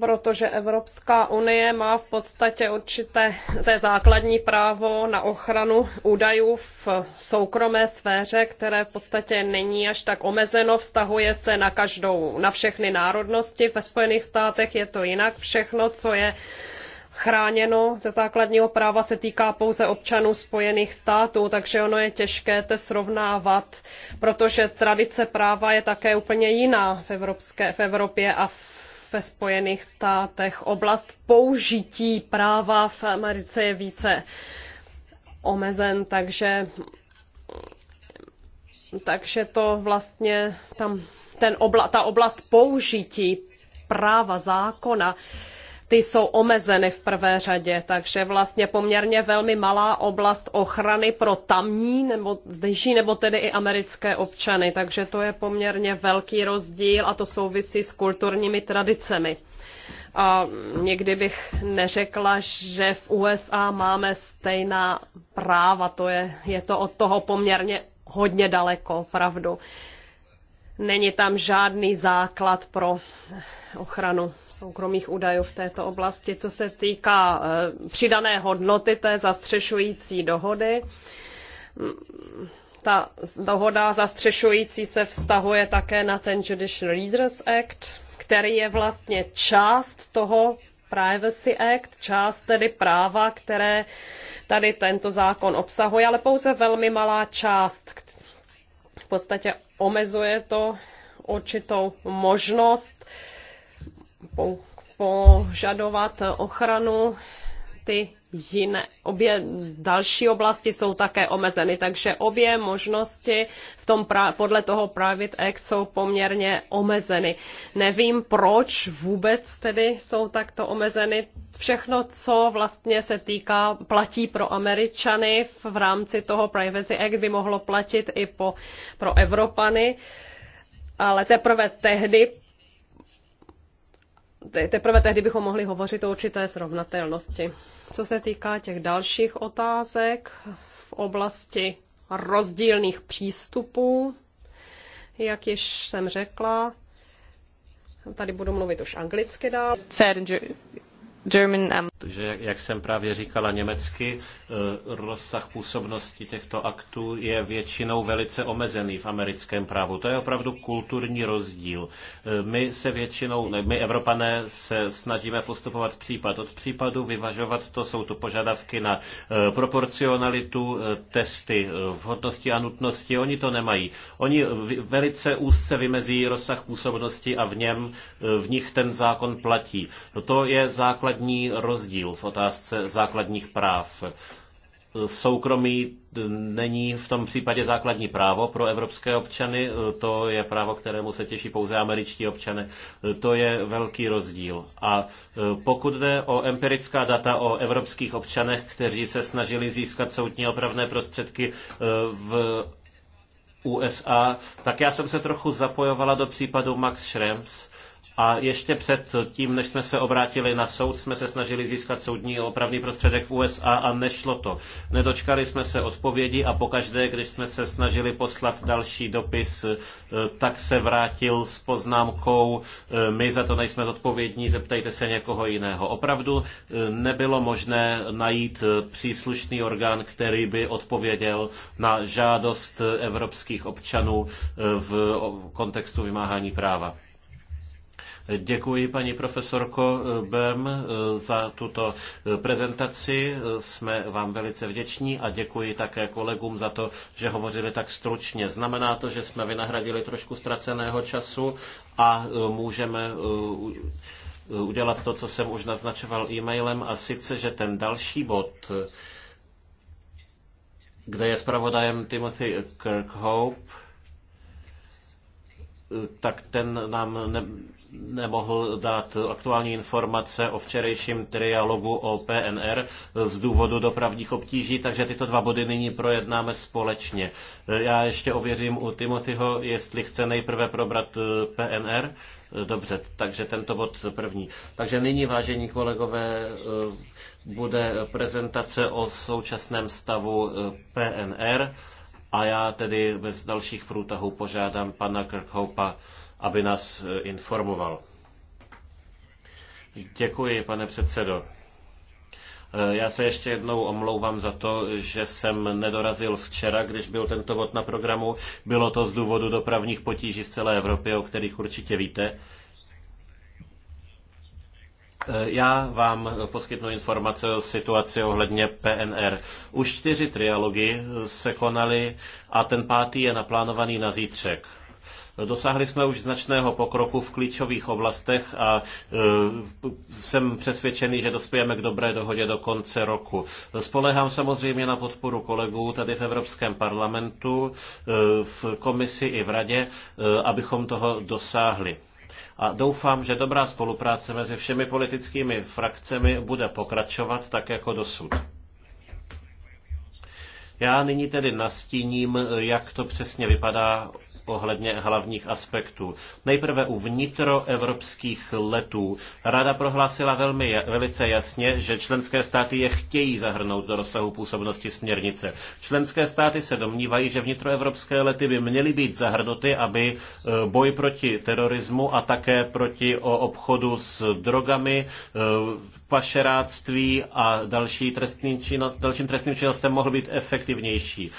protože Evropská unie má v podstatě určité té základní právo na ochranu údajů v soukromé sféře, které v podstatě není až tak omezeno, vztahuje se na každou, na všechny národnosti. Ve Spojených státech je to jinak. Všechno, co je chráněno ze základního práva, se týká pouze občanů Spojených států, takže ono je těžké to srovnávat, protože tradice práva je také úplně jiná v, Evropské, v Evropě a v ve Spojených státech. Oblast použití práva v Americe je více omezen, takže takže to vlastně tam ten obla, ta oblast použití práva zákona ty jsou omezeny v prvé řadě, takže vlastně poměrně velmi malá oblast ochrany pro tamní nebo zdejší nebo tedy i americké občany, takže to je poměrně velký rozdíl a to souvisí s kulturními tradicemi. A někdy bych neřekla, že v USA máme stejná práva, to je, je to od toho poměrně hodně daleko, pravdu. Uh, Není tam žádný základ pro ochranu soukromých údajů v této oblasti. Co se týká eh, přidané hodnoty té zastřešující dohody, mm, ta dohoda zastřešující se vztahuje také na ten Judicial Leaders Act, který je vlastně část toho Privacy Act, část tedy práva, které tady tento zákon obsahuje, ale pouze velmi malá část. V podstatě omezuje to určitou možnost požadovat ochranu ty jiné, obě další oblasti jsou také omezeny, takže obě možnosti v tom pra, podle toho Private Act jsou poměrně omezeny. Nevím, proč vůbec tedy jsou takto omezeny. Všechno, co vlastně se týká, platí pro Američany v rámci toho Privacy Act by mohlo platit i po, pro Evropany ale teprve tehdy teprve tehdy bychom mohli hovořit o určité srovnatelnosti. Co se týká těch dalších otázek v oblasti rozdílných přístupů, jak již jsem řekla, tady budu mluvit už anglicky dál. German, um, že, jak jsem právě říkala německy, eh, rozsah působnosti těchto aktů je většinou velice omezený v americkém právu. To je opravdu kulturní rozdíl. Eh, my se většinou, my Evropané se snažíme postupovat případ od případu, vyvažovat to, jsou tu požadavky na eh, proporcionalitu, testy vhodnosti a nutnosti, oni to nemají. Oni velice úzce vymezí rozsah působnosti a v něm, v nich ten zákon platí. No To je základní rozdíl rozdíl v otázce základních práv. Soukromí není v tom případě základní právo pro evropské občany, to je právo, kterému se těší pouze američtí občany. To je velký rozdíl. A pokud jde o empirická data o evropských občanech, kteří se snažili získat soudní opravné prostředky eh, v USA, tak já jsem se trochu zapojovala do případu Max Schrems, a ještě před tím, než jsme se obrátili na soud, jsme se snažili získat soudní opravný prostředek v USA a nešlo to. Nedočkali jsme se odpovědi a pokaždé, když jsme se snažili poslat další dopis, eh, tak se vrátil s poznámkou, eh, my za to nejsme zodpovědní, zeptejte se někoho jiného. Opravdu eh, nebylo možné najít příslušný orgán, který by odpověděl na žádost evropských občanů v kontextu vymáhání práva. Děkuji paní profesorko Bem za tuto prezentaci. Jsme vám velice vděční a děkuji také kolegům za to, že hovořili tak stručně. Znamená to, že jsme vynahradili trošku ztraceného času a můžeme eh, udělat to, co jsem už naznačoval e-mailem, a sice, že ten další bod, kde je zpravodajem Timothy Kirkhope, eh, tak ten nám ne, nemohl dát aktuální informace o včerejším trialogu o PNR z důvodu dopravních obtíží, takže tyto dva body nyní projednáme společně. Já ještě ověřím u Timothyho, jestli chce nejprve probrat eh, PNR. Eh, dobře, takže tento bod první. Takže nyní, vážení kolegové, eh, bude prezentace o současném stavu PNR a já tedy bez dalších průtahů požádám pana Kirkhopa, aby nás eh, informoval. Děkuji, pane předsedo. Eh, já se ještě jednou omlouvám za to, že jsem nedorazil včera, když byl tento bod na programu. Bylo to z důvodu dopravních potíží v celé Evropě, o kterých určitě víte. Eh, já vám poskytnu informace o situaci ohledně PNR. Už čtyři trialogy se konaly a ten pátý je naplánovaný na zítřek. Dosáhli jsme už značného pokroku v klíčových oblastech a e, jsem přesvědčený, že dospějeme k dobré dohodě do konce roku. Spolehám samozřejmě na podporu kolegů tady v Evropském parlamentu, e, v komisi i v radě, e, abychom toho dosáhli a doufám, že dobrá spolupráce mezi všemi politickými frakcemi bude pokračovat tak jako dosud. Já nyní tedy nastíním, jak to přesně vypadá ohledně hlavních aspektů. Nejprve u vnitroevropských letů. Rada prohlásila velmi, velice jasně, že členské státy je chtějí zahrnout do rozsahu působnosti směrnice. Členské státy se domnívají, že vnitroevropské lety by měly být zahrnuty, aby e, boj proti terorismu a také proti obchodu s drogami e, pašeráctví a další trestný činnost, dalším trestným činnostem mohl být efektivnější.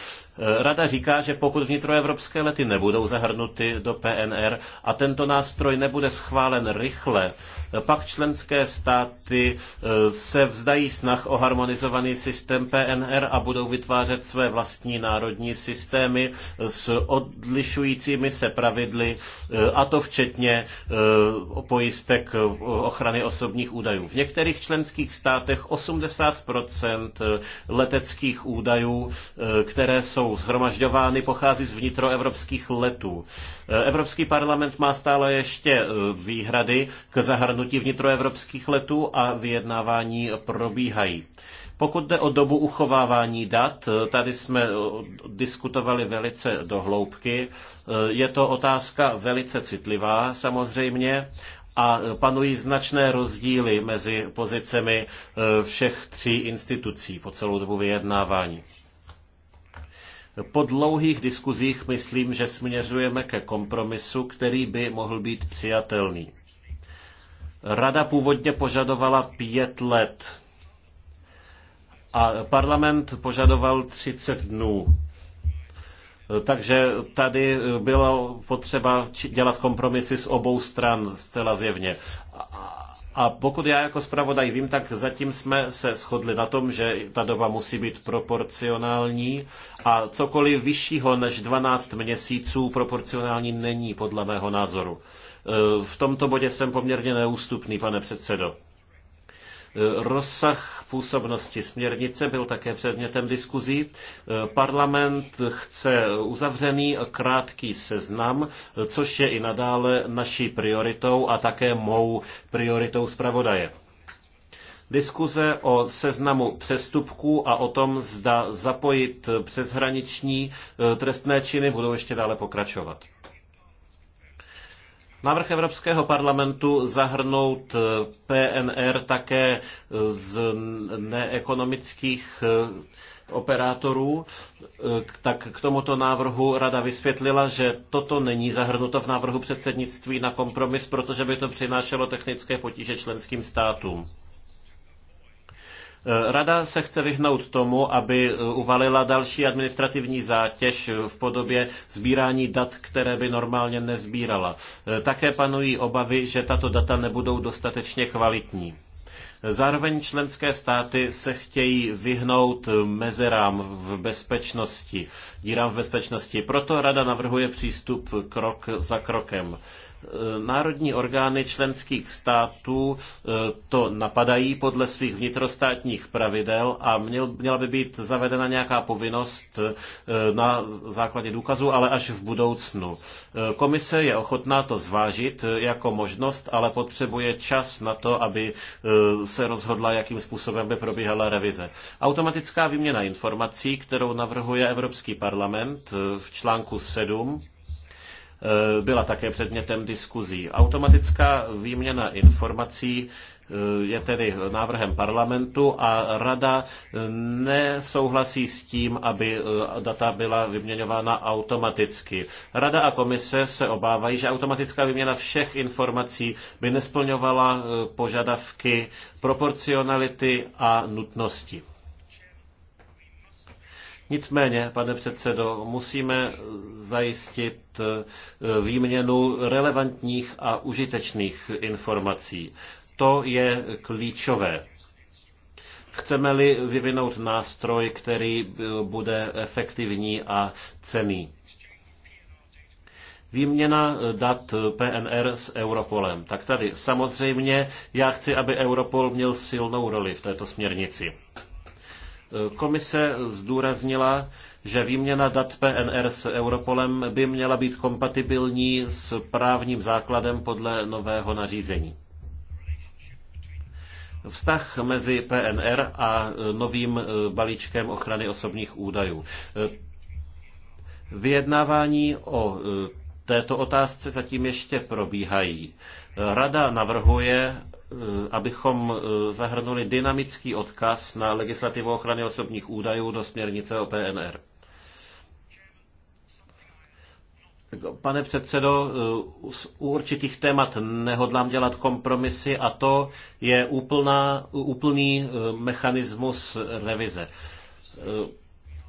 Eh, Rada říká, že pokud vnitroevropské lety nebudou zahrnuty do PNR a tento nástroj nebude schválen rychle, eh, pak členské státy eh, se vzdají snah o harmonizovaný systém PNR a budou vytvářet své vlastní národní systémy s odlišujícími se pravidly, a to včetně pojistek ochrany osobních údajů. V některých členských státech 80 eh, leteckých údajů, eh, které jsou zhromažďovány, pochází z vnitroevropských letů. Eh, Evropský parlament má stále ještě výhrady k zahrnutí vnitroevropských letů a vyjednávání probíhají. Pokud jde o dobu uchovávání dat, tady jsme diskutovali velice dohloubky. Je to otázka velice citlivá samozřejmě a panují značné rozdíly mezi pozicemi e, všech tří institucí po celou dobu vyjednávání. Po dlouhých diskuzích myslím, že směřujeme ke kompromisu, který by mohl být přijatelný. Rada původně požadovala pět let a parlament požadoval 30 dnů. Takže tady bylo potřeba dělat kompromisy z obou stran zcela zjevně. A pokud já jako zpravodaj vím, tak zatím jsme se shodli na tom, že ta doba musí být proporcionální a cokoliv vyššího než 12 měsíců proporcionální není podle mého názoru. E, v tomto bodě jsem poměrně neústupný, pane předsedo. Rozsah působnosti směrnice byl také předmětem diskuzí. Parlament chce uzavřený krátký seznam, což je i nadále naší prioritou a také mou prioritou zpravodaje. Diskuze o seznamu přestupků a o tom, zda zapojit přeshraniční eh, trestné činy, budou ještě dále pokračovat. Návrh Evropského parlamentu zahrnout eh, PNR také eh, z neekonomických eh, operátorů, tak k tomuto návrhu rada vysvětlila, že toto není zahrnuto v návrhu předsednictví na kompromis, protože by to přinášelo technické potíže členským státům. Rada se chce vyhnout tomu, aby e, uvalila další administrativní zátěž v podobě sbírání dat, které by normálně nezbírala. E, také panují obavy, že tato data nebudou dostatečně kvalitní. E, zároveň členské státy se chtějí vyhnout mezerám v bezpečnosti, dírám v bezpečnosti. Proto Rada navrhuje přístup krok za krokem. Eh, národní orgány členských států eh, to napadají podle svých vnitrostátních pravidel a měla by být zavedena nějaká povinnost eh, na základě důkazů, ale až v budoucnu. Komise je ochotná to zvážit jako možnost, ale potřebuje čas na to, aby se rozhodla, jakým způsobem by probíhala revize. Automatická výměna informací, kterou navrhuje Evropský parlament v článku 7, Eh, byla také předmětem diskuzí. Automatická výměna informací eh, je tedy návrhem parlamentu a rada eh, nesouhlasí s tím, aby data byla vyměňována automaticky. Rada a komise se obávají, že automatická výměna všech informací by nesplňovala požadavky proporcionality a nutnosti. Nicméně, pane předsedo, musíme zajistit eh, výměnu relevantních a užitečných informací. To je klíčové. Chceme-li vyvinout nástroj, který eh, bude efektivní a cený. Výměna eh, dat PNR s Europolem. Tak tady samozřejmě já chci, aby Europol měl silnou roli v této směrnici. Komise zdůraznila, že výměna dat PNR s Europolem by měla být kompatibilní s právním základem podle nového nařízení. Vztah mezi PNR a novým e, balíčkem ochrany osobních údajů. E, vyjednávání o e, této otázce zatím ještě probíhají. Rada navrhuje, Eh, abychom eh, zahrnuli dynamický odkaz na legislativu ochrany osobních údajů do směrnice o PNR. Pane předsedo, eh, u určitých témat nehodlám dělat kompromisy a to je úplná, úplný mechanismus revize.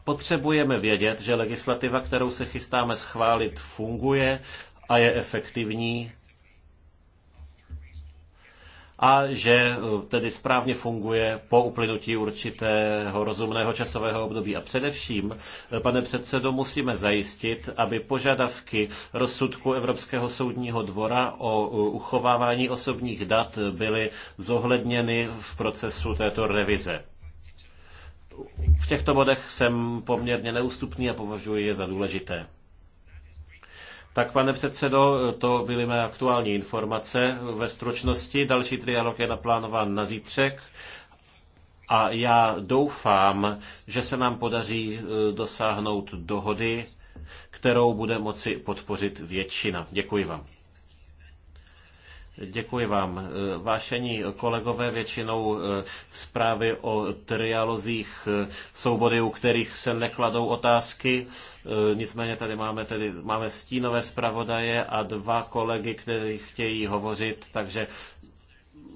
Potřebujeme vědět, že legislativa, kterou se chystáme schválit, funguje a je efektivní a že eh, tedy správně funguje po uplynutí určitého rozumného časového období. A především, eh, pane předsedo, musíme zajistit, aby požadavky rozsudku Evropského soudního dvora o eh, uchovávání osobních dat byly zohledněny v procesu této revize. V těchto bodech jsem poměrně neústupný a považuji je za důležité. Tak, pane předsedo, to byly mé aktuální informace ve stručnosti. Další trialog je naplánován na zítřek a já doufám, že se nám podaří e, dosáhnout dohody, kterou bude moci podpořit většina. Děkuji vám. Děkuji vám. Vášení kolegové, většinou eh, zprávy o trialozích eh, jsou body, u kterých se nekladou otázky. Eh, nicméně tady máme, tedy, máme stínové zpravodaje a dva kolegy, kteří chtějí hovořit, takže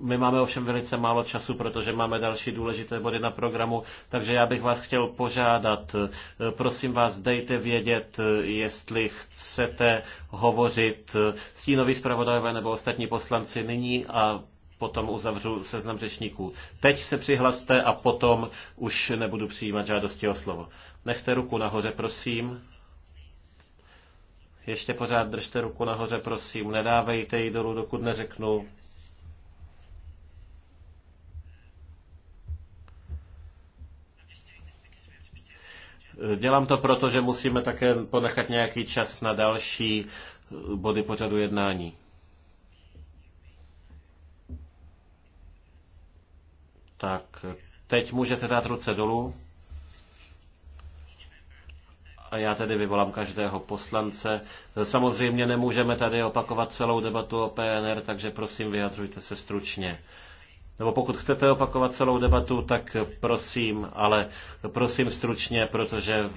my máme ovšem velice málo času, protože máme další důležité body na programu, takže já bych vás chtěl požádat, eh, prosím vás, dejte vědět, eh, jestli chcete hovořit eh, stínový zpravodajové nebo ostatní poslanci nyní a potom uzavřu seznam řečníků. Teď se přihlaste a potom už nebudu přijímat žádosti o slovo. Nechte ruku nahoře, prosím. Ještě pořád držte ruku nahoře, prosím. Nedávejte ji dolů, dokud neřeknu. Dělám to proto, že musíme také ponechat nějaký čas na další body pořadu jednání. Tak, teď můžete dát ruce dolů. A já tedy vyvolám každého poslance. Samozřejmě nemůžeme tady opakovat celou debatu o PNR, takže prosím vyjadřujte se stručně nebo pokud chcete opakovat celou debatu, tak prosím, ale prosím stručně, protože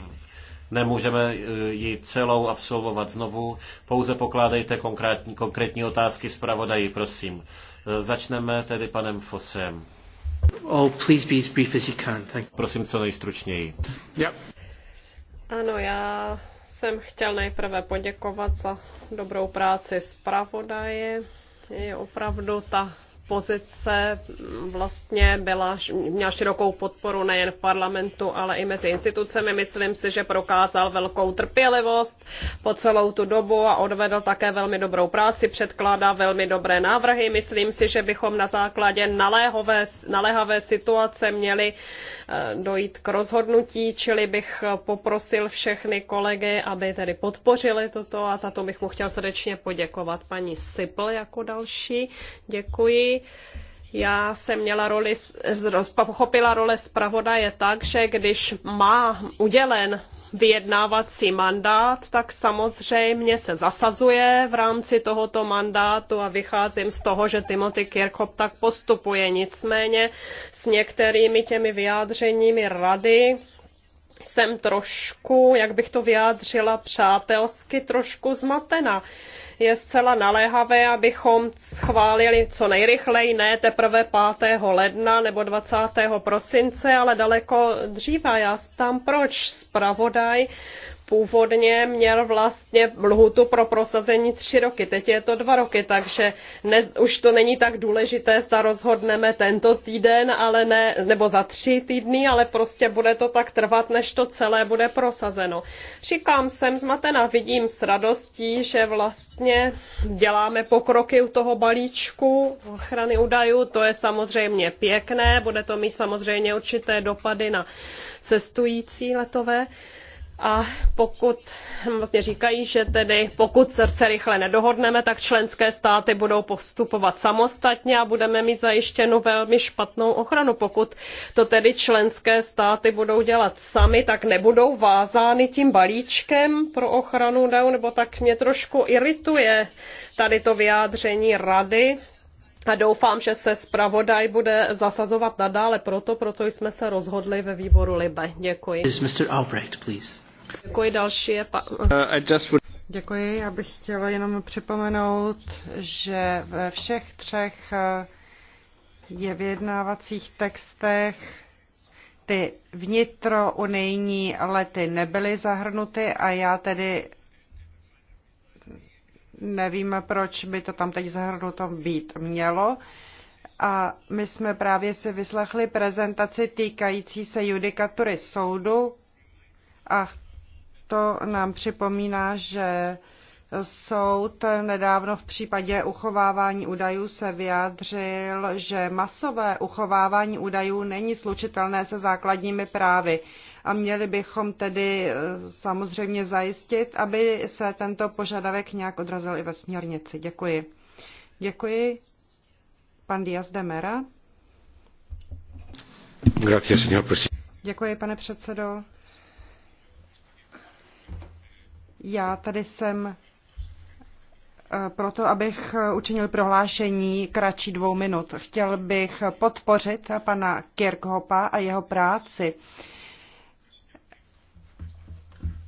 nemůžeme eh, ji celou absolvovat znovu. Pouze pokládejte konkrétní, konkrétní otázky zpravodaji, prosím. Eh, začneme tedy panem Fosem. Oh, please be as brief as you can. Thank you. Prosím, co nejstručněji. Yep. Ano, já jsem chtěl nejprve poděkovat za dobrou práci zpravodaje. Je opravdu ta pozice vlastně byla, měla širokou podporu nejen v parlamentu, ale i mezi institucemi. Myslím si, že prokázal velkou trpělivost po celou tu dobu a odvedl také velmi dobrou práci, předkládá velmi dobré návrhy. Myslím si, že bychom na základě naléhové, naléhavé situace měli eh, dojít k rozhodnutí, čili bych poprosil všechny kolegy, aby tedy podpořili toto a za to bych mu chtěl srdečně poděkovat paní Sipl jako další. Děkuji já jsem měla roli, pochopila role zpravodaje tak, že když má udělen vyjednávací mandát, tak samozřejmě se zasazuje v rámci tohoto mandátu a vycházím z toho, že Timothy Kirchhoff tak postupuje. Nicméně s některými těmi vyjádřeními rady jsem trošku, jak bych to vyjádřila přátelsky, trošku zmatena. Je zcela naléhavé, abychom schválili co nejrychleji, ne teprve 5. ledna nebo 20. prosince, ale daleko dříve. Já ptám, proč zpravodaj původně měl vlastně lhutu pro prosazení tři roky, teď je to dva roky, takže ne, už to není tak důležité, zda rozhodneme tento týden, ale ne, nebo za tři týdny, ale prostě bude to tak trvat, než to celé bude prosazeno. Říkám, jsem zmatena, vidím s radostí, že vlastně děláme pokroky u toho balíčku ochrany údajů, to je samozřejmě pěkné, bude to mít samozřejmě určité dopady na cestující letové a pokud vlastně říkají, že tedy pokud se rychle nedohodneme, tak členské státy budou postupovat samostatně a budeme mít zajištěnu velmi špatnou ochranu. Pokud to tedy členské státy budou dělat sami, tak nebudou vázány tím balíčkem pro ochranu DAO, nebo tak mě trošku irituje tady to vyjádření rady, a doufám, že se zpravodaj bude zasazovat nadále proto, proto jsme se rozhodli ve výboru Libe. Děkuji. Is Mr. Albrecht, please. Děkuji, další je pa... Uh, Děkuji, já bych chtěla jenom připomenout, že ve všech třech uh, je vyjednávacích textech ty vnitrounijní lety nebyly zahrnuty a já tedy nevím, proč by to tam teď zahrnuto být mělo. A my jsme právě si vyslechli prezentaci týkající se judikatury soudu a to nám připomíná, že soud nedávno v případě uchovávání údajů se vyjádřil, že masové uchovávání údajů není slučitelné se základními právy. A měli bychom tedy eh, samozřejmě zajistit, aby se tento požadavek nějak odrazil i ve směrnici. Děkuji. Děkuji. Pan Díaz de Mera. Děkuji, pane předsedo. Já tady jsem eh, proto, abych eh, učinil prohlášení kratší dvou minut. Chtěl bych podpořit pana Kirkhopa a jeho práci.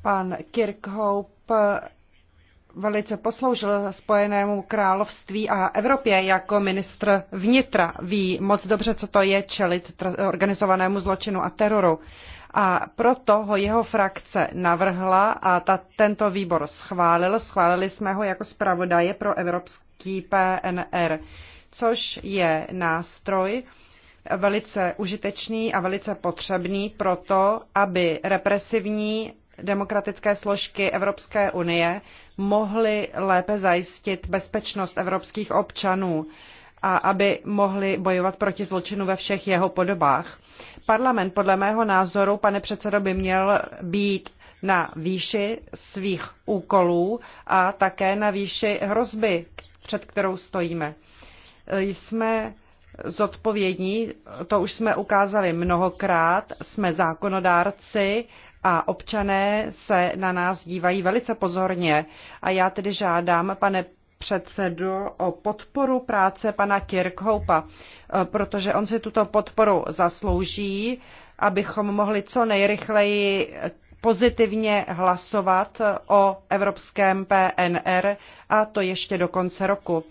Pan Kirkhope eh, velice posloužil Spojenému království a Evropě jako ministr vnitra. Ví moc dobře, co to je čelit organizovanému zločinu a teroru a proto ho jeho frakce navrhla a ta, tento výbor schválil. Schválili jsme ho jako zpravodaje pro evropský PNR, což je nástroj velice užitečný a velice potřebný pro to, aby represivní demokratické složky Evropské unie mohly lépe zajistit bezpečnost evropských občanů a aby mohli bojovat proti zločinu ve všech jeho podobách. Parlament podle mého názoru, pane předsedo, by měl být na výši svých úkolů a také na výši hrozby, před kterou stojíme. Jsme zodpovědní, to už jsme ukázali mnohokrát, jsme zákonodárci a občané se na nás dívají velice pozorně. A já tedy žádám, pane předsedu o podporu práce pana Kirkhoupa, eh, protože on si tuto podporu zaslouží, abychom mohli co nejrychleji pozitivně hlasovat o evropském PNR a to ještě do konce roku.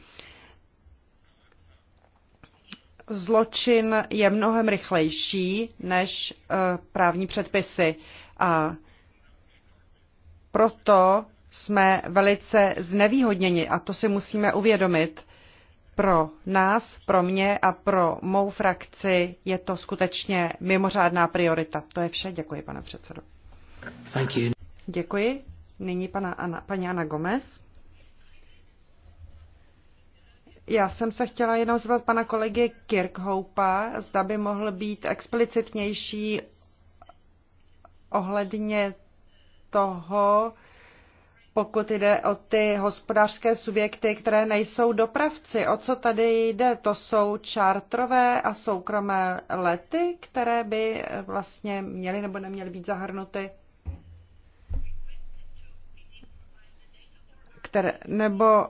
Zločin je mnohem rychlejší než eh, právní předpisy a proto jsme velice znevýhodněni a to si musíme uvědomit. Pro nás, pro mě a pro mou frakci je to skutečně mimořádná priorita. To je vše. Děkuji, pane předsedo. Thank you. Děkuji. Nyní pana Ana, paní Ana Gomez. Já jsem se chtěla jenom zvat pana kolegy Kirkhoupa, zda by mohl být explicitnější ohledně toho, pokud jde o ty hospodářské subjekty, které nejsou dopravci. O co tady jde? To jsou čártrové a soukromé lety, které by vlastně měly nebo neměly být zahrnuty? Které, nebo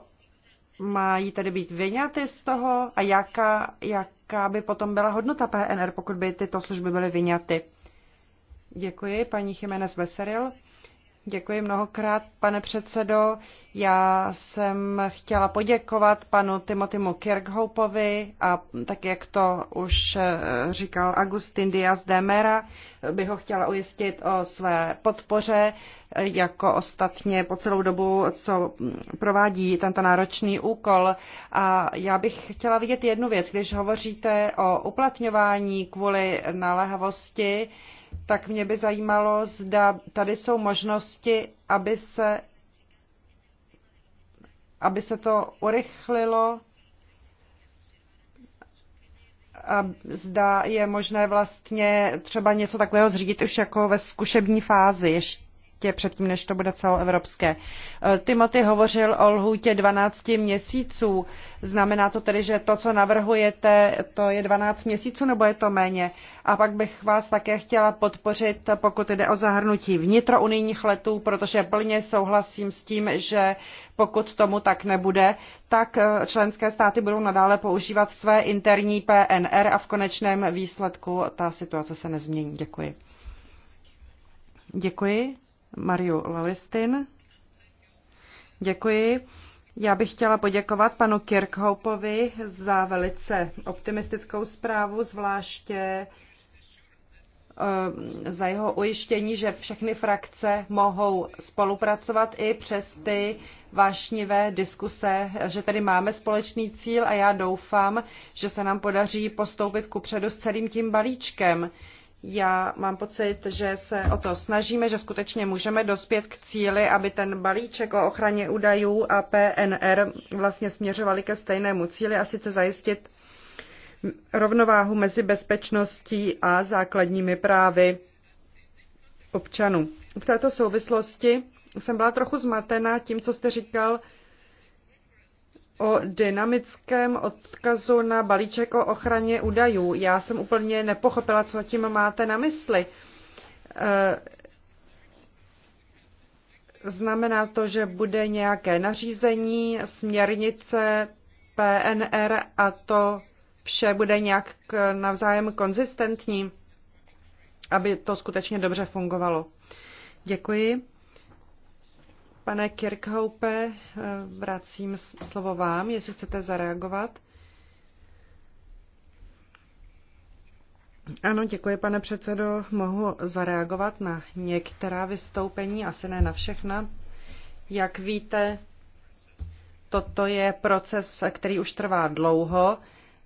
mají tedy být vyňaty z toho a jaká, jaká by potom byla hodnota PNR, pokud by tyto služby byly vyňaty? Děkuji, paní Jiménez Veseril. Děkuji mnohokrát, pane předsedo. Já jsem chtěla poděkovat panu Timotimu Kirkhoupovi a tak, jak to už eh, říkal Agustin Diaz de Mera, bych ho chtěla ujistit o své podpoře, eh, jako ostatně po celou dobu, co provádí tento náročný úkol. A já bych chtěla vidět jednu věc, když hovoříte o uplatňování kvůli naléhavosti, tak mě by zajímalo, zda tady jsou možnosti, aby se, aby se to urychlilo a zda je možné vlastně třeba něco takového zřídit už jako ve zkušební fázi. Ještě ještě předtím, než to bude celoevropské. E, Timothy hovořil o lhůtě 12 měsíců. Znamená to tedy, že to, co navrhujete, to je 12 měsíců nebo je to méně? A pak bych vás také chtěla podpořit, pokud jde o zahrnutí vnitrounijních letů, protože plně souhlasím s tím, že pokud tomu tak nebude, tak e, členské státy budou nadále používat své interní PNR a v konečném výsledku ta situace se nezmění. Děkuji. Děkuji. Mariu Lalistin. Děkuji. Já bych chtěla poděkovat panu Kirkhopovi za velice optimistickou zprávu, zvláště eh, za jeho ujištění, že všechny frakce mohou spolupracovat i přes ty vášnivé diskuse, že tedy máme společný cíl a já doufám, že se nám podaří postoupit ku předu s celým tím balíčkem. Já mám pocit, že se o to snažíme, že skutečně můžeme dospět k cíli, aby ten balíček o ochraně údajů a PNR vlastně směřovali ke stejnému cíli a sice zajistit rovnováhu mezi bezpečností a základními právy občanů. V této souvislosti jsem byla trochu zmatená tím, co jste říkal o dynamickém odkazu na balíček o ochraně údajů. Já jsem úplně nepochopila, co tím máte na mysli. Eh, znamená to, že bude nějaké nařízení, směrnice, PNR a to vše bude nějak navzájem konzistentní, aby to skutečně dobře fungovalo. Děkuji. Pane Kirkhope, eh, vracím slovo vám, jestli chcete zareagovat. Ano, děkuji, pane předsedo. Mohu zareagovat na některá vystoupení, asi ne na všechna. Jak víte, toto je proces, který už trvá dlouho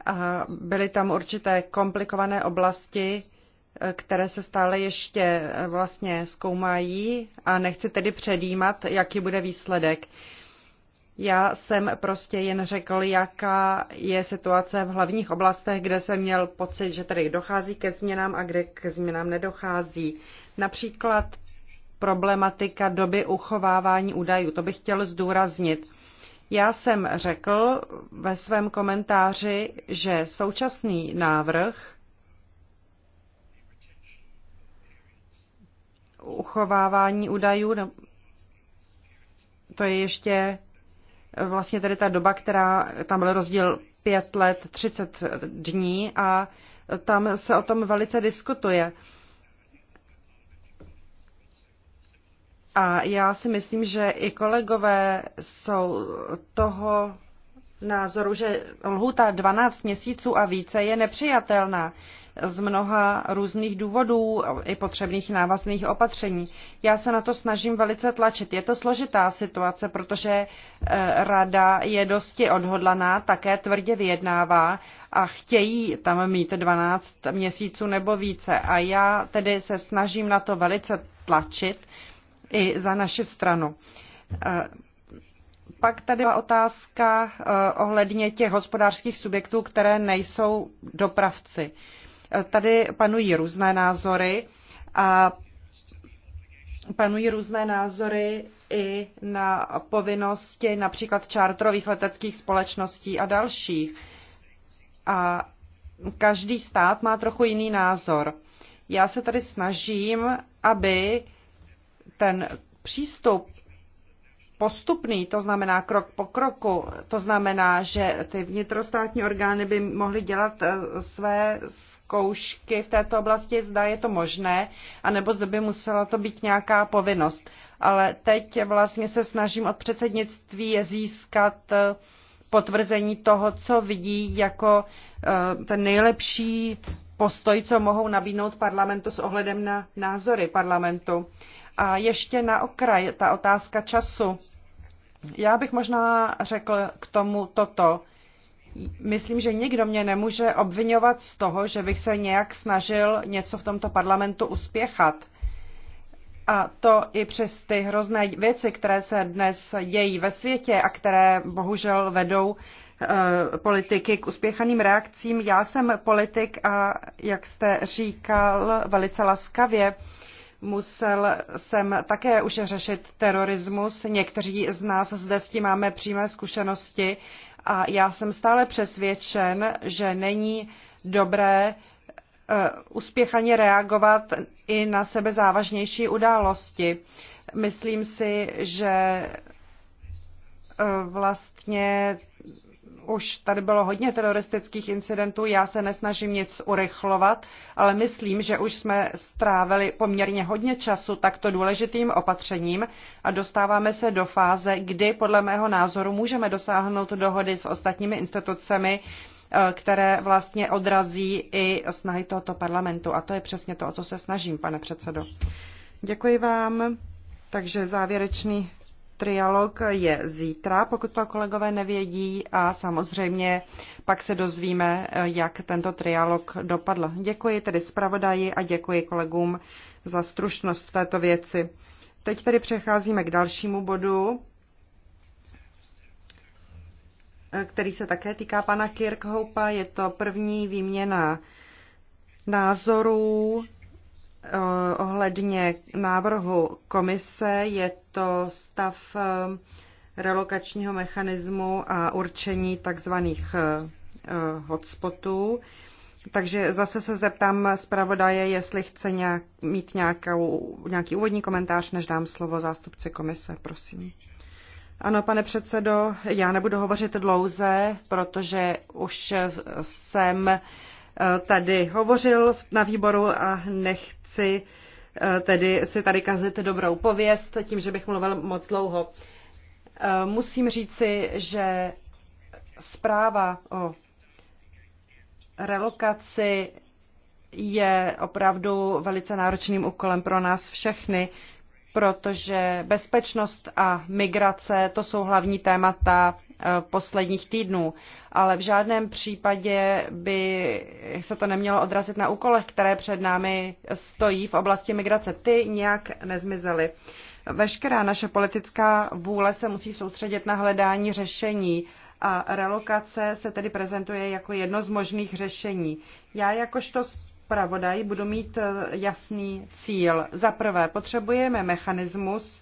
a byly tam určité komplikované oblasti, které se stále ještě eh, vlastně zkoumají a nechci tedy předjímat, jaký bude výsledek. Já jsem prostě jen řekl, jaká je situace v hlavních oblastech, kde jsem měl pocit, že tady dochází ke změnám a kde ke změnám nedochází. Například problematika doby uchovávání údajů. To bych chtěl zdůraznit. Já jsem řekl ve svém komentáři, že současný návrh uchovávání údajů. No, to je ještě vlastně tedy ta doba, která tam byl rozdíl 5 let, 30 dní a tam se o tom velice diskutuje. A já si myslím, že i kolegové jsou toho názoru, že lhuta 12 měsíců a více je nepřijatelná z mnoha různých důvodů i potřebných návazných opatření. Já se na to snažím velice tlačit. Je to složitá situace, protože eh, rada je dosti odhodlaná, také tvrdě vyjednává a chtějí tam mít 12 měsíců nebo více. A já tedy se snažím na to velice tlačit i za naši stranu. Eh, pak tady byla otázka eh, ohledně těch hospodářských subjektů, které nejsou dopravci. Eh, tady panují různé názory a panují různé názory i na povinnosti například čártrových leteckých společností a dalších. A každý stát má trochu jiný názor. Já se tady snažím, aby ten přístup postupný, to znamená krok po kroku, to znamená, že ty vnitrostátní orgány by mohly dělat eh, své zkoušky v této oblasti, zda je to možné, anebo zda by musela to být nějaká povinnost. Ale teď vlastně se snažím od předsednictví získat eh, potvrzení toho, co vidí jako eh, ten nejlepší postoj, co mohou nabídnout parlamentu s ohledem na názory parlamentu. A ještě na okraj ta otázka času. Já bych možná řekl k tomu toto. Myslím, že nikdo mě nemůže obvinovat z toho, že bych se nějak snažil něco v tomto parlamentu uspěchat. A to i přes ty hrozné věci, které se dnes dějí ve světě a které bohužel vedou eh, politiky k uspěchaným reakcím. Já jsem politik a, jak jste říkal velice laskavě, Musel jsem také už řešit terorismus. Někteří z nás zde s tím máme přímé zkušenosti a já jsem stále přesvědčen, že není dobré eh, uspěchaně reagovat i na sebe závažnější události. Myslím si, že Eh, vlastně už tady bylo hodně teroristických incidentů, já se nesnažím nic urychlovat, ale myslím, že už jsme strávili poměrně hodně času takto důležitým opatřením a dostáváme se do fáze, kdy podle mého názoru můžeme dosáhnout dohody s ostatními institucemi, eh, které vlastně odrazí i snahy tohoto parlamentu. A to je přesně to, o co se snažím, pane předsedo. Děkuji vám. Takže závěrečný Trialog je zítra, pokud to kolegové nevědí a samozřejmě pak se dozvíme, jak tento trialog dopadl. Děkuji tedy zpravodaji a děkuji kolegům za stručnost této věci. Teď tedy přecházíme k dalšímu bodu, který se také týká pana Kirkhoupa. Je to první výměna názorů Eh, ohledně návrhu komise je to stav eh, relokačního mechanismu a určení takzvaných eh, hotspotů. Takže zase se zeptám zpravodaje, jestli chce nějak, mít nějakou, nějaký úvodní komentář, než dám slovo zástupci komise, prosím. Ano, pane předsedo, já nebudu hovořit dlouze, protože už jsem uh, tady hovořil na výboru a nechci eh, tedy si tady kazit dobrou pověst tím, že bych mluvil moc dlouho. Eh, musím říci, že zpráva o relokaci je opravdu velice náročným úkolem pro nás všechny, protože bezpečnost a migrace to jsou hlavní témata Eh, posledních týdnů. Ale v žádném případě by se to nemělo odrazit na úkolech, které před námi stojí v oblasti migrace. Ty nějak nezmizely. Veškerá naše politická vůle se musí soustředit na hledání řešení a relokace se tedy prezentuje jako jedno z možných řešení. Já jakožto zpravodaj budu mít eh, jasný cíl. Za prvé, potřebujeme mechanismus,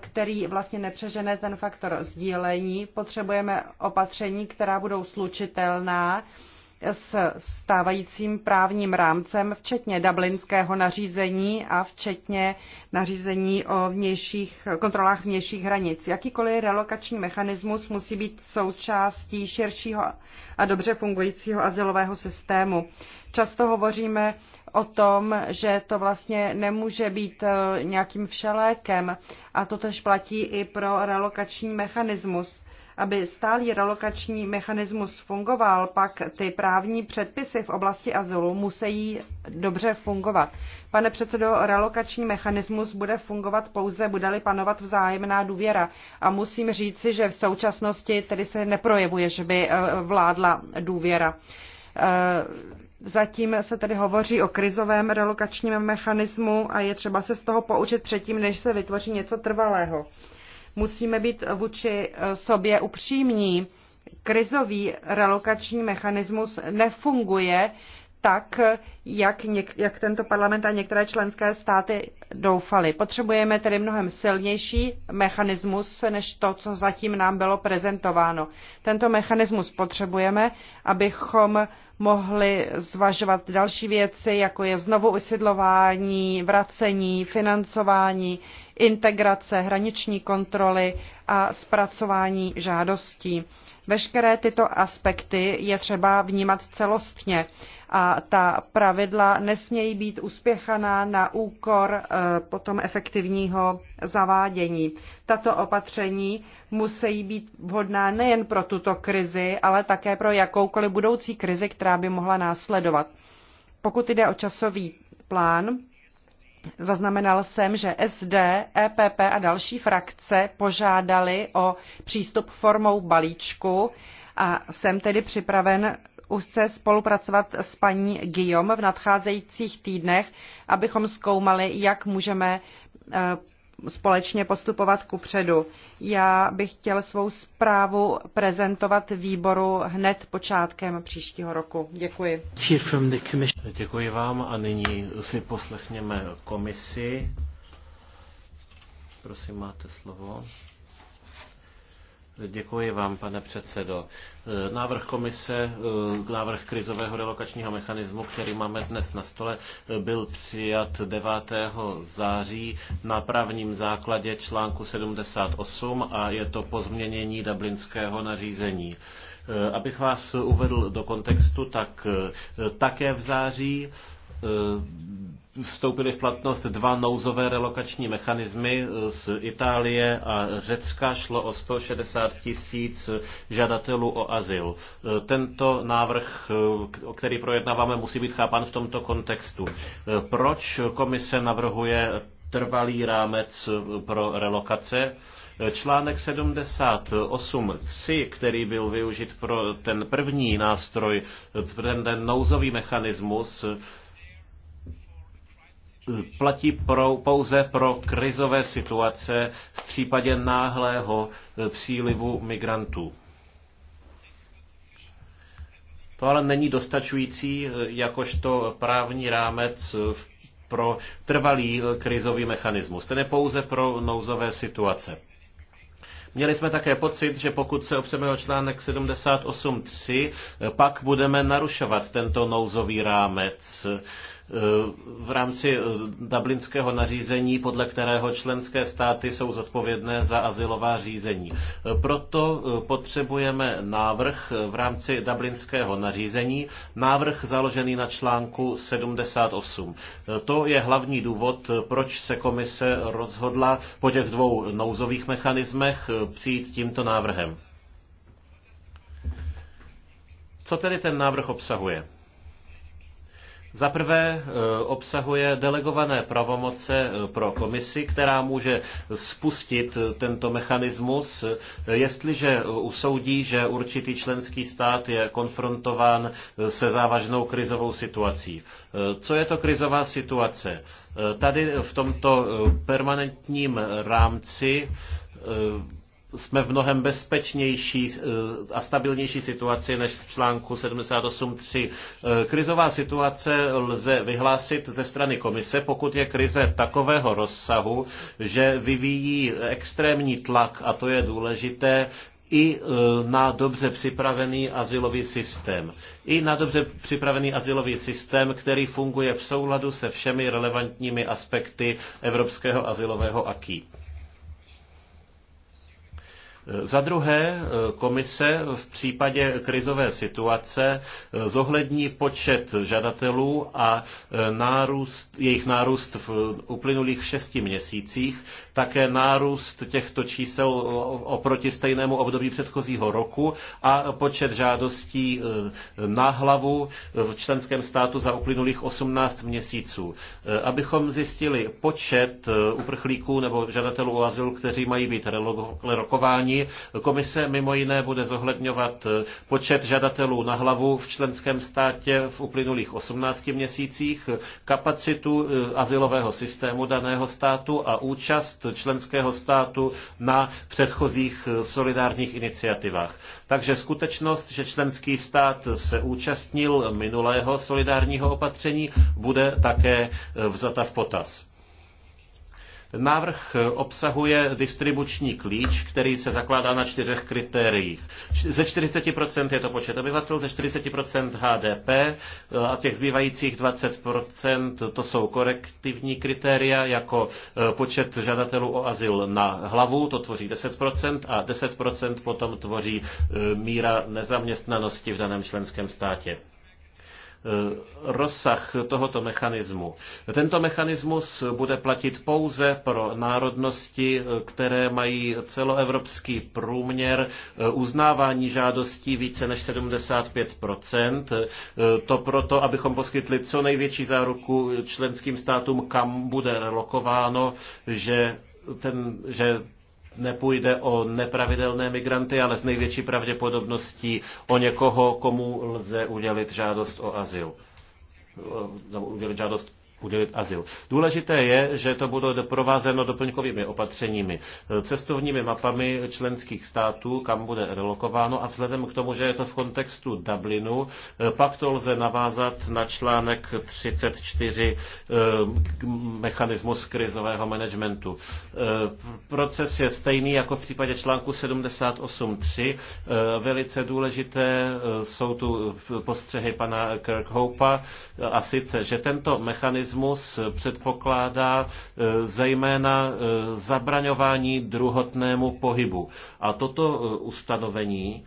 který vlastně nepřežene ten faktor sdílení. Potřebujeme opatření, která budou slučitelná s stávajícím právním rámcem, včetně dublinského nařízení a včetně nařízení o vnějších, kontrolách vnějších hranic. Jakýkoliv relokační mechanismus musí být součástí širšího a dobře fungujícího asilového systému. Často hovoříme o tom, že to vlastně nemůže být eh, nějakým všelékem a to tež platí i pro relokační mechanismus aby stálý relokační mechanismus fungoval, pak ty právní předpisy v oblasti azylu musí dobře fungovat. Pane předsedo, relokační mechanismus bude fungovat pouze, bude-li panovat vzájemná důvěra. A musím říci, že v současnosti tedy se neprojevuje, že by eh, vládla důvěra. Eh, zatím se tedy hovoří o krizovém relokačním mechanismu a je třeba se z toho poučit předtím, než se vytvoří něco trvalého. Musíme být vůči eh, sobě upřímní. Krizový relokační mechanismus nefunguje tak, jak, něk, jak tento parlament a některé členské státy doufali. Potřebujeme tedy mnohem silnější mechanismus, než to, co zatím nám bylo prezentováno. Tento mechanismus potřebujeme, abychom mohli zvažovat další věci, jako je znovu usidlování, vracení, financování, integrace, hraniční kontroly a zpracování žádostí. Veškeré tyto aspekty je třeba vnímat celostně a ta pravidla nesmějí být uspěchaná na úkor eh, potom efektivního zavádění. Tato opatření musí být vhodná nejen pro tuto krizi, ale také pro jakoukoliv budoucí krizi, která by mohla následovat. Pokud jde o časový plán, Zaznamenal jsem, že SD, EPP a další frakce požádali o přístup formou balíčku a jsem tedy připraven úzce spolupracovat s paní Guillaume v nadcházejících týdnech, abychom zkoumali, jak můžeme eh, společně postupovat kupředu. Já bych chtěl svou zprávu prezentovat výboru hned počátkem příštího roku. Děkuji. Děkuji vám a nyní si poslechněme komisi. Prosím, máte slovo. Děkuji vám, pane předsedo. E, návrh komise, e, návrh krizového relokačního mechanismu, který máme dnes na stole, e, byl přijat 9. září na právním základě článku 78 a je to pozměnění dublinského nařízení. Abych vás uvedl do kontextu, tak také v září vstoupily v platnost dva nouzové relokační mechanismy e, z Itálie a Řecka. Šlo o 160 tisíc žadatelů o azyl. E, tento návrh, e, který projednáváme, musí být chápan v tomto kontextu. Proč komise navrhuje trvalý rámec pro relokace? Článek 78.3, který byl využit pro ten první nástroj, ten, ten nouzový mechanismus, platí pro, pouze pro krizové situace v případě náhlého eh, přílivu migrantů. To ale není dostačující eh, jakožto právní rámec eh, pro trvalý krizový mechanismus. Ten je pouze pro nouzové situace. Měli jsme také pocit, že pokud se opřeme o článek 78.3, pak budeme narušovat tento nouzový rámec Eh, v rámci eh, dublinského nařízení, podle kterého členské státy jsou zodpovědné za asilová řízení. Eh, proto potřebujeme návrh v rámci dublinského nařízení, návrh založený na článku 78. To je hlavní důvod, proč se komise rozhodla po těch dvou nouzových mechanismech přijít s tímto návrhem. Co tedy ten návrh obsahuje? Za prvé e, obsahuje delegované pravomoce e, pro komisi, která může spustit e, tento mechanismus, jestliže usoudí, že určitý členský stát je konfrontován se závažnou krizovou situací. Co je to krizová situace? Tady v tomto permanentním rámci jsme v mnohem bezpečnější eh, a stabilnější situaci než v článku 78.3. Eh, krizová situace lze vyhlásit ze strany komise, pokud je krize takového rozsahu, že vyvíjí extrémní tlak, a to je důležité, i eh, na dobře připravený asilový systém. I na dobře připravený asilový systém, který funguje v souladu se všemi relevantními aspekty evropského asilového aký. Za druhé, komise v případě krizové situace eh, zohlední počet žadatelů a eh, nárůst, jejich nárůst v uplynulých šesti měsících, také nárůst těchto čísel oproti stejnému období předchozího roku a počet žádostí e, na hlavu v členském státu za uplynulých 18 měsíců. E, abychom zjistili počet e, uprchlíků nebo žadatelů o azyl, kteří mají být relokováni, komise mimo jiné bude zohledňovat počet žadatelů na hlavu v členském státě v uplynulých 18 měsících, kapacitu azylového systému daného státu a účast členského státu na předchozích eh, solidárních iniciativách. Takže skutečnost, že členský stát se účastnil minulého solidárního opatření, bude také eh, vzata v potaz. Návrh obsahuje distribuční klíč, který se zakládá na čtyřech kritériích. Ze 40% je to počet obyvatel, ze 40% HDP a těch zbývajících 20% to jsou korektivní kritéria jako e, počet žadatelů o azyl na hlavu, to tvoří 10% a 10% potom tvoří e, míra nezaměstnanosti v daném členském státě. Eh, rozsah tohoto mechanismu. Tento mechanismus bude platit pouze pro národnosti, eh, které mají celoevropský průměr eh, uznávání žádostí více než 75 To proto, abychom poskytli co největší záruku členským státům, kam bude relokováno, že ten, že nepůjde o nepravidelné migranty, ale s největší pravděpodobností o někoho, komu lze udělit žádost o azyl. Udělit žádost udělit azyl. Důležité je, že to bude doprovázeno doplňkovými opatřeními, eh, cestovními mapami členských států, kam bude relokováno a vzhledem k tomu, že je to v kontextu Dublinu, eh, pak to lze navázat na článek 34 eh, mechanismus krizového managementu. Proces je stejný jako v případě článku 78.3. Velice důležité jsou tu postřehy pana Kirkhopa a sice, že tento mechanismus mechanismus předpokládá e, zejména e, zabraňování druhotnému pohybu. A toto e, ustanovení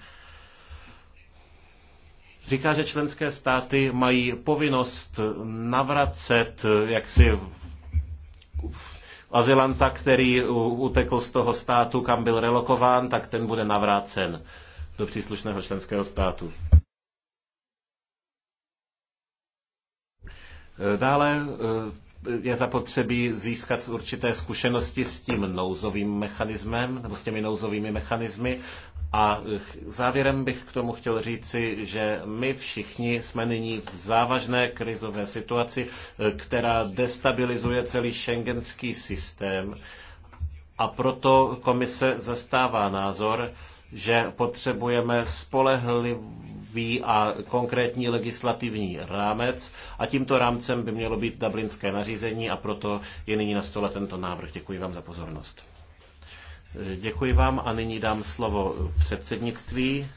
říká, že členské státy mají povinnost navracet jaksi azylanta, který utekl z toho státu, kam byl relokován, tak ten bude navrácen do příslušného členského státu. Eh, dále eh, je zapotřebí získat určité zkušenosti s tím nouzovým mechanismem nebo s těmi nouzovými mechanismy. A eh, závěrem bych k tomu chtěl říci, že my všichni jsme nyní v závažné krizové situaci, která destabilizuje celý šengenský systém. A proto komise zastává názor, že potřebujeme spolehlivou partnerství a konkrétní legislativní rámec a tímto rámcem by mělo být dublinské nařízení a proto je nyní na stole tento návrh. Děkuji vám za pozornost. Děkuji vám a nyní dám slovo předsednictví,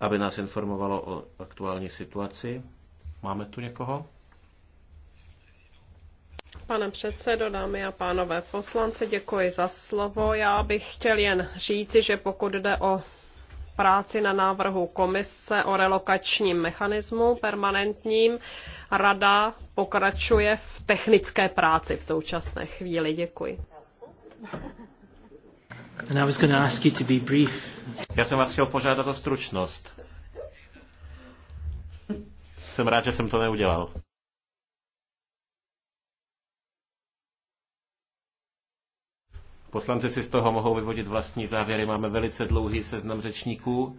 aby nás informovalo o aktuální situaci. Máme tu někoho? Pane předsedo, dámy a pánové poslanci, děkuji za slovo. Já bych chtěl jen říci, že pokud jde o práci na návrhu komise o relokačním mechanismu permanentním. Rada pokračuje v technické práci v současné chvíli. Děkuji. Já jsem vás chtěl požádat o stručnost. Jsem rád, že jsem to neudělal. Poslanci si z toho mohou vyvodit vlastní závěry. Máme velice dlouhý seznam řečníků.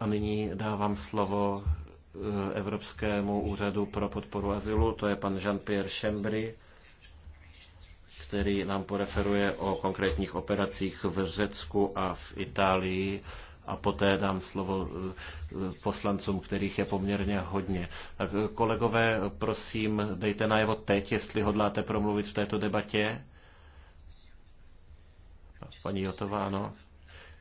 A nyní dávám slovo eh, Evropskému úřadu pro podporu azylu, to je pan Jean-Pierre Chembry, který nám poreferuje o konkrétních operacích v Řecku a v Itálii a poté dám slovo eh, poslancům, kterých je poměrně hodně. Tak eh, kolegové, prosím, dejte najevo teď, jestli hodláte promluvit v této debatě. Paní Jotová, ano.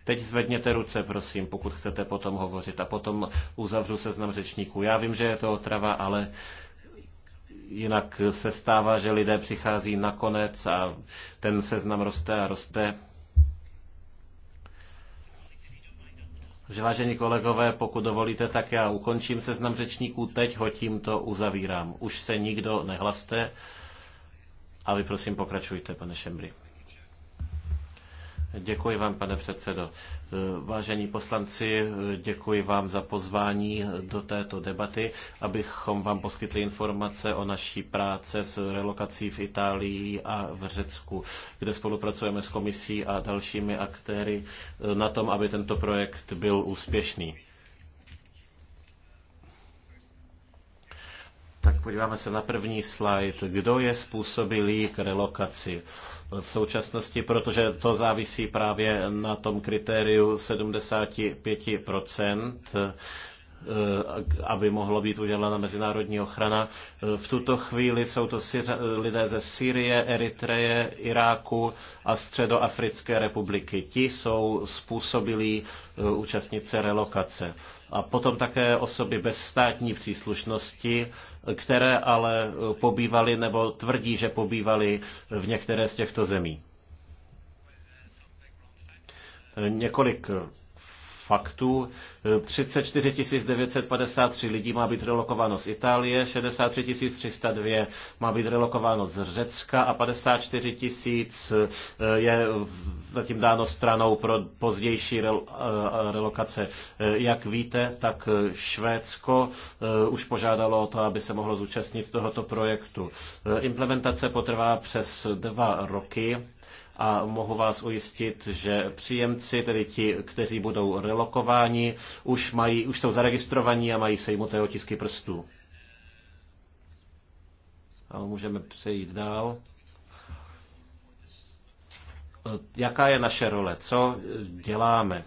Teď zvedněte ruce, prosím, pokud chcete potom hovořit a potom uzavřu seznam řečníků. Já vím, že je to otrava, ale jinak se stává, že lidé přichází nakonec a ten seznam roste a roste. Že vážení kolegové, pokud dovolíte, tak já ukončím seznam řečníků, teď ho tímto uzavírám. Už se nikdo nehlaste a vy prosím pokračujte, pane Šembry. Děkuji vám, pane předsedo. Vážení poslanci, děkuji vám za pozvání do této debaty, abychom vám poskytli informace o naší práci s relokací v Itálii a v Řecku, kde spolupracujeme s komisí a dalšími aktéry na tom, aby tento projekt byl úspěšný. Tak podíváme se na první slide. Kdo je způsobilý k relokaci? v současnosti, protože to závisí právě na tom kritériu 75%, Eh, aby mohla být udělána mezinárodní ochrana. Eh, v tuto chvíli jsou to lidé ze Syrie, Eritreje, Iráku a Středoafrické republiky. Ti jsou způsobilí eh, účastnice relokace. A potom také osoby bez státní příslušnosti, které ale pobývaly nebo tvrdí, že pobývaly v některé z těchto zemí. Několik faktů. 34 953 lidí má být relokováno z Itálie, 63 302 má být relokováno z Řecka a 54 000 eh, je zatím dáno stranou pro pozdější eh, relokace. Eh, jak víte, tak Švédsko už požádalo o to, aby se mohlo zúčastnit tohoto projektu. Implementace potrvá přes dva roky a mohu vás ujistit, že příjemci, tedy ti, kteří budou relokováni, už, mají, už jsou zaregistrovaní a mají sejmuté otisky prstů. A můžeme přejít dál. Jaká je naše role? Co děláme?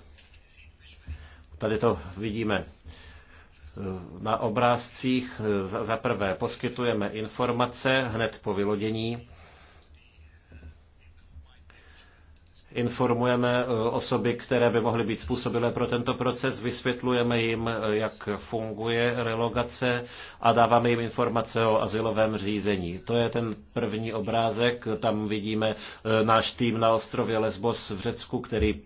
Tady to vidíme na obrázcích. Za prvé poskytujeme informace hned po vylodění informujeme eh, osoby, které by mohly být způsobilé pro tento proces, vysvětlujeme jim, eh, jak funguje relogace a dáváme jim informace o asilovém řízení. To je ten první obrázek. Tam vidíme eh, náš tým na ostrově Lesbos v Řecku, který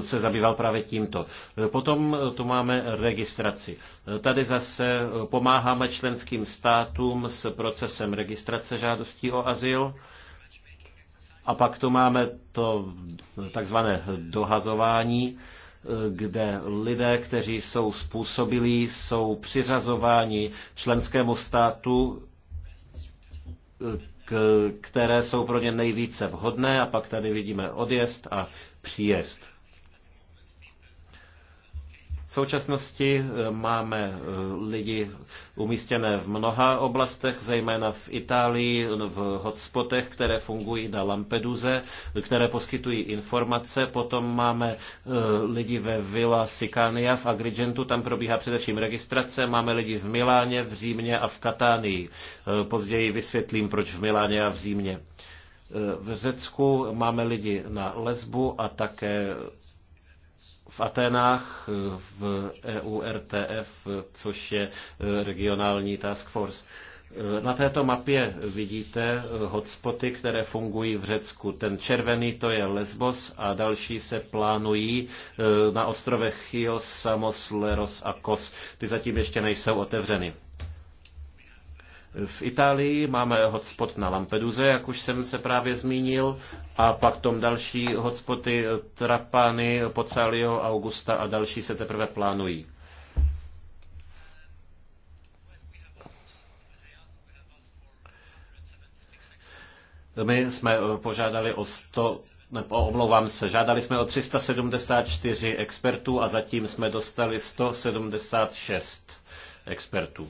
se zabýval právě tímto. Potom tu máme registraci. Tady zase pomáháme členským státům s procesem registrace žádostí o azyl. A pak tu máme to takzvané dohazování, kde lidé, kteří jsou způsobilí, jsou přiřazováni členskému státu, které jsou pro ně nejvíce vhodné. A pak tady vidíme odjezd a příjezd. V současnosti eh, máme eh, lidi umístěné v mnoha oblastech, zejména v Itálii, v hotspotech, které fungují na Lampeduze, které poskytují informace. Potom máme eh, lidi ve Villa Sicania v Agrigentu, tam probíhá především registrace. Máme lidi v Miláně, v Římě a v Katánii. Později vysvětlím, proč v Miláně a v Římě. V Řecku máme lidi na lesbu a také v Atenách, v EURTF, což je eh, regionální task force. Eh, na této mapě vidíte eh, hotspoty, které fungují v Řecku. Ten červený to je Lesbos a další se plánují na ostrovech Chios, Samos, Leros a Kos. Ty zatím ještě nejsou otevřeny. V Itálii máme hotspot na Lampeduze, jak už jsem se právě zmínil, a pak tom další hotspoty Trapany, Pocalio, Augusta a další se teprve plánují. My jsme eh, požádali o 100, ne, omlouvám se, žádali jsme o 374 expertů a zatím jsme dostali 176 expertů.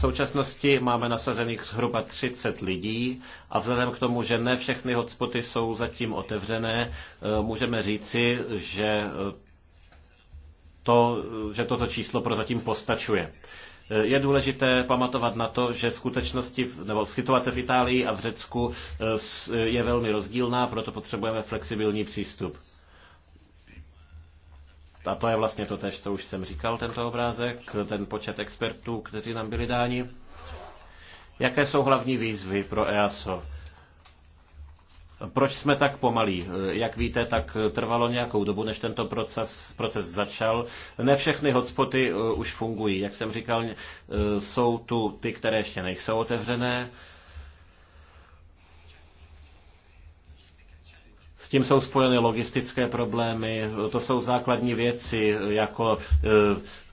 V současnosti máme nasazených zhruba 30 lidí a vzhledem k tomu, že ne všechny hotspoty jsou zatím otevřené, eh, můžeme říci, že, eh, to, že toto číslo prozatím postačuje eh, je důležité pamatovat na to, že skutečnosti nebo situace v Itálii a v Řecku je velmi rozdílná, proto potřebujeme flexibilní přístup. A to je vlastně to tež, co už jsem říkal, tento obrázek, ten počet expertů, kteří nám byli dáni. Jaké jsou hlavní výzvy pro EASO? Proč jsme tak pomalí? Jak víte, tak trvalo nějakou dobu, než tento proces, proces začal. Ne všechny hotspoty eh, už fungují. Jak jsem říkal, eh, jsou tu ty, které ještě nejsou otevřené. tím jsou spojeny logistické problémy, to jsou základní věci, jako e,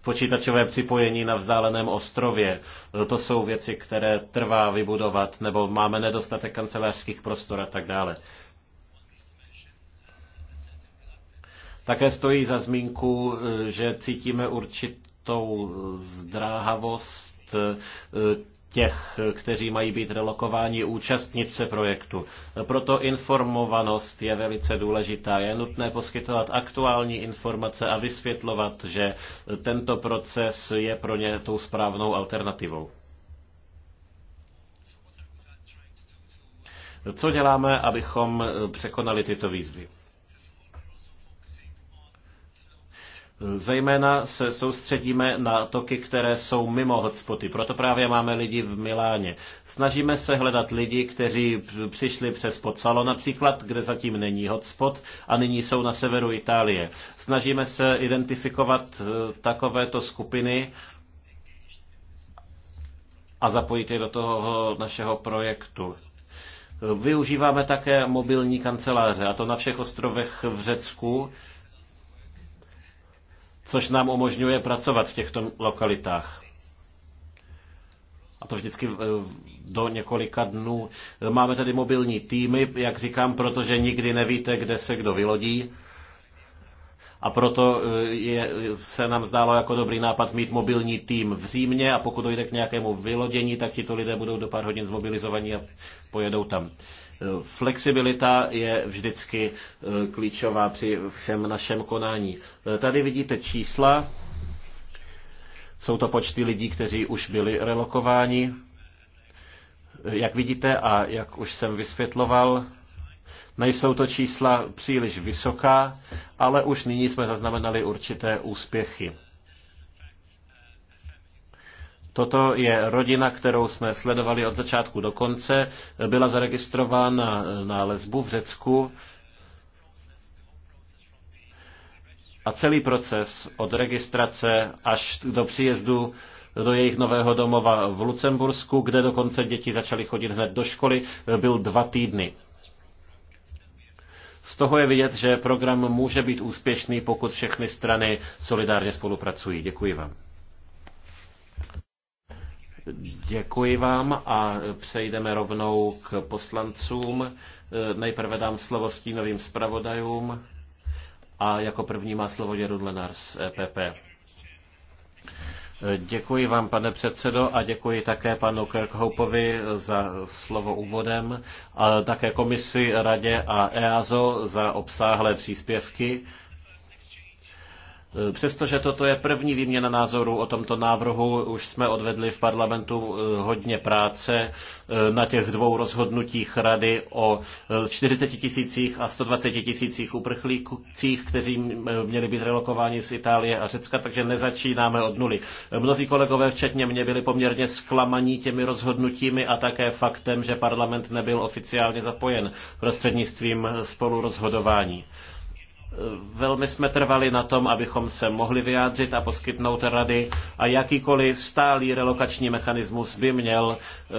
počítačové připojení na vzdáleném ostrově. E, to jsou věci, které trvá vybudovat, nebo máme nedostatek kancelářských prostor a tak dále. Také stojí za zmínku, e, že cítíme určitou zdráhavost těch, kteří mají být relokováni, účastnit se projektu. Proto informovanost je velice důležitá. Je nutné poskytovat aktuální informace a vysvětlovat, že tento proces je pro ně tou správnou alternativou. Co děláme, abychom překonali tyto výzvy? Zejména se soustředíme na toky, které jsou mimo hotspoty. Proto právě máme lidi v Miláně. Snažíme se hledat lidi, kteří přišli přes Pocalo například, kde zatím není hotspot a nyní jsou na severu Itálie. Snažíme se identifikovat eh, takovéto skupiny a zapojit je do toho našeho projektu. Využíváme také mobilní kanceláře, a to na všech ostrovech v Řecku což nám umožňuje pracovat v těchto lokalitách. A to vždycky eh, do několika dnů. Máme tedy mobilní týmy, jak říkám, protože nikdy nevíte, kde se kdo vylodí. A proto eh, je, se nám zdálo jako dobrý nápad mít mobilní tým v Římě a pokud dojde k nějakému vylodění, tak tito lidé budou do pár hodin zmobilizovaní a pojedou tam. Flexibilita je vždycky eh, klíčová při všem našem konání. Eh, tady vidíte čísla. Jsou to počty lidí, kteří už byli relokováni. Eh, jak vidíte a jak už jsem vysvětloval, Nejsou to čísla příliš vysoká, ale už nyní jsme zaznamenali určité úspěchy. Toto je rodina, kterou jsme sledovali od začátku do konce. Byla zaregistrována na lesbu v Řecku. A celý proces od registrace až do příjezdu do jejich nového domova v Lucembursku, kde dokonce děti začaly chodit hned do školy, byl dva týdny. Z toho je vidět, že program může být úspěšný, pokud všechny strany solidárně spolupracují. Děkuji vám. Děkuji vám a přejdeme rovnou k poslancům. Nejprve dám slovo stínovým zpravodajům a jako první má slovo Jeru z EPP. Děkuji vám, pane předsedo, a děkuji také panu Kirkhopovi za slovo úvodem, a také komisi, radě a EASO za obsáhlé příspěvky. Eh, přestože toto je první výměna názorů o tomto návrhu, už jsme odvedli v parlamentu eh, hodně práce eh, na těch dvou rozhodnutích rady o 40 tisících a 120 tisících uprchlících, kteří měli být relokováni z Itálie a Řecka, takže nezačínáme od nuly. Mnozí kolegové, včetně mě, byli poměrně zklamaní těmi rozhodnutími a také faktem, že parlament nebyl oficiálně zapojen prostřednictvím spolurozhodování. Velmi jsme trvali na tom, abychom se mohli vyjádřit a poskytnout rady a jakýkoliv stálý relokační mechanismus by měl, eh,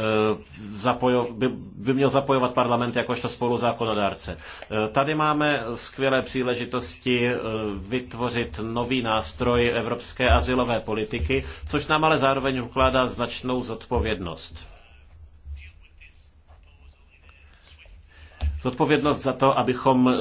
zapojo, by, by měl zapojovat parlament jakožto spoluzákonodárce. Eh, tady máme skvělé příležitosti eh, vytvořit nový nástroj evropské asilové politiky, což nám ale zároveň ukládá značnou zodpovědnost. zodpovědnost za to, abychom eh,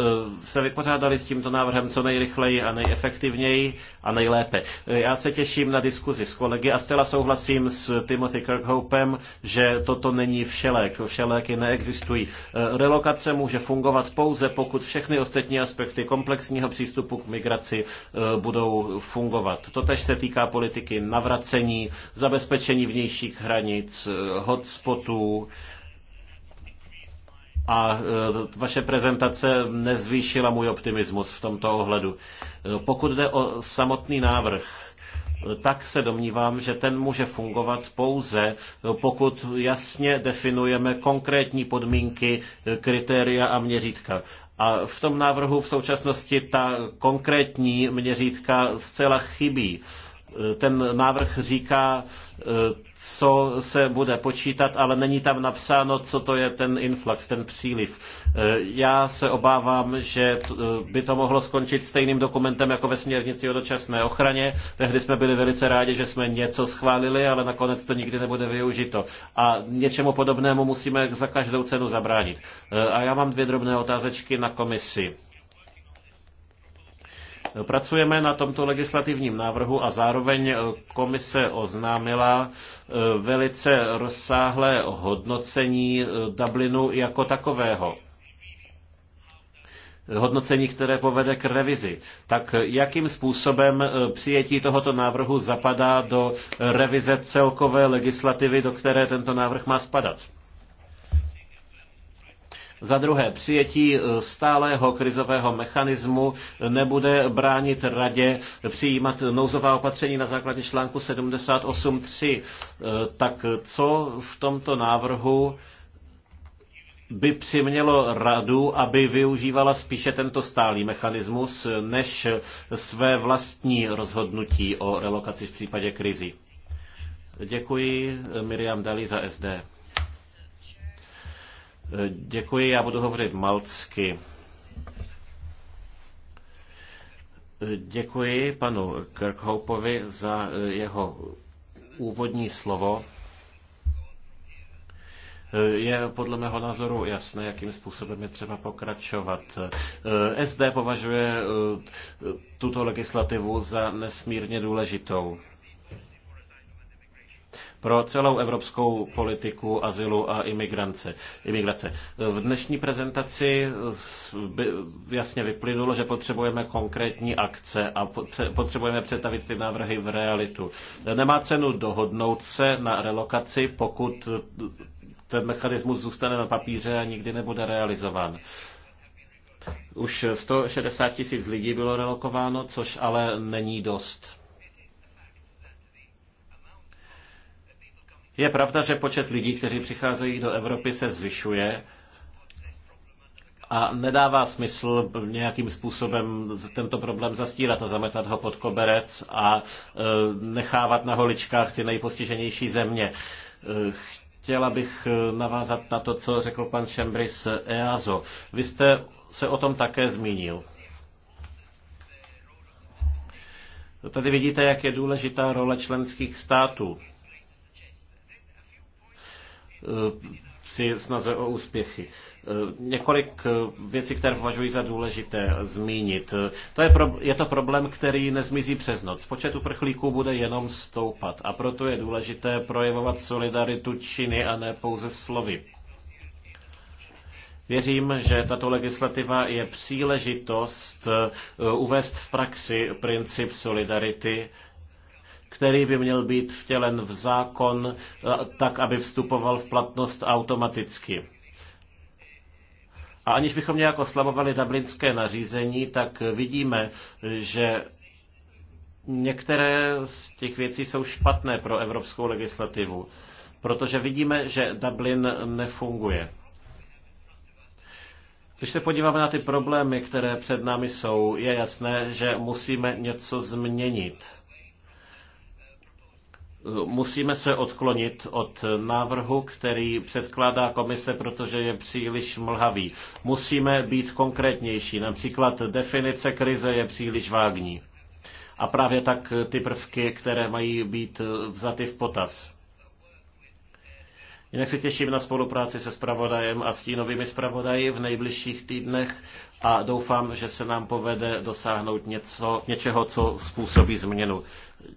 se vypořádali s tímto návrhem co nejrychleji a nejefektivněji a nejlépe. Eh, já se těším na diskuzi s kolegy a zcela souhlasím s Timothy Kirkhopem, že toto není všelék. Všeléky neexistují. Eh, relokace může fungovat pouze, pokud všechny ostatní aspekty komplexního přístupu k migraci budou fungovat. Totež se týká politiky navracení, zabezpečení vnějších hranic, hotspotů, a e, vaše prezentace nezvýšila můj optimismus v tomto ohledu. E, pokud jde o samotný návrh, tak se domnívám, že ten může fungovat pouze, pokud jasně definujeme konkrétní podmínky, e, kritéria a měřítka. A v tom návrhu v současnosti ta konkrétní měřítka zcela chybí. Eh, ten návrh říká, eh, co se bude počítat, ale není tam napsáno, co to je ten influx, ten příliv. Eh, já se obávám, že by to mohlo skončit stejným dokumentem jako ve směrnici o dočasné ochraně. Tehdy jsme byli velice rádi, že jsme něco schválili, ale nakonec to nikdy nebude využito. A něčemu podobnému musíme za každou cenu zabránit. A já mám dvě drobné otázečky na komisi. Pracujeme na tomto legislativním návrhu a zároveň komise oznámila e, velice rozsáhlé hodnocení e, Dublinu jako takového hodnocení, které povede k revizi. Tak jakým způsobem e, přijetí tohoto návrhu zapadá do revize celkové legislativy, do které tento návrh má spadat? Za druhé, přijetí eh, stálého krizového mechanismu nebude bránit radě přijímat nouzová opatření na základě článku 78.3. Eh, tak co v tomto návrhu by přimělo radu, aby využívala spíše tento stálý mechanismus, než své vlastní rozhodnutí o relokaci v případě krizi. Děkuji Miriam Dali za SD. Děkuji, já budu hovořit malcky. Děkuji panu Kirkhopovi za jeho úvodní slovo. Je podle mého názoru jasné, jakým způsobem je třeba pokračovat. SD považuje eh, tuto legislativu za nesmírně důležitou pro celou evropskou politiku azylu a imigrance. imigrace. V dnešní prezentaci jasně vyplynulo, že potřebujeme konkrétní akce a potřebujeme přetavit ty návrhy v realitu. Nemá cenu dohodnout se na relokaci, pokud ten mechanismus zůstane na papíře a nikdy nebude realizován. Už 160 tisíc lidí bylo relokováno, což ale není dost. Je pravda, že počet lidí, kteří přicházejí do Evropy, se zvyšuje a nedává smysl nějakým způsobem tento problém zastírat a zametat ho pod koberec a e, nechávat na holičkách ty nejpostiženější země. E, chtěla bych e, navázat na to, co řekl pan Šembris EASO. Vy jste se o tom také zmínil. Tady vidíte, jak je důležitá role členských států Eh, při snaze o úspěchy. Eh, několik eh, věcí, které považuji za důležité zmínit. To je, pro, je to problém, který nezmizí přes noc. Počet uprchlíků bude jenom stoupat a proto je důležité projevovat solidaritu činy a ne pouze slovy. Věřím, že tato legislativa je příležitost uvést v praxi princip solidarity který by měl být vtělen v zákon eh, tak, aby vstupoval v platnost automaticky. A aniž bychom nějak oslamovali dublinské nařízení, tak vidíme, že některé z těch věcí jsou špatné pro evropskou legislativu, protože vidíme, že Dublin nefunguje. Když se podíváme na ty problémy, které před námi jsou, je jasné, že musíme něco změnit musíme se odklonit od návrhu, který předkládá komise, protože je příliš mlhavý. Musíme být konkrétnější. Například definice krize je příliš vágní. A právě tak ty prvky, které mají být vzaty v potaz. Jinak se těším na spolupráci se spravodajem a stínovými spravodaji v nejbližších týdnech a doufám, že se nám povede dosáhnout něco, něčeho, co způsobí změnu.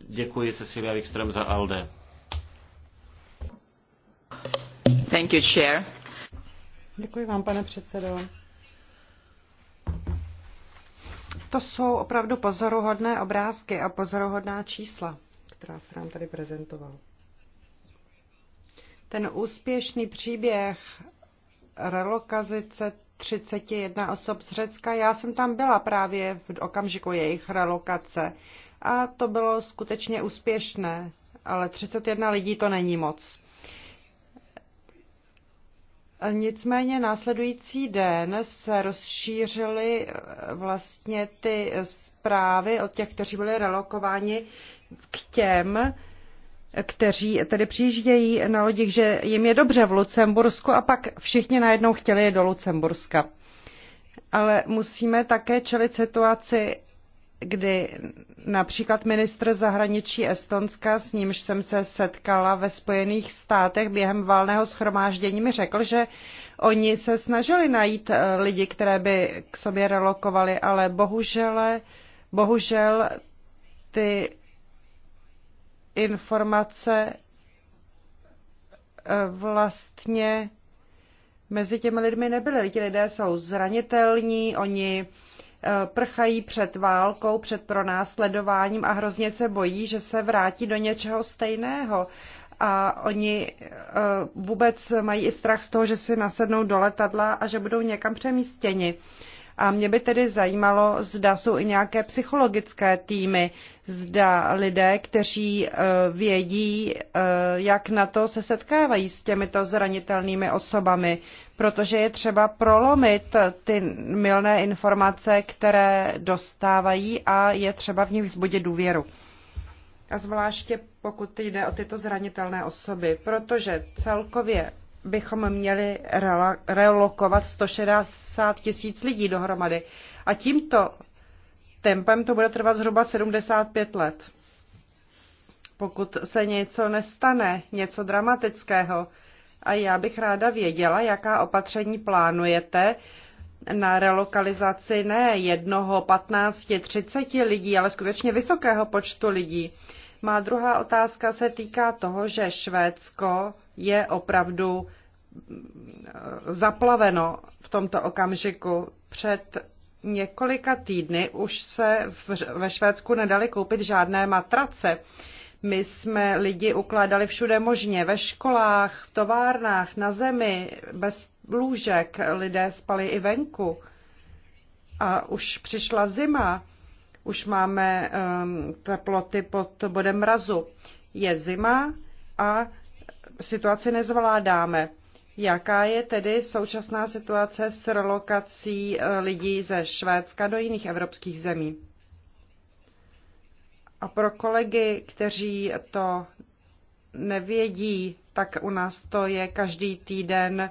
Děkuji Cecilia Wikström za ALDE. Thank you, chair. Děkuji vám, pane předsedo. To jsou opravdu pozoruhodné obrázky a pozoruhodná čísla, která se nám tady prezentovala. Ten úspěšný příběh relokazice 31 osob z Řecka, já jsem tam byla právě v okamžiku jejich relokace a to bylo skutečně úspěšné, ale 31 lidí to není moc. Nicméně následující den se rozšířily eh, vlastně ty zprávy od těch, kteří byli relokováni k těm, kteří tedy přijíždějí na lodích, že jim je dobře v Lucembursku a pak všichni najednou chtěli je do Lucemburska. Ale musíme také čelit situaci kdy například ministr zahraničí Estonska, s nímž jsem se setkala ve Spojených státech během válného schromáždění, mi řekl, že oni se snažili najít eh, lidi, které by k sobě relokovali, ale bohužel, bohužel ty informace eh, vlastně mezi těmi lidmi nebyly. Ti lidé jsou zranitelní, oni Eh, prchají před válkou, před pronásledováním a hrozně se bojí, že se vrátí do něčeho stejného. A oni eh, vůbec mají i strach z toho, že si nasednou do letadla a že budou někam přemístěni. A mě by tedy zajímalo, zda jsou i nějaké psychologické týmy, zda lidé, kteří eh, vědí, eh, jak na to se setkávají s těmito zranitelnými osobami, protože je třeba prolomit ty milné informace, které dostávají a je třeba v nich vzbudit důvěru. A zvláště pokud jde o tyto zranitelné osoby, protože celkově bychom měli relokovat 160 tisíc lidí dohromady. A tímto tempem to bude trvat zhruba 75 let. Pokud se něco nestane, něco dramatického, a já bych ráda věděla, jaká opatření plánujete na relokalizaci ne jednoho, 15, 30 lidí, ale skutečně vysokého počtu lidí. Má druhá otázka se týká toho, že Švédsko je opravdu eh, zaplaveno v tomto okamžiku. Před několika týdny už se ve Švédsku nedali koupit žádné matrace. My jsme lidi ukládali všude možně, ve školách, v továrnách, na zemi, bez lůžek, lidé spali i venku. A už přišla zima už máme ehm, teploty pod bodem mrazu. Je zima a situaci nezvládáme. Jaká je tedy současná situace s relokací eh, lidí ze Švédska do jiných evropských zemí? A pro kolegy, kteří to nevědí, tak u nás to je každý týden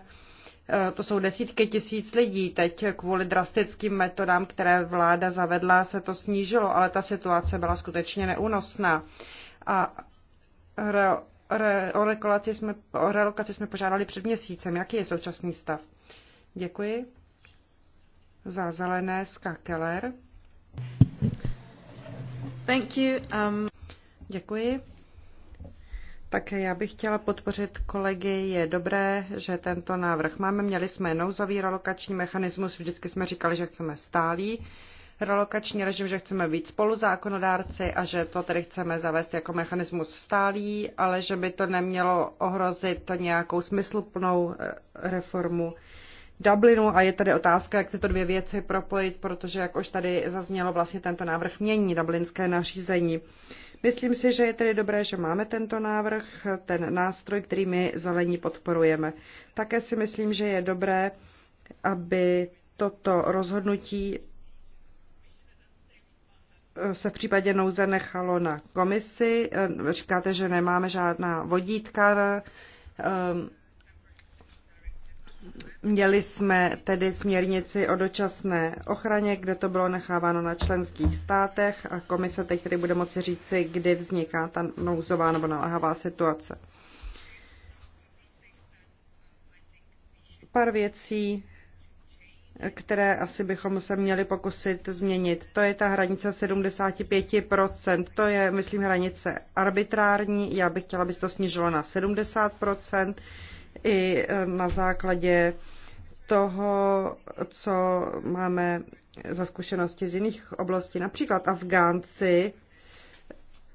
Eh, to jsou desítky tisíc lidí. Teď kvůli drastickým metodám, které vláda zavedla, se to snížilo, ale ta situace byla skutečně neúnosná. A re, re, o, relokaci jsme, o relokaci jsme požádali před měsícem. Jaký je současný stav? Děkuji. Za zelené Ska Keller. Thank you. Um... Děkuji. Také já bych chtěla podpořit kolegy. Je dobré, že tento návrh máme. Měli jsme nouzový relokační mechanismus, vždycky jsme říkali, že chceme stálý relokační režim, že chceme být spoluzákonodárci a že to tedy chceme zavést jako mechanismus stálý, ale že by to nemělo ohrozit nějakou smysluplnou eh, reformu Dublinu a je tady otázka, jak tyto dvě věci propojit, protože jak už tady zaznělo, vlastně tento návrh mění dublinské nařízení. Myslím si, že je tedy dobré, že máme tento návrh, ten nástroj, který my zelení podporujeme. Také si myslím, že je dobré, aby toto rozhodnutí se v případě nouze nechalo na komisi. Říkáte, že nemáme žádná vodítka ehm, Měli jsme tedy směrnici o dočasné ochraně, kde to bylo necháváno na členských státech a komise teď tedy bude moci říci, kdy vzniká ta nouzová nebo naléhavá situace. Pár věcí, které asi bychom se měli pokusit změnit. To je ta hranice 75%. To je, myslím, hranice arbitrární. Já bych chtěla, aby se to snížilo na 70% i e, na základě toho, co máme za zkušenosti z jiných oblastí. Například Afgánci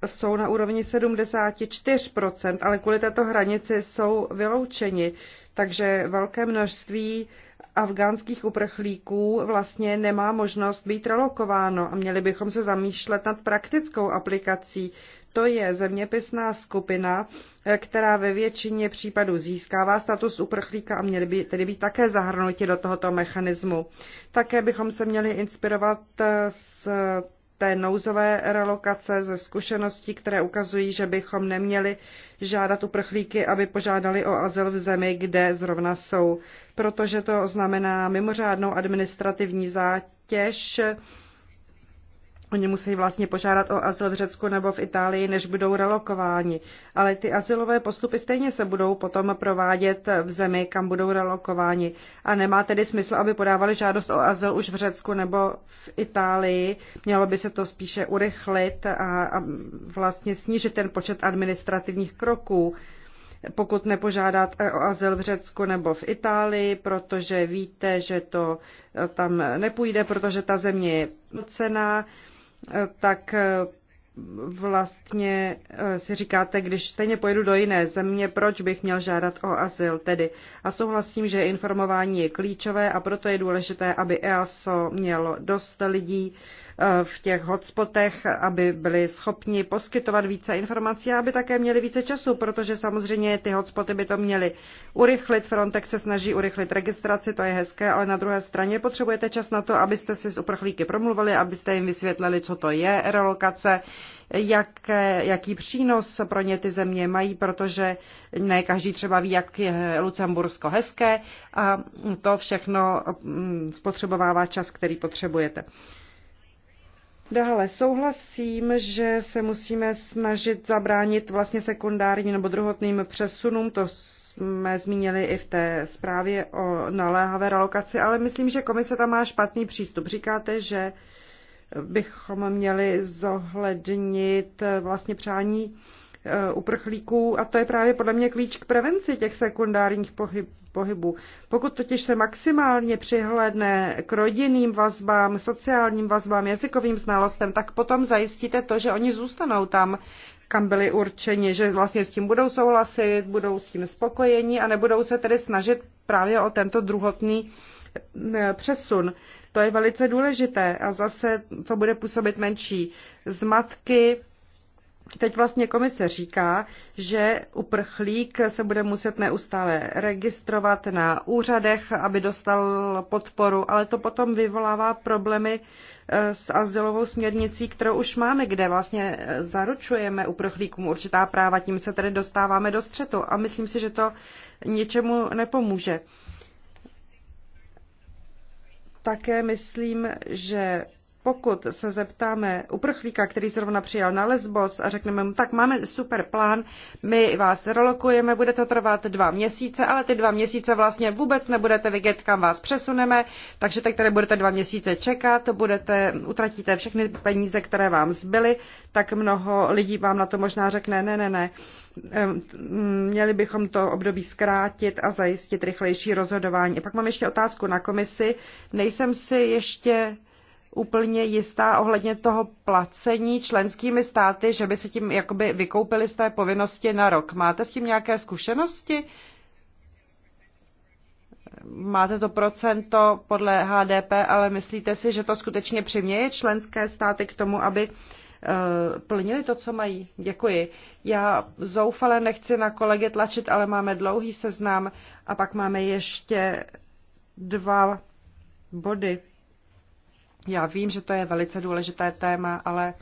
jsou na úrovni 74%, ale kvůli této hranici jsou vyloučeni. Takže velké množství afgánských uprchlíků vlastně nemá možnost být relokováno a měli bychom se zamýšlet nad praktickou aplikací to je zeměpisná skupina, která ve většině případů získává status uprchlíka a měly by tedy být také zahrnuti do tohoto mechanismu. Také bychom se měli inspirovat z té nouzové relokace ze zkušeností, které ukazují, že bychom neměli žádat uprchlíky, aby požádali o azyl v zemi, kde zrovna jsou, protože to znamená mimořádnou administrativní zátěž, Oni musí vlastně požádat o azyl v Řecku nebo v Itálii, než budou relokováni. Ale ty azylové postupy stejně se budou potom provádět v zemi, kam budou relokováni. A nemá tedy smysl, aby podávali žádost o azyl už v Řecku nebo v Itálii. Mělo by se to spíše urychlit a, a vlastně snížit ten počet administrativních kroků pokud nepožádat o azyl v Řecku nebo v Itálii, protože víte, že to tam nepůjde, protože ta země je cená tak eh, vlastně eh, si říkáte, když stejně pojedu do jiné země, proč bych měl žádat o azyl tedy. A souhlasím, že informování je klíčové a proto je důležité, aby EASO mělo dost lidí, Eh, v těch hotspotech, aby byli schopni poskytovat více informací a aby také měli více času, protože samozřejmě ty hotspoty by to měly urychlit. Frontex se snaží urychlit registraci, to je hezké, ale na druhé straně potřebujete čas na to, abyste si s uprchlíky promluvili, abyste jim vysvětlili, co to je relokace, jak, jaký přínos pro ně ty země mají, protože ne každý třeba ví, jak je Lucembursko hezké a to všechno mm, spotřebovává čas, který potřebujete. Dále souhlasím, že se musíme snažit zabránit vlastně sekundárním nebo druhotným přesunům, to jsme zmínili i v té zprávě o naléhavé relokaci, ale myslím, že komise tam má špatný přístup. Říkáte, že bychom měli zohlednit vlastně přání Eh, uprchlíků a to je právě podle mě klíč k prevenci těch sekundárních pohyb, pohybů. Pokud totiž se maximálně přihledne k rodinným vazbám, sociálním vazbám, jazykovým znalostem, tak potom zajistíte to, že oni zůstanou tam, kam byli určeni, že vlastně s tím budou souhlasit, budou s tím spokojeni a nebudou se tedy snažit právě o tento druhotný eh, přesun. To je velice důležité a zase to bude působit menší zmatky, Teď vlastně komise říká, že uprchlík se bude muset neustále registrovat na úřadech, aby dostal podporu, ale to potom vyvolává problémy eh, s azylovou směrnicí, kterou už máme, kde vlastně eh, zaručujeme uprchlíkům určitá práva, tím se tedy dostáváme do střetu a myslím si, že to ničemu nepomůže. Také myslím, že pokud se zeptáme uprchlíka, který zrovna přijal na Lesbos a řekneme mu, tak máme super plán, my vás relokujeme, bude to trvat dva měsíce, ale ty dva měsíce vlastně vůbec nebudete vědět, kam vás přesuneme, takže teď tady budete dva měsíce čekat, budete, utratíte všechny peníze, které vám zbyly, tak mnoho lidí vám na to možná řekne, ne, ne, ne, eh, měli bychom to období zkrátit a zajistit rychlejší rozhodování. A pak mám ještě otázku na komisi. Nejsem si ještě úplně jistá ohledně toho placení členskými státy, že by se tím jakoby vykoupili z té povinnosti na rok. Máte s tím nějaké zkušenosti? Máte to procento podle HDP, ale myslíte si, že to skutečně přiměje členské státy k tomu, aby eh, plnili to, co mají. Děkuji. Já zoufale nechci na kolegy tlačit, ale máme dlouhý seznam a pak máme ještě dva body. Já vím, že to je velice důležité téma, ale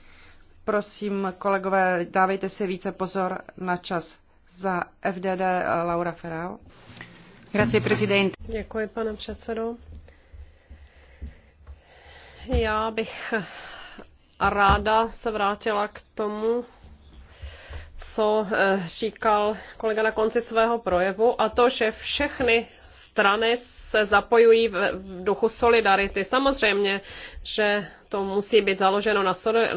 prosím, kolegové, dávejte si více pozor na čas. Za FDD Laura Ferrao. Děkuji, pane předsedo. Já bych ráda se vrátila k tomu, co eh, říkal kolega na konci svého projevu, a to, že všechny strany se zapojují v, v duchu solidarity. Samozřejmě, že to musí být založeno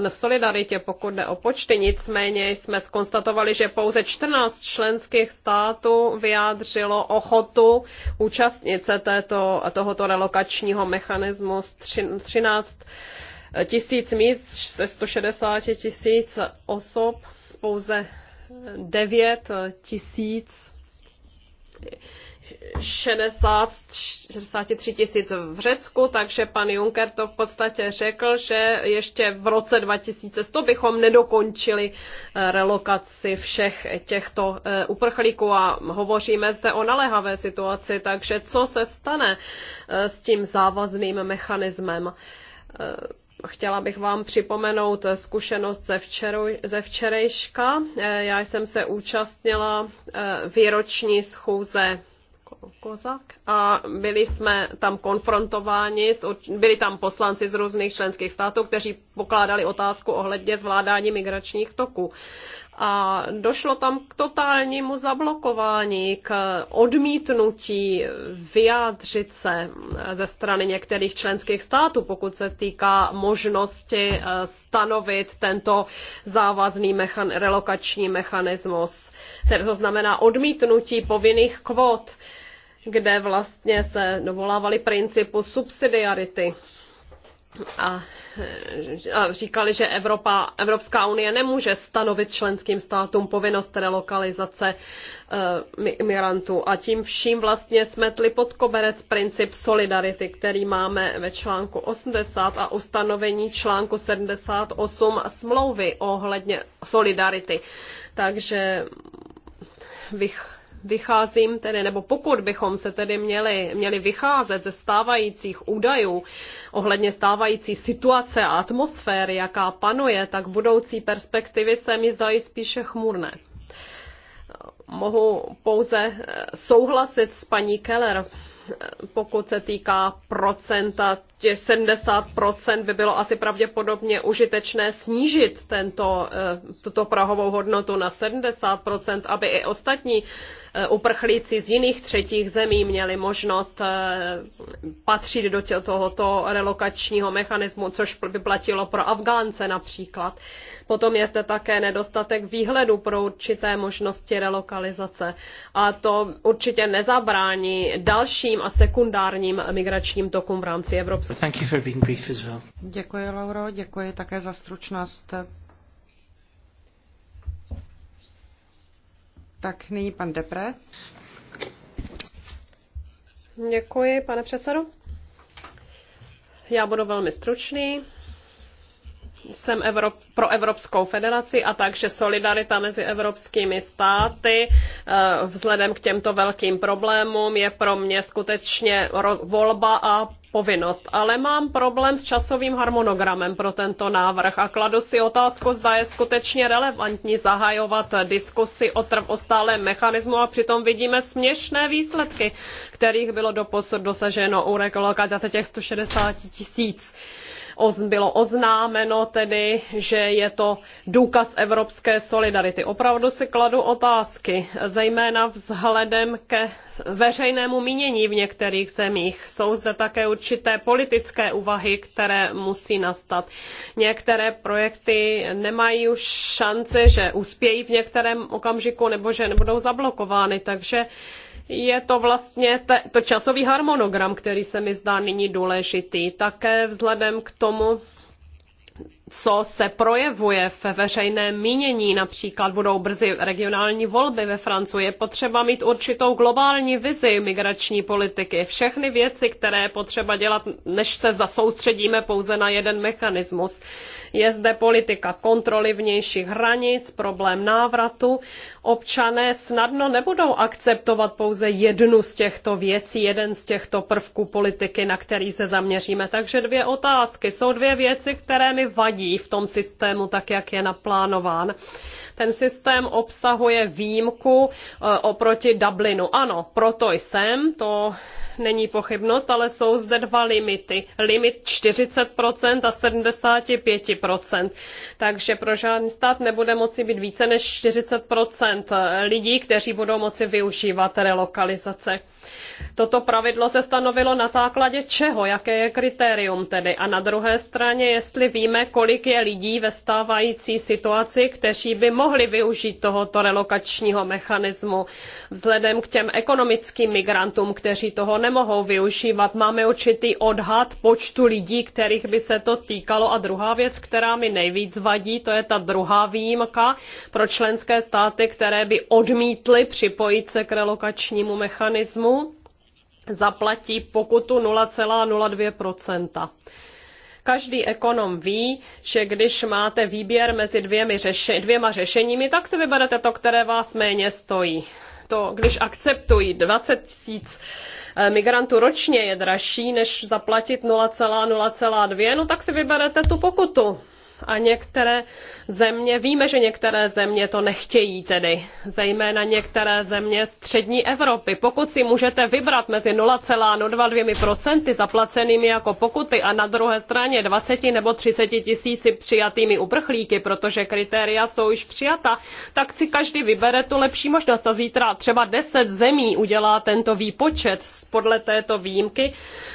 na solidaritě, pokud jde o počty. Nicméně jsme skonstatovali, že pouze 14 členských států vyjádřilo ochotu účastnit se této, tohoto relokačního mechanismu z 13 tisíc míst ze 160 tisíc osob, pouze 9 tisíc 60, 63 tisíc v Řecku, takže pan Juncker to v podstatě řekl, že ještě v roce 2100 bychom nedokončili eh, relokaci všech těchto eh, uprchlíků a hovoříme zde o naléhavé situaci, takže co se stane eh, s tím závazným mechanismem? Chtěla bych vám připomenout zkušenost ze, včeru, ze včerejška. Já jsem se účastnila výroční schůze Kozak a byli jsme tam konfrontováni, byli tam poslanci z různých členských států, kteří pokládali otázku ohledně zvládání migračních toků a došlo tam k totálnímu zablokování, k odmítnutí vyjádřit se ze strany některých členských států, pokud se týká možnosti eh, stanovit tento závazný mechan- relokační mechanismus. To znamená odmítnutí povinných kvot, kde vlastně se dovolávali principu subsidiarity a, a říkali, že Evropa, Evropská unie nemůže stanovit členským státům povinnost relokalizace uh, migrantů. A tím vším vlastně smetli pod koberec princip solidarity, který máme ve článku 80 a ustanovení článku 78 smlouvy ohledně solidarity. Takže bych Vycházím tedy, nebo pokud bychom se tedy měli, měli vycházet ze stávajících údajů ohledně stávající situace a atmosféry, jaká panuje, tak budoucí perspektivy se mi zdají spíše chmurné mohu pouze souhlasit s paní Keller pokud se týká procenta, 70% by bylo asi pravděpodobně užitečné snížit tento, eh, tuto prahovou hodnotu na 70%, aby i ostatní eh, uprchlíci z jiných třetích zemí měli možnost eh, patřit do tohoto relokačního mechanismu, což by platilo pro Afgánce například. Potom je zde také nedostatek výhledu pro určité možnosti relokalizace. A to určitě nezabrání dalším a sekundárním migračním tokům v rámci Evropské. Well. Děkuji, Lauro, děkuji také za stručnost. Tak nyní pan Depre. Děkuji, pane předsedo. Já budu velmi stručný jsem Evrop, pro Evropskou federaci a takže solidarita mezi evropskými státy eh, vzhledem k těmto velkým problémům je pro mě skutečně roz, volba a povinnost, ale mám problém s časovým harmonogramem pro tento návrh a kladu si otázku, zda je skutečně relevantní zahajovat diskusy o, trv, o stálém mechanismu a přitom vidíme směšné výsledky, kterých bylo doposud dosaženo u rekolokace těch 160 tisíc bylo oznámeno tedy, že je to důkaz evropské solidarity. Opravdu si kladu otázky, zejména vzhledem ke veřejnému mínění v některých zemích. Jsou zde také určité politické úvahy, které musí nastat. Některé projekty nemají už šance, že uspějí v některém okamžiku nebo že nebudou zablokovány. Takže je to vlastně te, to časový harmonogram, který se mi zdá nyní důležitý. Také vzhledem k tomu, co se projevuje ve veřejném mínění, například budou brzy regionální volby ve Francii, je potřeba mít určitou globální vizi migrační politiky. Všechny věci, které je potřeba dělat, než se zasoustředíme pouze na jeden mechanismus. Je zde politika kontroly vnějších hranic, problém návratu. Občané snadno nebudou akceptovat pouze jednu z těchto věcí, jeden z těchto prvků politiky, na který se zaměříme. Takže dvě otázky. Jsou dvě věci, které mi vadí v tom systému, tak jak je naplánován. Ten systém obsahuje výjimku eh, oproti Dublinu. Ano, proto jsem, to není pochybnost, ale jsou zde dva limity. Limit 40% a 75%. Takže pro žádný stát nebude moci být více než 40% lidí, kteří budou moci využívat relokalizace. Toto pravidlo se stanovilo na základě čeho, jaké je kritérium tedy. A na druhé straně, jestli víme, kolik je lidí ve stávající situaci, kteří by mohli využít tohoto relokačního mechanismu vzhledem k těm ekonomickým migrantům, kteří toho nemohou využívat. Máme určitý odhad počtu lidí, kterých by se to týkalo. A druhá věc, která mi nejvíc vadí, to je ta druhá výjimka pro členské státy, které by odmítly připojit se k relokačnímu mechanismu, zaplatí pokutu 0,02 každý ekonom ví, že když máte výběr mezi dvěmi řeši, dvěma řešeními, tak si vyberete to, které vás méně stojí. To, když akceptují 20 000 Eh, migrantů ročně je dražší, než zaplatit 0,02. no tak si vyberete tu pokutu a některé země, víme, že některé země to nechtějí tedy, zejména některé země střední Evropy. Pokud si můžete vybrat mezi 0,02% zaplacenými jako pokuty a na druhé straně 20 nebo 30 tisíci přijatými uprchlíky, protože kritéria jsou již přijata, tak si každý vybere tu lepší možnost. A zítra třeba 10 zemí udělá tento výpočet podle této výjimky,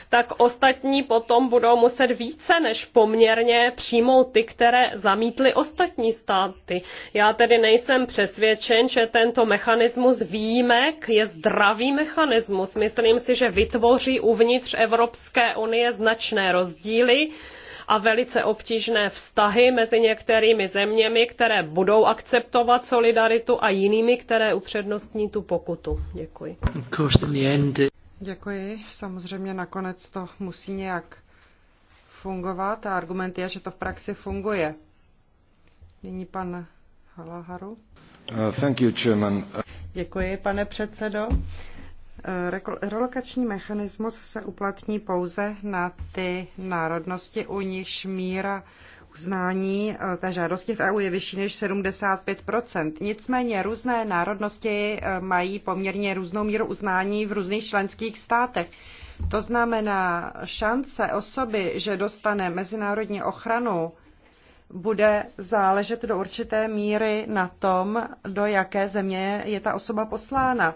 tak ostatní potom budou muset více než poměrně přijmout ty, které zamítly ostatní státy. Já tedy nejsem přesvědčen, že tento mechanismus výjimek je zdravý mechanismus. Myslím si, že vytvoří uvnitř Evropské unie značné rozdíly a velice obtížné vztahy mezi některými zeměmi, které budou akceptovat solidaritu a jinými, které upřednostní tu pokutu. Děkuji. Děkuji. Samozřejmě nakonec to musí nějak fungovat a argument je, že to v praxi funguje. Nyní pan Halaharu. Uh, thank you, Chairman. Děkuji, pane předsedo. Eh, relokační mechanismus se uplatní pouze na ty národnosti, u nichž míra uznání eh, té žádosti v EU je vyšší než 75 Nicméně různé národnosti eh, mají poměrně různou míru uznání v různých členských státech. To znamená, šance osoby, že dostane mezinárodní ochranu, bude záležet do určité míry na tom, do jaké země je ta osoba poslána.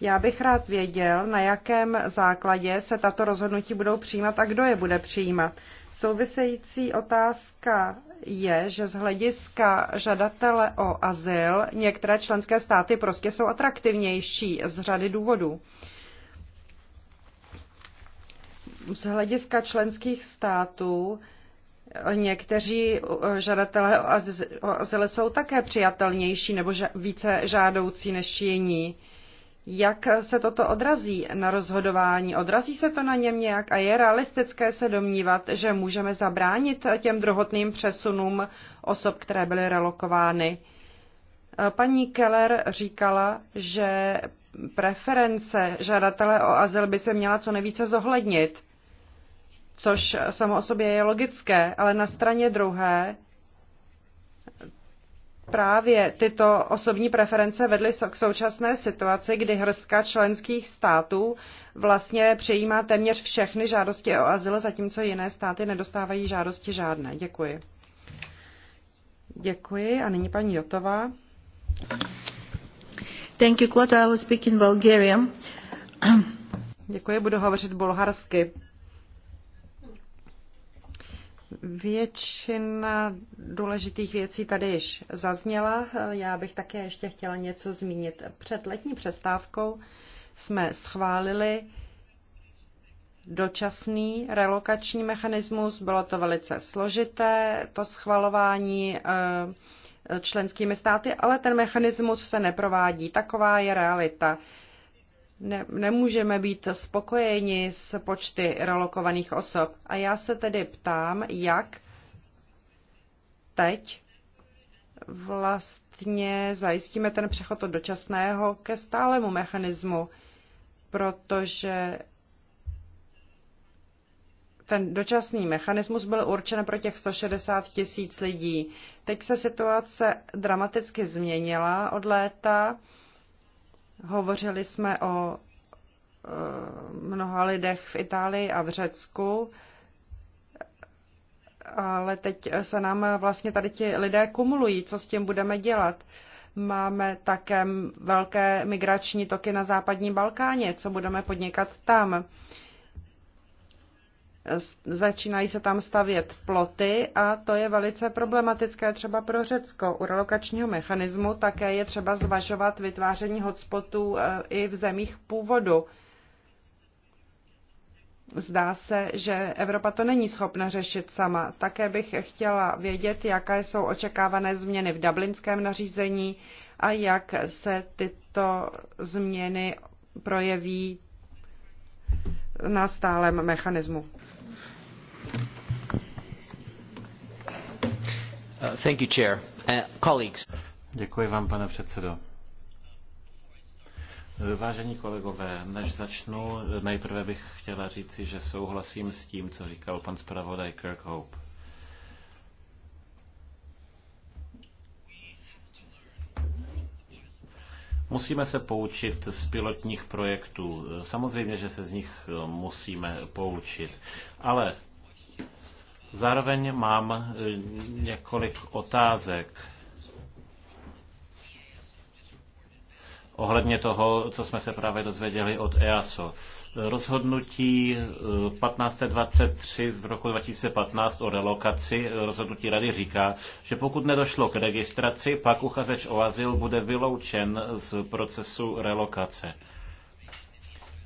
Já bych rád věděl, na jakém základě se tato rozhodnutí budou přijímat a kdo je bude přijímat. Související otázka je, že z hlediska žadatele o azyl některé členské státy prostě jsou atraktivnější z řady důvodů z hlediska členských států někteří eh, žadatelé o azyl jsou také přijatelnější nebo více žádoucí než jiní. Jak se toto odrazí na rozhodování? Odrazí se to na něm nějak a je realistické se domnívat, že můžeme zabránit těm druhotným přesunům osob, které byly relokovány? Eh, paní Keller říkala, že preference žadatele o azyl by se měla co nejvíce zohlednit což samo o sobě je logické, ale na straně druhé právě tyto osobní preference vedly k současné situaci, kdy hrstka členských států vlastně přejímá téměř všechny žádosti o azyl, zatímco jiné státy nedostávají žádosti žádné. Děkuji. Děkuji a nyní paní Jotová. Thank you, Klota. I will speak in Bulgarian. Děkuji, budu hovořit bulharsky. Většina důležitých věcí tady již zazněla. Já bych také ještě chtěla něco zmínit. Před letní přestávkou jsme schválili dočasný relokační mechanismus. Bylo to velice složité, to schvalování eh, členskými státy, ale ten mechanismus se neprovádí. Taková je realita ne, nemůžeme být spokojeni s počty relokovaných osob. A já se tedy ptám, jak teď vlastně zajistíme ten přechod od dočasného ke stálemu mechanismu, protože ten dočasný mechanismus byl určen pro těch 160 tisíc lidí. Teď se situace dramaticky změnila od léta. Hovořili jsme o eh, mnoha lidech v Itálii a v Řecku, ale teď se nám vlastně tady ti lidé kumulují, co s tím budeme dělat. Máme také velké migrační toky na západním Balkáně, co budeme podnikat tam. Začínají se tam stavět ploty a to je velice problematické třeba pro Řecko. U relokačního mechanismu také je třeba zvažovat vytváření hotspotů e, i v zemích původu. Zdá se, že Evropa to není schopna řešit sama. Také bych chtěla vědět, jaké jsou očekávané změny v dublinském nařízení a jak se tyto změny projeví na stálem mechanismu. Uh, thank you, chair. Uh, colleagues. Děkuji vám, pane předsedo. Vážení kolegové, než začnu, nejprve bych chtěla říci, že souhlasím s tím, co říkal pan zpravodaj Kirkhope. Musíme se poučit z pilotních projektů. Samozřejmě, že se z nich musíme poučit. Ale Zároveň mám e, několik otázek ohledně toho, co jsme se právě dozvěděli od EASO. Rozhodnutí 1523 e, z roku 2015 o relokaci e, rozhodnutí rady říká, že pokud nedošlo k registraci, pak uchazeč o azyl bude vyloučen z procesu relokace.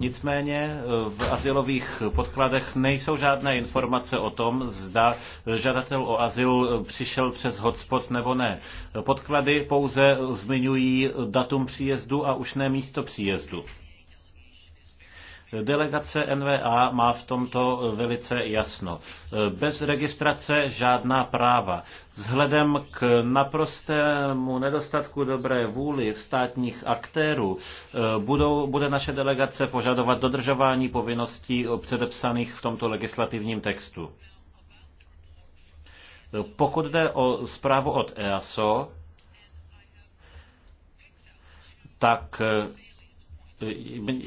Nicméně eh, v asilových podkladech nejsou žádné informace o tom, zda žadatel o azyl eh, přišel přes hotspot nebo ne. Podklady pouze zmiňují datum příjezdu a už ne místo příjezdu. Delegace NVA má v tomto velice jasno. Bez registrace žádná práva. Vzhledem k naprostému nedostatku dobré vůli státních aktérů eh, budou, bude naše delegace požadovat dodržování povinností předepsaných v tomto legislativním textu. Pokud jde o zprávu od EASO, tak eh,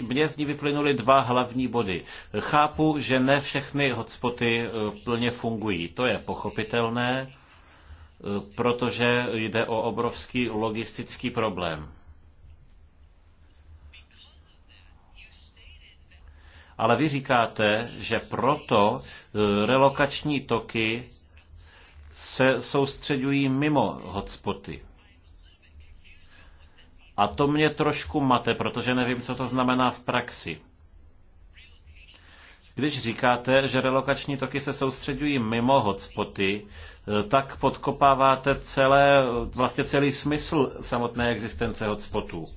mně z ní vyplynuly dva hlavní body. Chápu, že ne všechny hotspoty eh, plně fungují. To je pochopitelné, eh, protože jde o obrovský logistický problém. Ale vy říkáte, že proto eh, relokační toky se soustředují mimo hotspoty. A to mě trošku mate, protože nevím, co to znamená v praxi. Když říkáte, že relokační toky se soustředují mimo hotspoty, eh, tak podkopáváte celé, eh, vlastně celý smysl samotné existence hotspotů.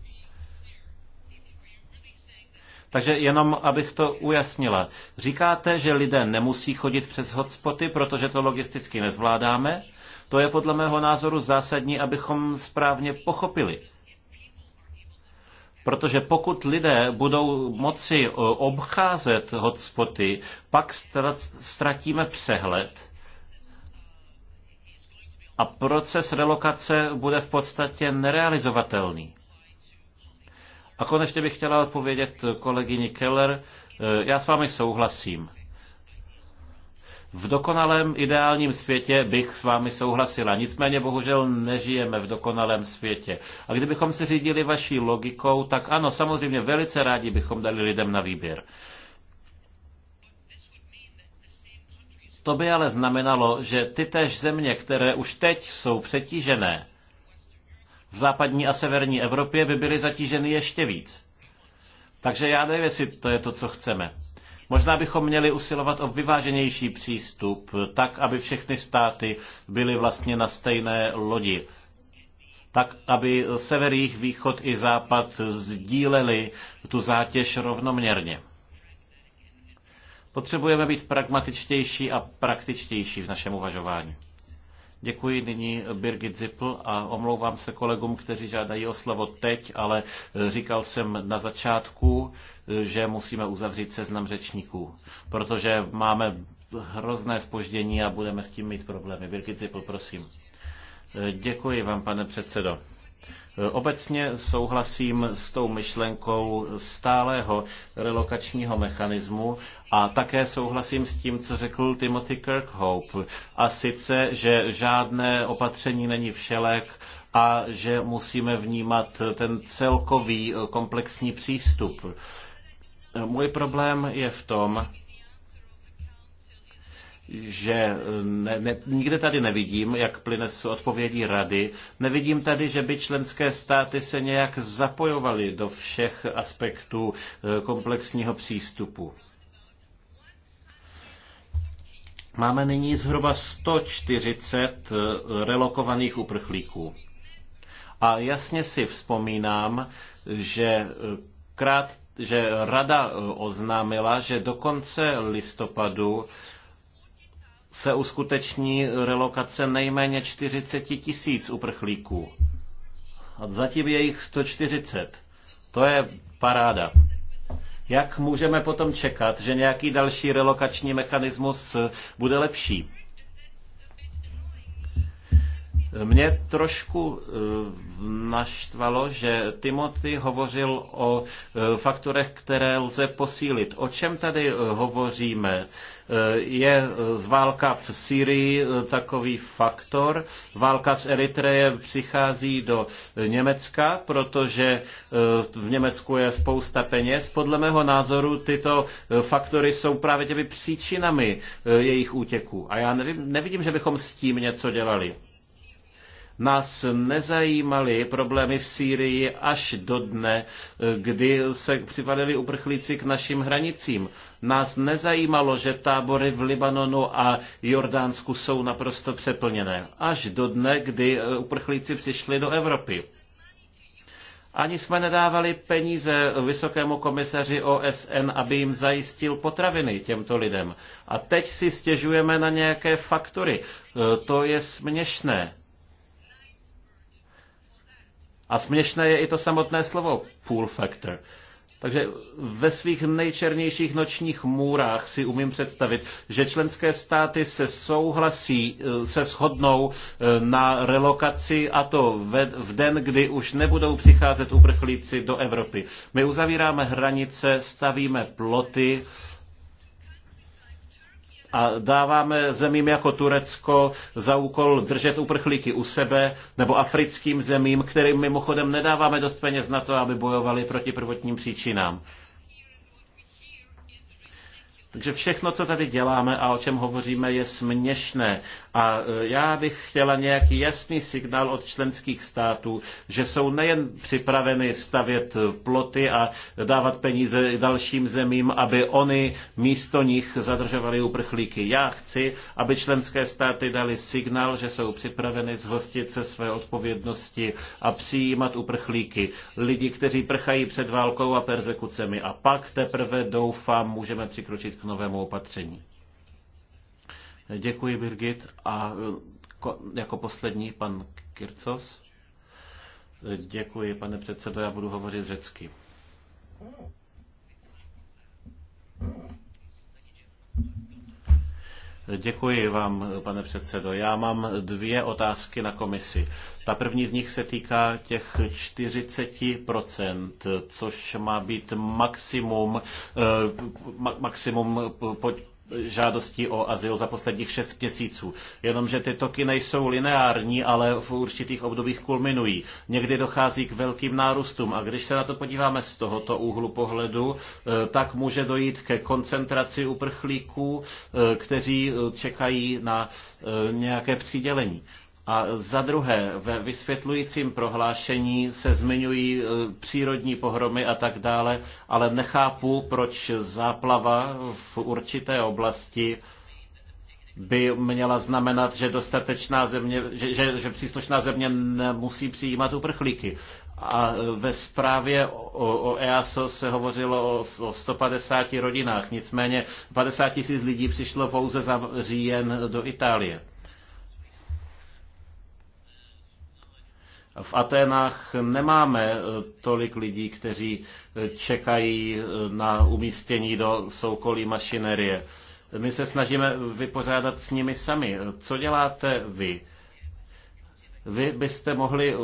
Takže jenom abych to ujasnila. Říkáte, že lidé nemusí chodit přes hotspoty, protože to logisticky nezvládáme? To je podle mého názoru zásadní, abychom správně pochopili. Protože pokud lidé budou moci eh, obcházet hotspoty, pak ztratíme přehled a proces relokace bude v podstatě nerealizovatelný. A konečně bych chtěla odpovědět kolegyni Keller. Eh, já s vámi souhlasím. V dokonalém ideálním světě bych s vámi souhlasila. Nicméně bohužel nežijeme v dokonalém světě. A kdybychom se řídili vaší logikou, tak ano, samozřejmě velice rádi bychom dali lidem na výběr. To by ale znamenalo, že ty tež země, které už teď jsou přetížené, v západní a severní Evropě by byly zatíženy ještě víc. Takže já nevím, jestli to je to, co chceme. Možná bychom měli usilovat o vyváženější přístup, tak, aby všechny státy byly vlastně na stejné lodi tak aby sever, jich, východ i západ sdíleli tu zátěž rovnoměrně. Potřebujeme být pragmatičtější a praktičtější v našem uvažování. Děkuji nyní Birgit Zippel a omlouvám se kolegům, kteří žádají o slovo teď, ale eh, říkal jsem na začátku, eh, že musíme uzavřít seznam řečníků, protože máme hrozné spoždění a budeme s tím mít problémy. Birgit Zippel, prosím. Eh, děkuji vám, pane předsedo. Obecně souhlasím s tou myšlenkou stálého relokačního mechanismu a také souhlasím s tím, co řekl Timothy Kirkhope, a sice, že žádné opatření není všelek a že musíme vnímat ten celkový komplexní přístup. Můj problém je v tom, že ne, ne, nikde tady nevidím, jak plyne s odpovědí rady, nevidím tady, že by členské státy se nějak zapojovaly do všech aspektů eh, komplexního přístupu. Máme nyní zhruba 140 eh, relokovaných uprchlíků. A jasně si vzpomínám, že, eh, krát, že rada oznámila, že do konce listopadu se uskuteční relokace nejméně 40 tisíc uprchlíků. A zatím je jich 140. To je paráda. Jak můžeme potom čekat, že nějaký další relokační mechanismus bude lepší? Mě trošku eh, naštvalo, že Timothy hovořil o eh, faktorech, které lze posílit. O čem tady eh, hovoříme? Eh, je eh, válka v Syrii eh, takový faktor. Válka z Eritreje přichází do Německa, protože v Německu je spousta peněz. Podle mého názoru tyto faktory jsou právě těmi příčinami jejich útěků. A já nevím, nevidím, že bychom s tím něco dělali. Nás nezajímaly problémy v Sýrii až do dne, kdy se připadali uprchlíci k našim hranicím. Nás nezajímalo, že tábory v Libanonu a Jordánsku jsou naprosto přeplněné. Až do dne, kdy eh, uprchlíci přišli do Evropy. Ani jsme nedávali peníze vysokému komisaři OSN, aby jim zajistil potraviny těmto lidem. A teď si stěžujeme na nějaké faktory. Eh, to je směšné. A směšné je i to samotné slovo pool factor. Takže ve svých nejčernějších nočních můrách si umím představit, že členské státy se souhlasí, eh, se shodnou eh, na relokaci a to v den, kdy už nebudou přicházet uprchlíci do Evropy. My uzavíráme hranice, stavíme ploty, a dáváme zemím jako Turecko za úkol držet uprchlíky u sebe nebo africkým zemím, kterým mimochodem nedáváme dost peněz na to, aby bojovali proti prvotním příčinám. Takže všechno, co tady děláme a o čem hovoříme, je směšné. A e, já bych chtěla nějaký jasný signál od členských států, že jsou nejen připraveny stavět ploty a dávat peníze dalším zemím, aby oni místo nich zadržovali uprchlíky. Já chci, aby členské státy dali signál, že jsou připraveny zhostit se své odpovědnosti a přijímat uprchlíky. Lidi, kteří prchají před válkou a persekucemi. A pak teprve doufám, můžeme přikročit k novému opatření. Děkuji, Birgit. A jako poslední pan Kircos. Děkuji, pane předsedo, já budu hovořit řecky. Mm. Děkuji vám, pane předsedo. Já mám dvě otázky na komisi. Ta první z nich se týká těch 40%, což má být maximum, eh, maximum žádostí o azyl za posledních šest měsíců. Jenomže ty toky nejsou lineární, ale v určitých obdobích kulminují. Někdy dochází k velkým nárůstům a když se na to podíváme z tohoto úhlu pohledu, eh, tak může dojít ke koncentraci uprchlíků, eh, kteří eh, čekají na nějaké přidělení. A za druhé, ve vysvětlujícím prohlášení se zmiňují e, přírodní pohromy a tak dále, ale nechápu, proč záplava v určité oblasti by měla znamenat, že dostatečná země, že, že, že příslušná země nemusí přijímat uprchlíky. A e, ve zprávě o, o EASO se hovořilo o, o 150 rodinách, nicméně 50 tisíc lidí přišlo pouze za říjen do Itálie. V Aténách nemáme eh, tolik lidí, kteří eh, čekají eh, na umístění do soukolí mašinerie. My se snažíme vypořádat s nimi sami. Co děláte vy? Vy byste mohli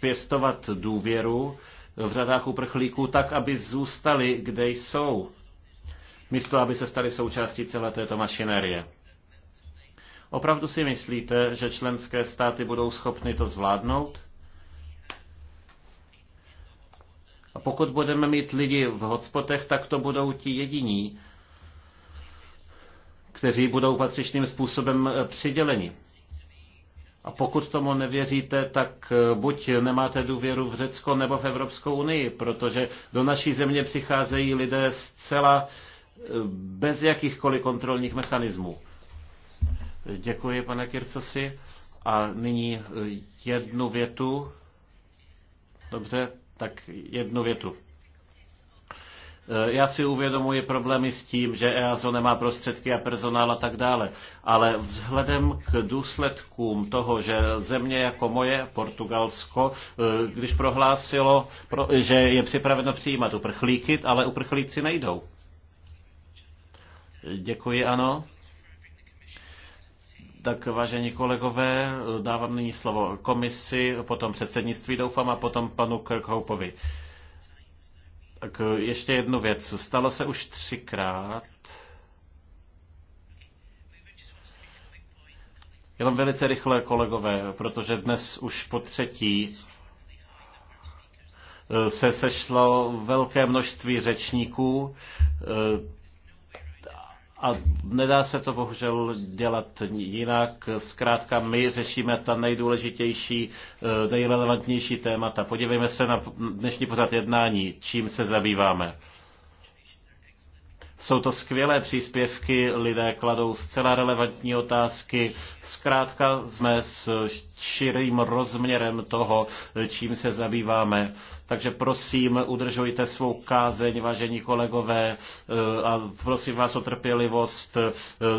pěstovat důvěru v řadách uprchlíků tak, aby zůstali, kde jsou, místo aby se stali součástí celé této mašinerie. Opravdu si myslíte, že členské státy budou schopny to zvládnout? A pokud budeme mít lidi v hotspotech, tak to budou ti jediní, kteří budou patřičným způsobem eh, přiděleni. A pokud tomu nevěříte, tak eh, buď nemáte důvěru v Řecko nebo v Evropskou unii, protože do naší země přicházejí lidé zcela eh, bez jakýchkoliv kontrolních mechanismů. Děkuji, pane Kircosi. A nyní eh, jednu větu. Dobře, tak jednu větu. Eh, já si uvědomuji problémy s tím, že EASO nemá prostředky a personál a tak dále, ale vzhledem k důsledkům toho, že země jako moje, Portugalsko, eh, když prohlásilo, že je připraveno přijímat uprchlíky, ale uprchlíci nejdou. Děkuji, ano. Tak vážení kolegové, dávám nyní slovo komisi, potom předsednictví doufám a potom panu Kirkhopeovi. Tak ještě jednu věc. Stalo se už třikrát. Jenom velice rychle, kolegové, protože dnes už po třetí eh, se sešlo velké množství řečníků eh, a nedá se to bohužel dělat jinak. Zkrátka my řešíme ta nejdůležitější, eh, nejrelevantnější témata. Podívejme se na dnešní pořad jednání, čím se zabýváme. Jsou to skvělé příspěvky, lidé kladou zcela relevantní otázky. Zkrátka jsme s širým rozměrem toho, eh, čím se zabýváme. Takže prosím, udržujte svou kázeň, vážení kolegové, eh, a prosím vás o trpělivost. Eh,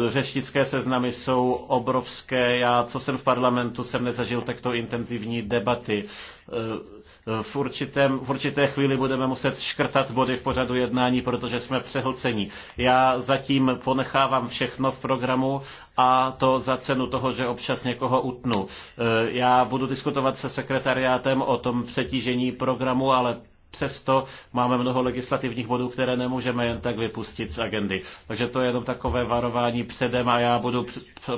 řečnické seznamy jsou obrovské. Já, co jsem v parlamentu, jsem nezažil takto intenzivní debaty eh, v, určitém, v určité chvíli budeme muset škrtat body v pořadu jednání, protože jsme přehlcení. Já zatím ponechávám všechno v programu a to za cenu toho, že občas někoho utnu. E, já budu diskutovat se sekretariátem o tom přetížení programu, ale přesto máme mnoho legislativních bodů, které nemůžeme jen tak vypustit z agendy. Takže to je jenom takové varování předem a já budu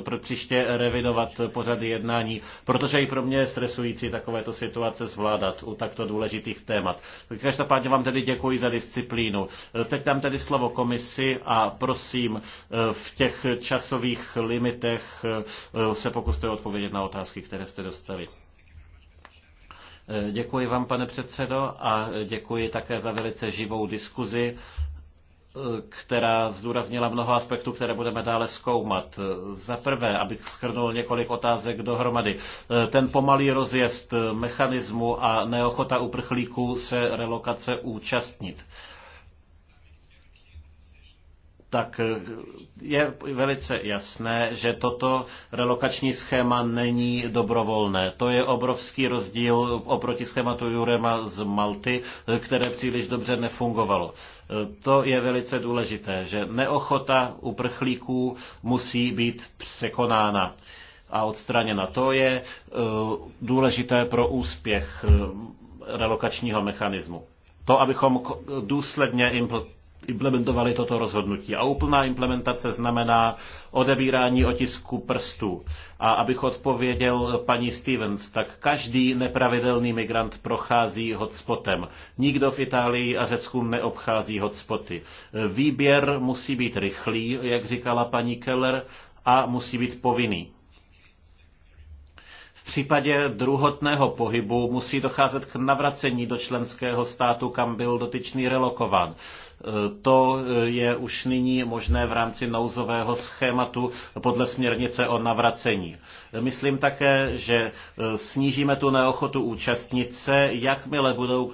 pro příště revidovat pořady jednání, protože i pro mě je stresující takovéto situace zvládat u takto důležitých témat. Každopádně vám tedy děkuji za disciplínu. Teď dám tedy slovo komisi a prosím v těch časových limitech se pokuste odpovědět na otázky, které jste dostali. Eh, děkuji vám, pane předsedo, a děkuji také za velice živou diskuzi eh, která zdůraznila mnoho aspektů, které budeme dále zkoumat. Za prvé, abych schrnul několik otázek dohromady. Eh, ten pomalý rozjezd mechanismu a neochota uprchlíků se relokace účastnit tak eh, je velice jasné, že toto relokační schéma není dobrovolné. To je obrovský rozdíl oproti schématu Jurema z Malty, eh, které příliš dobře nefungovalo. Eh, to je velice důležité, že neochota uprchlíků musí být překonána a odstraněna. To je důležité pro úspěch relokačního mechanismu. To, abychom důsledně implementovali toto rozhodnutí. A úplná implementace znamená odebírání otisku prstů. A abych odpověděl paní Stevens, tak každý nepravidelný migrant prochází hotspotem. Nikdo v Itálii a Řecku neobchází hotspoty. Výběr musí být rychlý, jak říkala paní Keller, a musí být povinný. V případě druhotného pohybu musí docházet k navracení do členského státu, kam byl dotyčný relokován. To eh, je už nyní možné v rámci nouzového schématu podle směrnice o navracení. Myslím také, že eh, snížíme tu neochotu účastnice, jakmile budou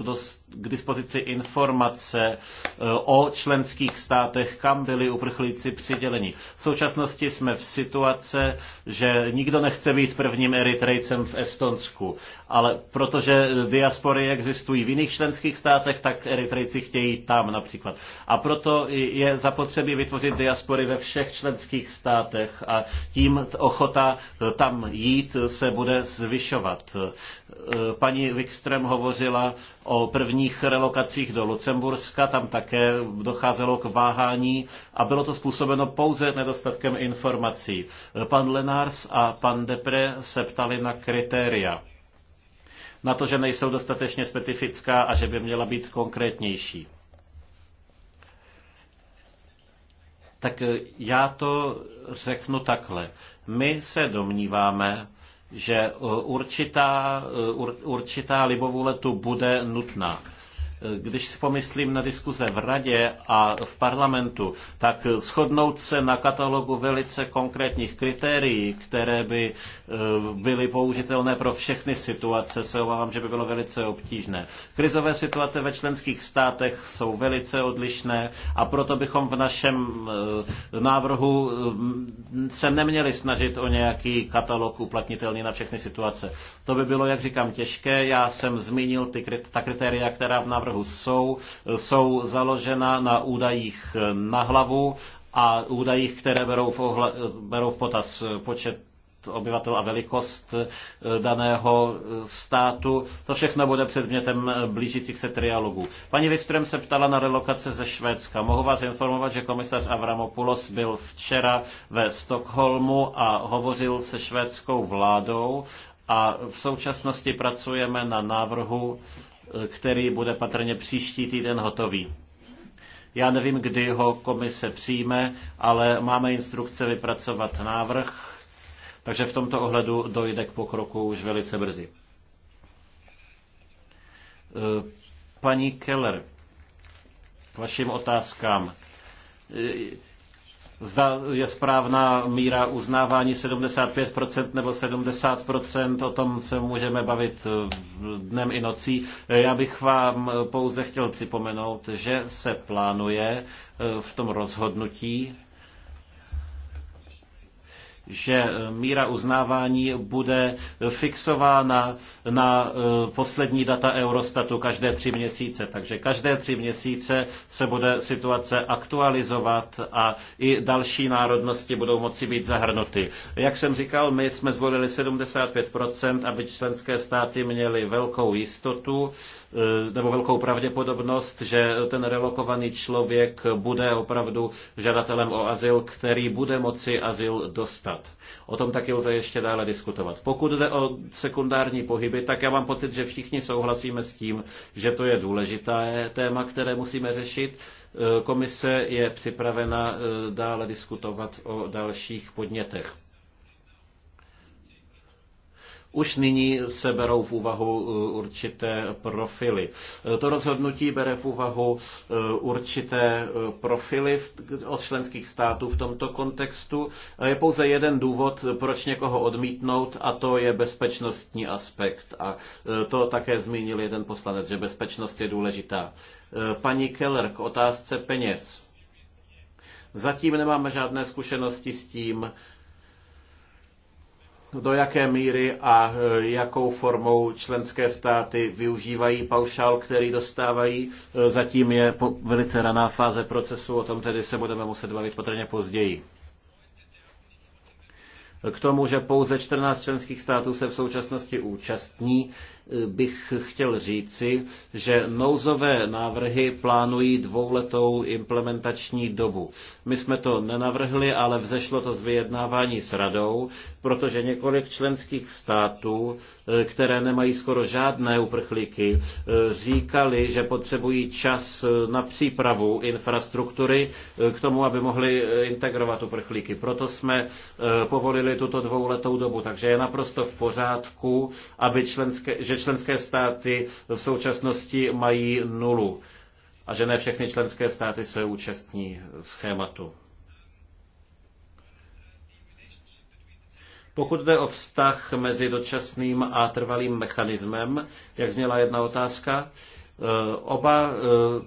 k dispozici informace eh, o členských státech, kam byli uprchlíci přiděleni. V současnosti jsme v situace, že nikdo nechce být prvním Eritrejcem v Estonsku, ale protože diaspory existují v jiných členských státech, tak Eritrejci chtějí tam například. A proto je zapotřebí vytvořit diaspory ve všech členských státech a tím ochota tam jít se bude zvyšovat. E, paní Wikström hovořila o prvních relokacích do Lucemburska, tam také docházelo k váhání a bylo to způsobeno pouze nedostatkem informací. E, pan Lenars a pan Depre se ptali na kritéria na to, že nejsou dostatečně specifická a že by měla být konkrétnější. Tak eh, já to řeknu takhle. My se domníváme, že eh, určitá, eh, určitá libovůle tu bude nutná. Když si pomyslím na diskuze v radě a v parlamentu, tak shodnout se na katalogu velice konkrétních kritérií, které by e, byly použitelné pro všechny situace, se obávám, že by bylo velice obtížné. Krizové situace ve členských státech jsou velice odlišné a proto bychom v našem e, návrhu se neměli snažit o nějaký katalog uplatnitelný na všechny situace. To by bylo, jak říkám, těžké. Já jsem zmínil ty, ta kritéria, která v návrhu návrhu jsou, jsou založena na údajích na hlavu a údajích, které berou v, ohla, berou v potaz počet obyvatel a velikost eh, daného eh, státu. To všechno bude předmětem eh, blížících se trialogů. Paní Wikström se ptala na relokace ze Švédska. Mohu vás informovat, že komisař Avramopoulos byl včera ve Stockholmu a hovořil se švédskou vládou a v současnosti pracujeme na návrhu který bude patrně příští týden hotový. Já nevím, kdy ho komise přijme, ale máme instrukce vypracovat návrh, takže v tomto ohledu dojde k pokroku už velice brzy. E, paní Keller, k vašim otázkám e, Zda je správná míra uznávání 75% nebo 70%, o tom se můžeme bavit eh, dnem i nocí. Eh, já bych vám pouze chtěl připomenout, že se plánuje eh, v tom rozhodnutí že e, míra uznávání bude fixována na e, poslední data Eurostatu každé tři měsíce. Takže každé tři měsíce se bude situace aktualizovat a i další národnosti budou moci být zahrnuty. Jak jsem říkal, my jsme zvolili 75%, aby členské státy měly velkou jistotu, Eh, nebo velkou pravděpodobnost, že ten relokovaný člověk bude opravdu žadatelem o azyl, který bude moci azyl dostat. O tom taky lze ještě dále diskutovat. Pokud jde o sekundární pohyby, tak já mám pocit, že všichni souhlasíme s tím, že to je důležité téma, které musíme řešit. Eh, komise je připravena eh, dále diskutovat o dalších podnětech. Už nyní se berou v úvahu uh, určité profily. Uh, to rozhodnutí bere v úvahu uh, určité profily od členských států v tomto kontextu. Je pouze jeden důvod, proč někoho odmítnout, a to je bezpečnostní aspekt. A to také zmínil jeden poslanec, že bezpečnost je důležitá. Paní Keller k otázce peněz. Zatím nemáme žádné zkušenosti s tím, do jaké míry a e, jakou formou členské státy využívají paušál, který dostávají. E, zatím je velice raná fáze procesu, o tom tedy se budeme muset bavit patrně později. K tomu, že pouze 14 členských států se v současnosti účastní, bych chtěl říci, že nouzové návrhy plánují dvouletou implementační dobu. My jsme to nenavrhli, ale vzešlo to z vyjednávání s radou, protože několik členských států, eh, které nemají skoro žádné uprchlíky, eh, říkali, že potřebují čas eh, na přípravu infrastruktury k tomu, aby mohli integrovat uprchlíky. Proto jsme povolili tuto dvouletou dobu. Takže je naprosto v pořádku, aby členské, že členské státy v současnosti mají nulu a že ne všechny členské státy se účastní schématu. Pokud jde o vztah mezi dočasným a trvalým mechanismem, jak zněla jedna otázka, eh, oba eh,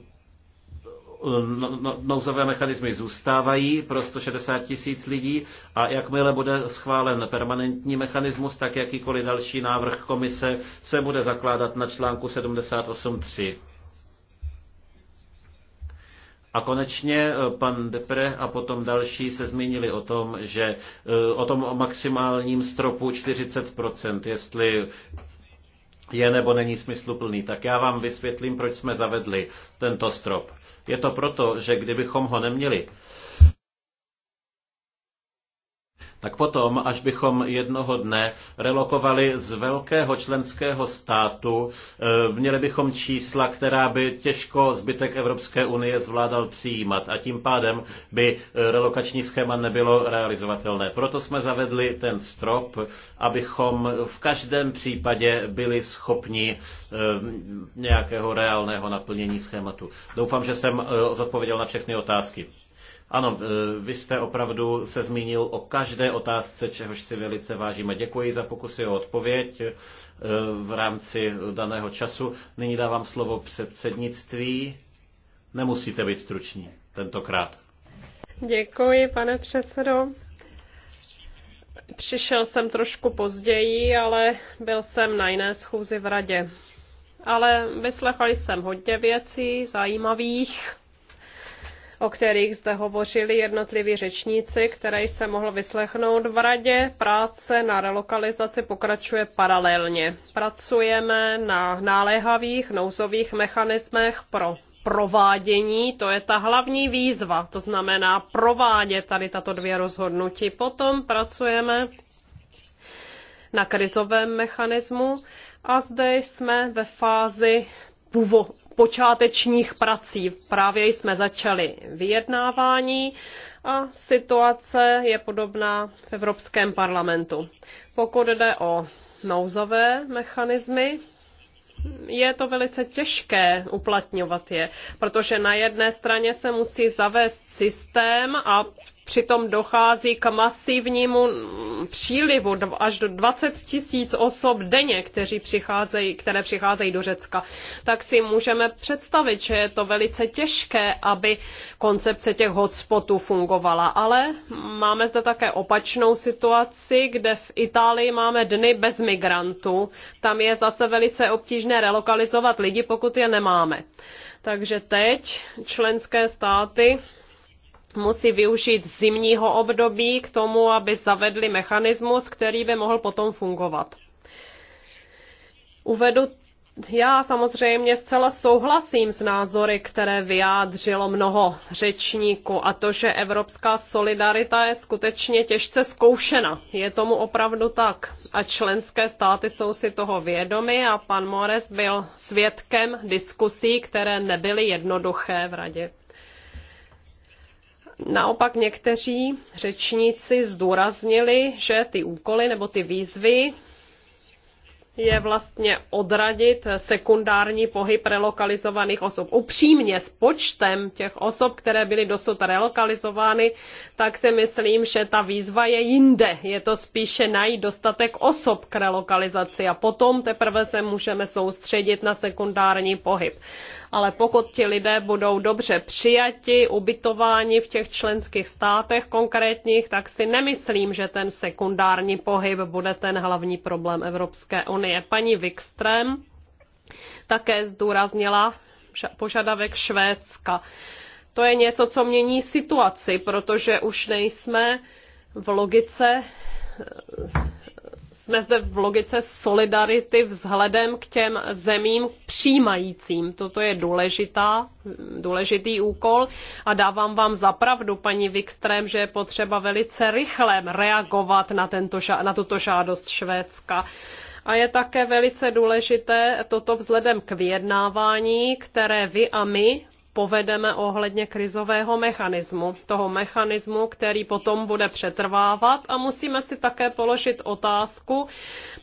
No, no, nouzové mechanismy zůstávají pro 160 tisíc lidí a jakmile bude schválen permanentní mechanismus, tak jakýkoliv další návrh komise se bude zakládat na článku 78.3. A konečně eh, pan Depre a potom další se zmínili o tom, že eh, o tom maximálním stropu 40%, jestli je nebo není smysluplný. Tak já vám vysvětlím, proč jsme zavedli tento strop. Je to proto, že kdybychom ho neměli, tak potom, až bychom jednoho dne relokovali z velkého členského státu, eh, měli bychom čísla, která by těžko zbytek Evropské unie zvládal přijímat a tím pádem by eh, relokační schéma nebylo realizovatelné. Proto jsme zavedli ten strop, abychom v každém případě byli schopni eh, nějakého reálného naplnění schématu. Doufám, že jsem zodpověděl na všechny otázky. Ano, e, vy jste opravdu se zmínil o každé otázce, čehož si velice vážíme. Děkuji za pokusy o odpověď e, v rámci daného času. Nyní dávám slovo předsednictví. Nemusíte být struční tentokrát. Děkuji, pane předsedo. Přišel jsem trošku později, ale byl jsem na jiné schůzi v radě. Ale vyslechali jsem hodně věcí zajímavých o kterých zde hovořili jednotliví řečníci, které se mohl vyslechnout v radě. Práce na relokalizaci pokračuje paralelně. Pracujeme na náléhavých nouzových mechanismech pro provádění, to je ta hlavní výzva, to znamená provádět tady tato dvě rozhodnutí. Potom pracujeme na krizovém mechanismu a zde jsme ve fázi počátečních prací. Právě jsme začali vyjednávání a situace je podobná v Evropském parlamentu. Pokud jde o nouzové mechanismy, je to velice těžké uplatňovat je, protože na jedné straně se musí zavést systém a Přitom dochází k masivnímu přílivu až do 20 tisíc osob denně, kteří přicházejí, které přicházejí do Řecka. Tak si můžeme představit, že je to velice těžké, aby koncepce těch hotspotů fungovala. Ale máme zde také opačnou situaci, kde v Itálii máme dny bez migrantů. Tam je zase velice obtížné relokalizovat lidi, pokud je nemáme. Takže teď členské státy musí využít zimního období k tomu, aby zavedli mechanismus, který by mohl potom fungovat. Uvedu já samozřejmě zcela souhlasím s názory, které vyjádřilo mnoho řečníků a to, že evropská solidarita je skutečně těžce zkoušena. Je tomu opravdu tak a členské státy jsou si toho vědomy a pan Mores byl svědkem diskusí, které nebyly jednoduché v radě. Naopak někteří řečníci zdůraznili, že ty úkoly nebo ty výzvy je vlastně odradit sekundární pohyb relokalizovaných osob. Upřímně s počtem těch osob, které byly dosud relokalizovány, tak si myslím, že ta výzva je jinde. Je to spíše najít dostatek osob k relokalizaci a potom teprve se můžeme soustředit na sekundární pohyb ale pokud ti lidé budou dobře přijati, ubytováni v těch členských státech konkrétních, tak si nemyslím, že ten sekundární pohyb bude ten hlavní problém Evropské unie. Paní Wikström také zdůraznila požadavek Švédska. To je něco, co mění situaci, protože už nejsme v logice jsme zde v logice solidarity vzhledem k těm zemím přijímajícím. Toto je důležitá, důležitý úkol a dávám vám zapravdu, paní Wikström, že je potřeba velice rychle reagovat na, tento, na tuto žádost Švédska. A je také velice důležité toto vzhledem k vyjednávání, které vy a my povedeme ohledně krizového mechanismu, toho mechanismu, který potom bude přetrvávat a musíme si také položit otázku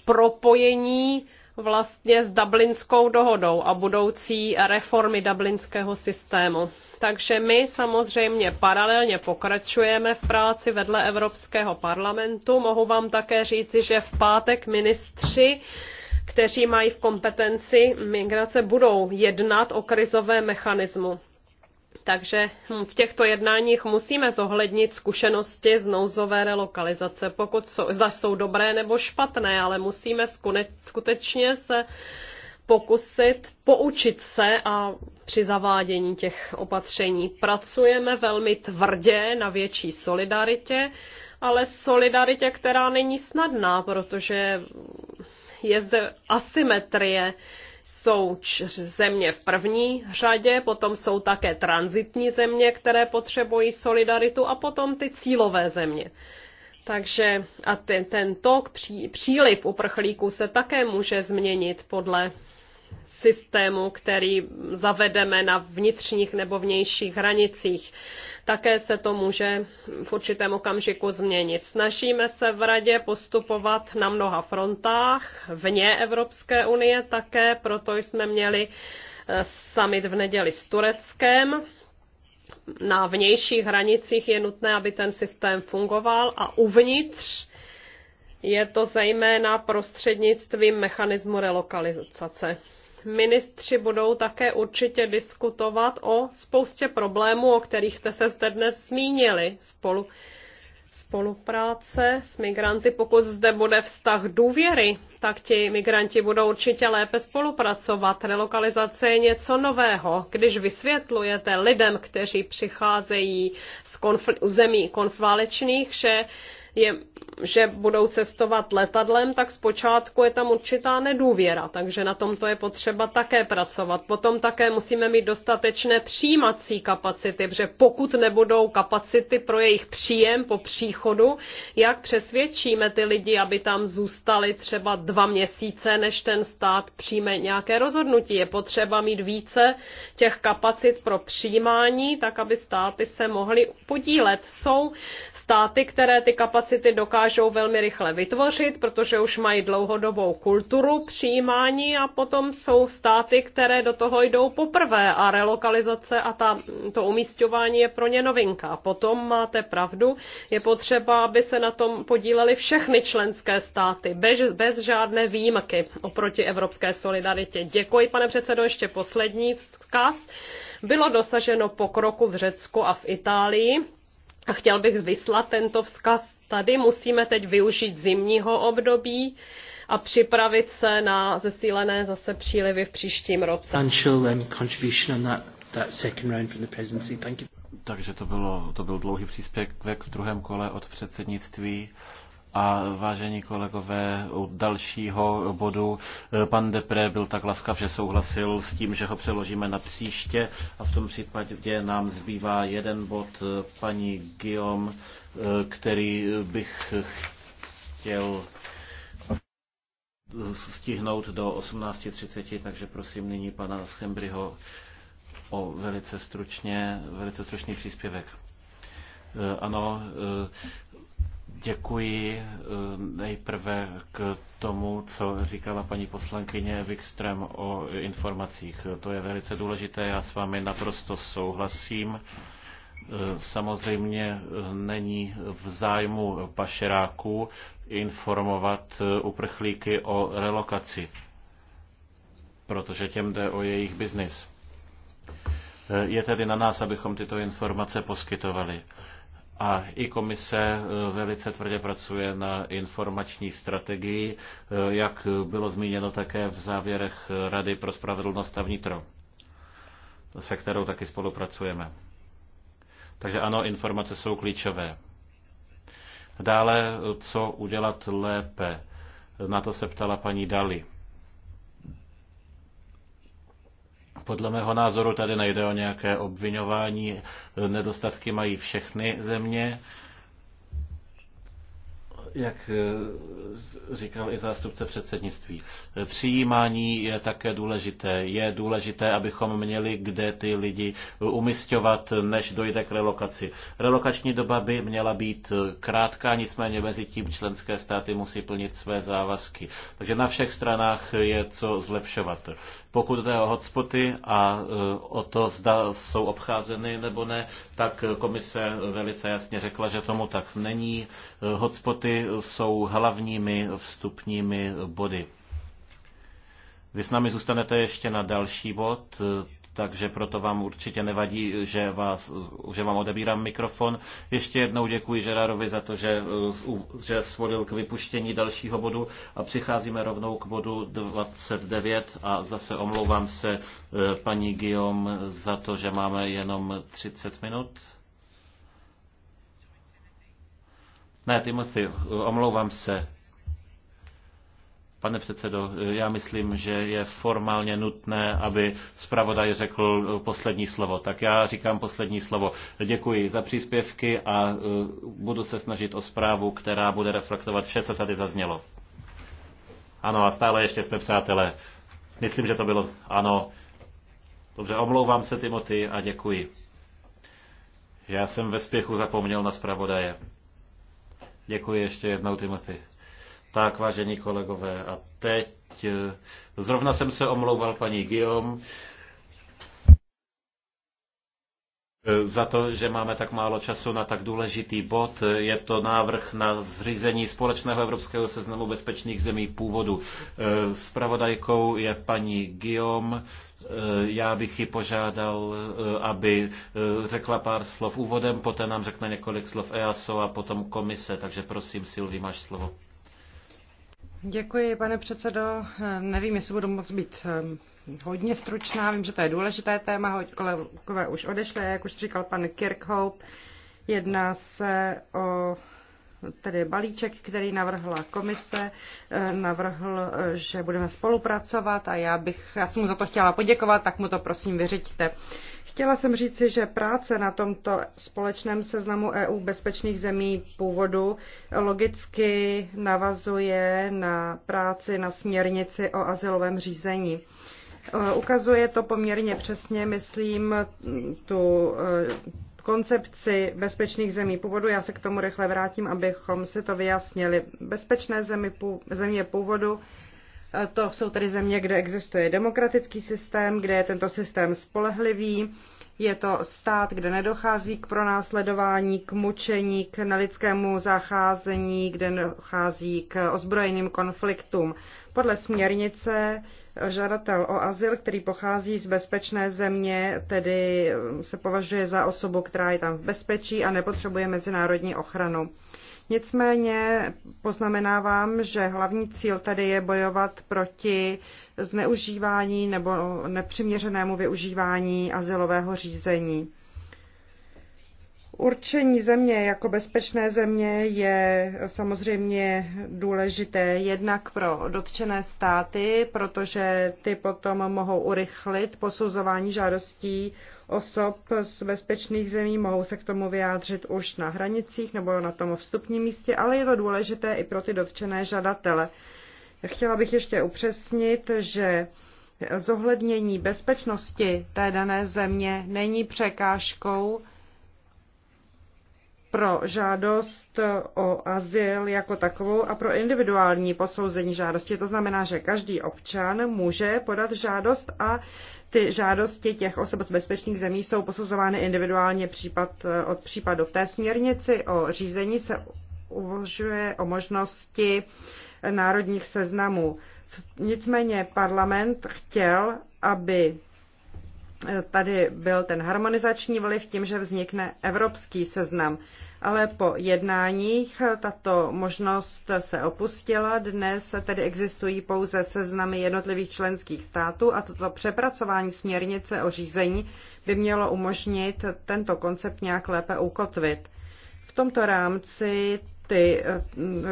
propojení vlastně s Dublinskou dohodou a budoucí reformy Dublinského systému. Takže my samozřejmě paralelně pokračujeme v práci vedle Evropského parlamentu. Mohu vám také říci, že v pátek ministři kteří mají v kompetenci migrace, budou jednat o krizové mechanismu. Takže v těchto jednáních musíme zohlednit zkušenosti z nouzové relokalizace, pokud jsou, zda jsou dobré nebo špatné, ale musíme skutečně se pokusit poučit se a při zavádění těch opatření. Pracujeme velmi tvrdě na větší solidaritě, ale solidaritě, která není snadná, protože je zde asymetrie jsou země v první řadě, potom jsou také transitní země, které potřebují solidaritu a potom ty cílové země. Takže a ten, ten tok, pří, příliv uprchlíků se také může změnit podle systému, který zavedeme na vnitřních nebo vnějších hranicích. Také se to může v určitém okamžiku změnit. Snažíme se v Radě postupovat na mnoha frontách, vně Evropské unie také, proto jsme měli eh, summit v neděli s Tureckem. Na vnějších hranicích je nutné, aby ten systém fungoval a uvnitř je to zejména prostřednictvím mechanismu relokalizace. Ministři budou také určitě diskutovat o spoustě problémů, o kterých jste se zde dnes zmínili spolu. Spolupráce s migranty, pokud zde bude vztah důvěry, tak ti migranti budou určitě lépe spolupracovat. Relokalizace je něco nového. Když vysvětlujete lidem, kteří přicházejí z konfl- území konfválečných, že je, že budou cestovat letadlem, tak zpočátku je tam určitá nedůvěra, takže na tomto je potřeba také pracovat. Potom také musíme mít dostatečné přijímací kapacity, protože pokud nebudou kapacity pro jejich příjem po příchodu, jak přesvědčíme ty lidi, aby tam zůstali třeba dva měsíce, než ten stát přijme nějaké rozhodnutí. Je potřeba mít více těch kapacit pro přijímání, tak aby státy se mohly podílet. Jsou státy, které ty kapacity kapacity dokážou velmi rychle vytvořit, protože už mají dlouhodobou kulturu přijímání a potom jsou státy, které do toho jdou poprvé a relokalizace a ta, to umístování je pro ně novinka. Potom máte pravdu, je potřeba, aby se na tom podílely všechny členské státy, bez, bez žádné výjimky oproti evropské solidaritě. Děkuji, pane předsedo, ještě poslední vzkaz. Bylo dosaženo pokroku v Řecku a v Itálii. A chtěl bych vyslat tento vzkaz Tady musíme teď využít zimního období a připravit se na zesílené zase přílivy v příštím roce. Um, Takže to, bylo, to byl dlouhý příspěvek v druhém kole od předsednictví. A vážení kolegové, u dalšího bodu eh, pan Depré byl tak laskav, že souhlasil s tím, že ho přeložíme na příště a v tom případě nám zbývá jeden bod eh, paní Guillaume který bych chtěl stihnout do 18.30, takže prosím nyní pana Schembryho o velice, stručně, velice stručný příspěvek. Eh, ano, eh, děkuji eh, nejprve k tomu, co říkala paní poslankyně Wikström o informacích. To je velice důležité, já s vámi naprosto souhlasím. Eh, samozřejmě eh, není v zájmu pašeráků informovat eh, uprchlíky o relokaci, protože těm jde o jejich biznis. Je tedy na nás, abychom tyto informace poskytovali. A i komise velice tvrdě pracuje na informační strategii, jak bylo zmíněno také v závěrech Rady pro spravedlnost a vnitro, se kterou taky spolupracujeme. Takže ano, informace jsou klíčové. Dále, co udělat lépe? Na to se ptala paní Dali. Podle mého názoru tady nejde o nějaké obvinování. Nedostatky mají všechny země jak eh, říkal i zástupce předsednictví, eh, přijímání je také důležité. Je důležité, abychom měli kde ty lidi eh, umistovat, než dojde k relokaci. Relokační doba by měla být krátká, nicméně mezi tím členské státy musí plnit své závazky. Takže na všech stranách je co zlepšovat. Pokud jde o hotspoty a e, o to, zda jsou obcházeny nebo ne, tak komise velice jasně řekla, že tomu tak není. E, hotspoty jsou hlavními vstupními body. Vy s námi zůstanete ještě na další bod, takže proto vám určitě nevadí, že, vás, že vám odebírám mikrofon. Ještě jednou děkuji Žerárovi za to, že, uh, že svolil k vypuštění dalšího bodu a přicházíme rovnou k bodu 29 a zase omlouvám se uh, paní Guillaume za to, že máme jenom 30 minut. Ne, Timothy, omlouvám se. Pane předsedo, já myslím, že je formálně nutné, aby zpravodaj řekl poslední slovo. Tak já říkám poslední slovo. Děkuji za příspěvky a e, budu se snažit o zprávu, která bude reflektovat vše, co tady zaznělo. Ano, a stále ještě jsme přátelé. Myslím, že to bylo ano. Dobře, omlouvám se, Timothy, a děkuji. Já jsem ve spěchu zapomněl na zpravodaje. Děkuji ještě jednou, Timothy. Tak, vážení kolegové, a teď eh, zrovna jsem se omlouval paní Guillaume eh, za to, že máme tak málo času na tak důležitý bod. Je to návrh na zřízení společného evropského seznamu bezpečných zemí původu. Eh, Spravodajkou je paní Guillaume. Já bych ji požádal, aby řekla pár slov úvodem, poté nám řekne několik slov EASO a potom komise. Takže prosím, Silvi, máš slovo. Děkuji, pane předsedo. Nevím, jestli budu moc být ehm, hodně stručná. Vím, že to je důležité téma. Kolegové už odešli, jak už říkal pan Kirkhope. Jedná se o tedy balíček, který navrhla komise, eh, navrhl, eh, že budeme spolupracovat a já bych, já jsem mu za to chtěla poděkovat, tak mu to prosím vyřiďte. Chtěla jsem říci, že práce na tomto společném seznamu EU bezpečných zemí původu logicky navazuje na práci na směrnici o asilovém řízení. Eh, ukazuje to poměrně přesně, myslím, tu eh, koncepci bezpečných zemí původu. Já se k tomu rychle vrátím, abychom si to vyjasnili. Bezpečné zemi, země původu to jsou tedy země, kde existuje demokratický systém, kde je tento systém spolehlivý. Je to stát, kde nedochází k pronásledování, k mučení, k nelidskému zacházení, kde dochází k ozbrojeným konfliktům. Podle směrnice žadatel o azyl, který pochází z bezpečné země, tedy se považuje za osobu, která je tam v bezpečí a nepotřebuje mezinárodní ochranu. Nicméně poznamenávám, že hlavní cíl tady je bojovat proti zneužívání nebo nepřiměřenému využívání azylového řízení. Určení země jako bezpečné země je samozřejmě důležité jednak pro dotčené státy, protože ty potom mohou urychlit posuzování žádostí osob z bezpečných zemí, mohou se k tomu vyjádřit už na hranicích nebo na tom vstupním místě, ale je to důležité i pro ty dotčené žadatele. Chtěla bych ještě upřesnit, že zohlednění bezpečnosti té dané země není překážkou pro žádost o azyl jako takovou a pro individuální posouzení žádosti. To znamená, že každý občan může podat žádost a ty žádosti těch osob z bezpečných zemí jsou posuzovány individuálně případ od případu. V té směrnici o řízení se uvažuje o možnosti národních seznamů. Nicméně parlament chtěl, aby tady byl ten harmonizační vliv tím, že vznikne evropský seznam. Ale po jednáních tato možnost se opustila. Dnes tedy existují pouze seznamy jednotlivých členských států a toto přepracování směrnice o řízení by mělo umožnit tento koncept nějak lépe ukotvit. V tomto rámci ty eh,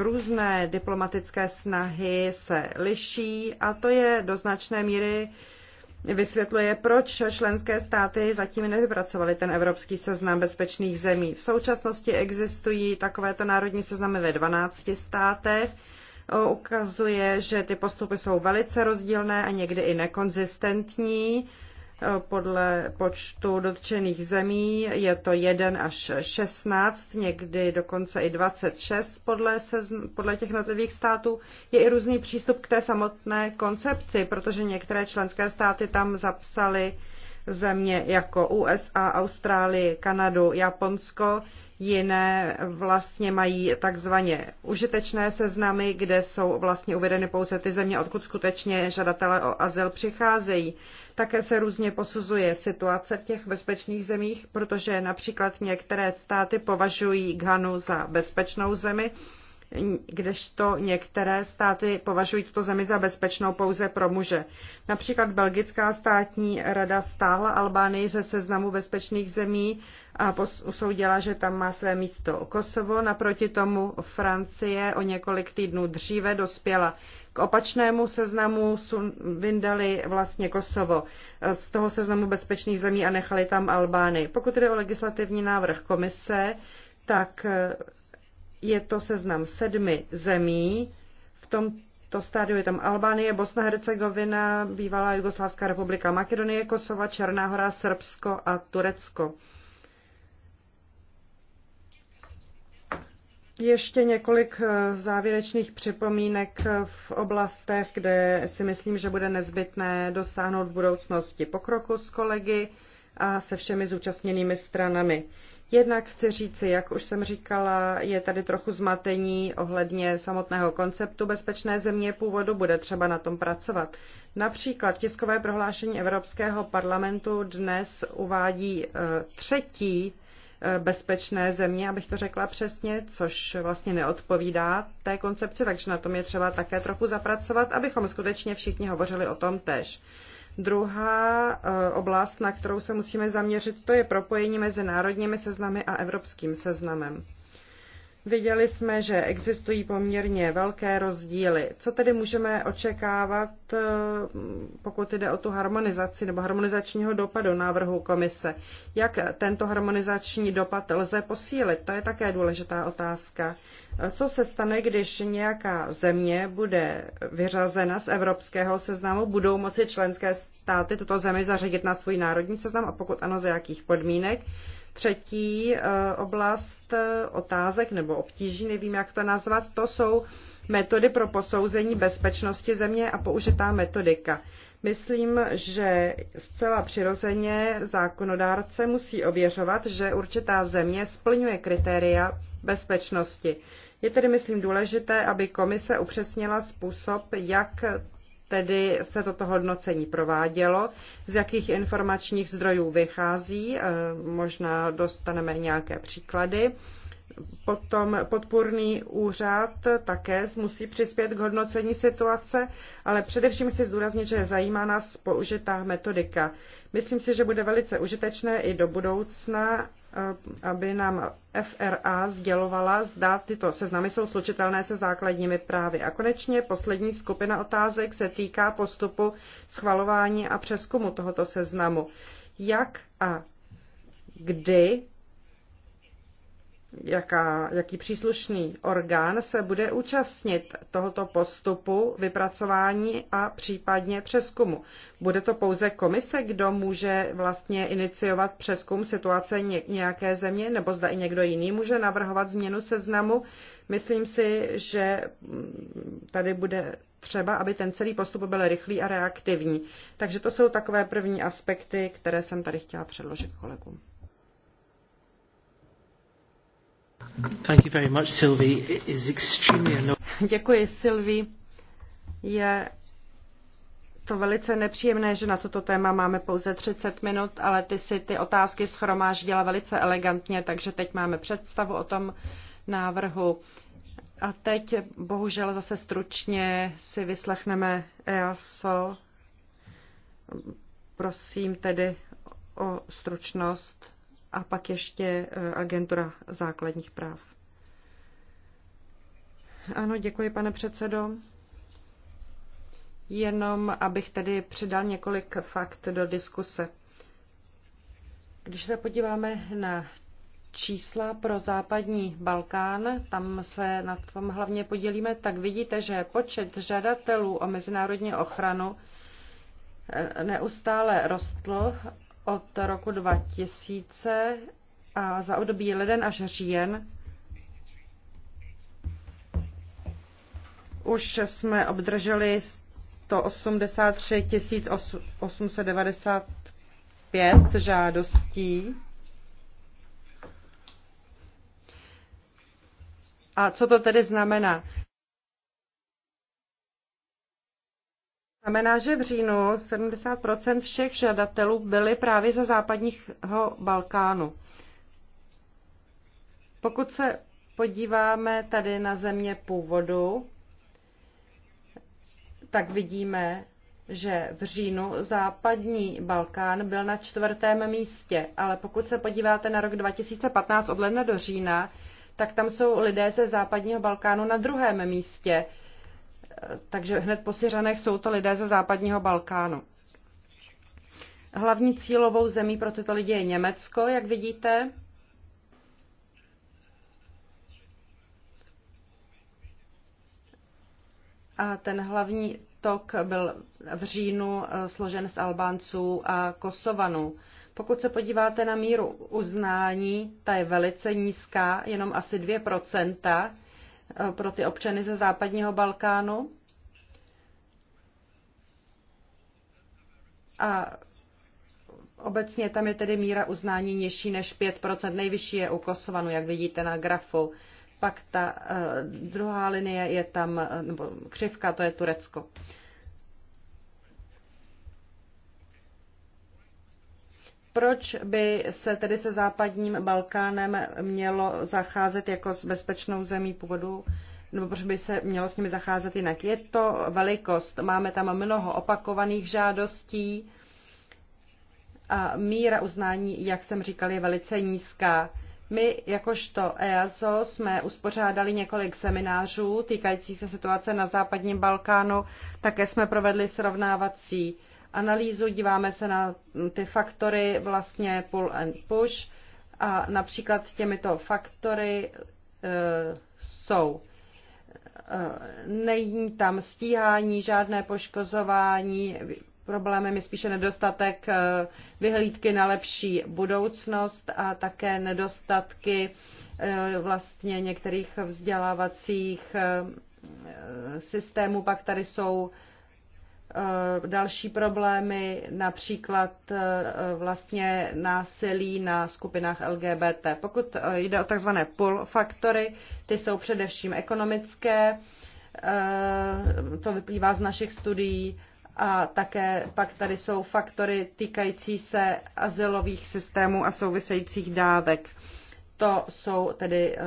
různé diplomatické snahy se liší a to je do značné míry vysvětluje, proč členské státy zatím nevypracovaly ten evropský seznam bezpečných zemí. V současnosti existují takovéto národní seznamy ve 12 státech. Ukazuje, že ty postupy jsou velice rozdílné a někdy i nekonzistentní podle počtu dotčených zemí je to 1 až 16, někdy dokonce i 26 podle, sezn, podle těch jednotlivých států. Je i různý přístup k té samotné koncepci, protože některé členské státy tam zapsaly země jako USA, Austrálii, Kanadu, Japonsko, jiné vlastně mají takzvaně užitečné seznamy, kde jsou vlastně uvedeny pouze ty země, odkud skutečně žadatelé o azyl přicházejí. Také se různě posuzuje situace v těch bezpečných zemích, protože například některé státy považují Ghanu za bezpečnou zemi, kdežto některé státy považují tuto zemi za bezpečnou pouze pro muže. Například Belgická státní rada stáhla Albánii ze seznamu bezpečných zemí a usoudila, že tam má své místo Kosovo. Naproti tomu Francie o několik týdnů dříve dospěla k opačnému seznamu, vyndali vlastně Kosovo z toho seznamu bezpečných zemí a nechali tam Albány. Pokud jde o legislativní návrh komise, tak eh, je to seznam sedmi zemí. V tom to stádiu je tam Albánie, Bosna, Hercegovina, bývalá Jugoslávská republika Makedonie, Kosova, Černá hora, Srbsko a Turecko. Ještě několik eh, závěrečných připomínek eh, v oblastech, kde si myslím, že bude nezbytné dosáhnout v budoucnosti pokroku s kolegy a se všemi zúčastněnými stranami. Jednak chci říci, jak už jsem říkala, je tady trochu zmatení ohledně samotného konceptu bezpečné země původu, bude třeba na tom pracovat. Například tiskové prohlášení Evropského parlamentu dnes uvádí eh, třetí bezpečné země, abych to řekla přesně, což vlastně neodpovídá té koncepci, takže na tom je třeba také trochu zapracovat, abychom skutečně všichni hovořili o tom tež. Druhá eh, oblast, na kterou se musíme zaměřit, to je propojení mezi národními seznamy a evropským seznamem. Viděli jsme, že existují poměrně velké rozdíly. Co tedy můžeme očekávat, eh, pokud jde o tu harmonizaci nebo harmonizačního dopadu návrhu komise? Jak tento harmonizační dopad lze posílit? To je také důležitá otázka. Eh, co se stane, když nějaká země bude vyřazena z evropského seznamu? Budou moci členské státy tuto zemi zařadit na svůj národní seznam a pokud ano, za jakých podmínek? Třetí eh, oblast eh, otázek nebo obtíží, nevím, jak to nazvat, to jsou metody pro posouzení bezpečnosti země a použitá metodika. Myslím, že zcela přirozeně zákonodárce musí ověřovat, že určitá země splňuje kritéria bezpečnosti. Je tedy, myslím, důležité, aby komise upřesnila způsob, jak tedy se toto hodnocení provádělo, z jakých informačních zdrojů vychází, eh, možná dostaneme nějaké příklady. Potom podpůrný úřad také musí přispět k hodnocení situace, ale především chci zdůraznit, že zajímá nás použitá metodika. Myslím si, že bude velice užitečné i do budoucna, Eh, aby nám FRA sdělovala, zda tyto seznamy jsou slučitelné se základními právy. A konečně poslední skupina otázek se týká postupu schvalování a přeskumu tohoto seznamu. Jak a kdy jaká, jaký příslušný orgán se bude účastnit tohoto postupu vypracování a případně přeskumu. Bude to pouze komise, kdo může vlastně iniciovat přeskum situace nějaké země, nebo zda i někdo jiný může navrhovat změnu seznamu. Myslím si, že mm, tady bude třeba, aby ten celý postup byl rychlý a reaktivní. Takže to jsou takové první aspekty, které jsem tady chtěla předložit kolegům. Děkuji, Sylvie. Je to velice nepříjemné, že na toto téma máme pouze 30 minut, ale ty si ty otázky schromáždila velice elegantně, takže teď máme představu o tom návrhu. A teď bohužel zase stručně si vyslechneme EASO. Prosím tedy o stručnost a pak ještě eh, agentura základních práv. Ano, děkuji, pane předsedo. Jenom abych tedy přidal několik fakt do diskuse. Když se podíváme na čísla pro západní Balkán, tam se na tom hlavně podělíme, tak vidíte, že počet žadatelů o mezinárodní ochranu eh, neustále rostl od roku 2000 a za období leden až říjen už jsme obdrželi 183 895 žádostí. A co to tedy znamená? Znamená, že v říjnu 70 všech žadatelů byly právě ze západního Balkánu. Pokud se podíváme tady na země původu, tak vidíme, že v říjnu západní Balkán byl na čtvrtém místě, ale pokud se podíváte na rok 2015 od ledna do října, tak tam jsou lidé ze západního Balkánu na druhém místě takže hned po Syřanech jsou to lidé ze západního Balkánu. Hlavní cílovou zemí pro tyto lidi je Německo, jak vidíte. A ten hlavní tok byl v říjnu eh, složen z Albánců a Kosovanů. Pokud se podíváte na míru uznání, ta je velice nízká, jenom asi 2%, Eh, pro ty občany ze západního Balkánu. A obecně tam je tedy míra uznání nižší než 5%, nejvyšší je u Kosovanu, jak vidíte na grafu. Pak ta eh, druhá linie je tam, eh, nebo křivka, to je Turecko. Proč by se tedy se západním Balkánem mělo zacházet jako s bezpečnou zemí původu? nebo proč by se mělo s nimi zacházet jinak. Je to velikost, máme tam mnoho opakovaných žádostí a míra uznání, jak jsem říkal, je velice nízká. My jakožto EASO jsme uspořádali několik seminářů týkající se situace na západním Balkánu, také jsme provedli srovnávací analýzu, díváme se na ty faktory vlastně pull and push a například těmito faktory e, jsou e, není tam stíhání, žádné poškozování, problémem je spíše nedostatek e, vyhlídky na lepší budoucnost a také nedostatky vlastně některých vzdělávacích systémů. Pak tady jsou Eh, další problémy, například eh, vlastně násilí na skupinách LGBT. Pokud eh, jde o takzvané pull faktory, ty jsou především ekonomické, to vyplývá z našich studií, a také pak tady jsou faktory týkající se azylových systémů a souvisejících dávek. To jsou tedy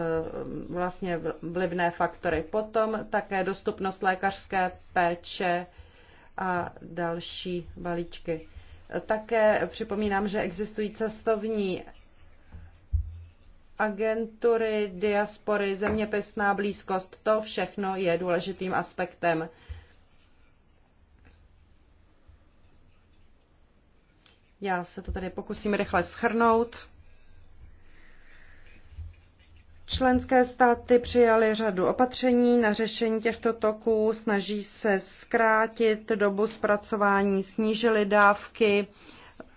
vlastně vlivné faktory. Potom také dostupnost lékařské péče, a další balíčky. Také připomínám, že existují cestovní agentury, diaspory, zeměpisná blízkost. To všechno je důležitým aspektem. Já se to tady pokusím rychle schrnout. Členské státy přijaly řadu opatření na řešení těchto toků, snaží se zkrátit dobu zpracování, snížily dávky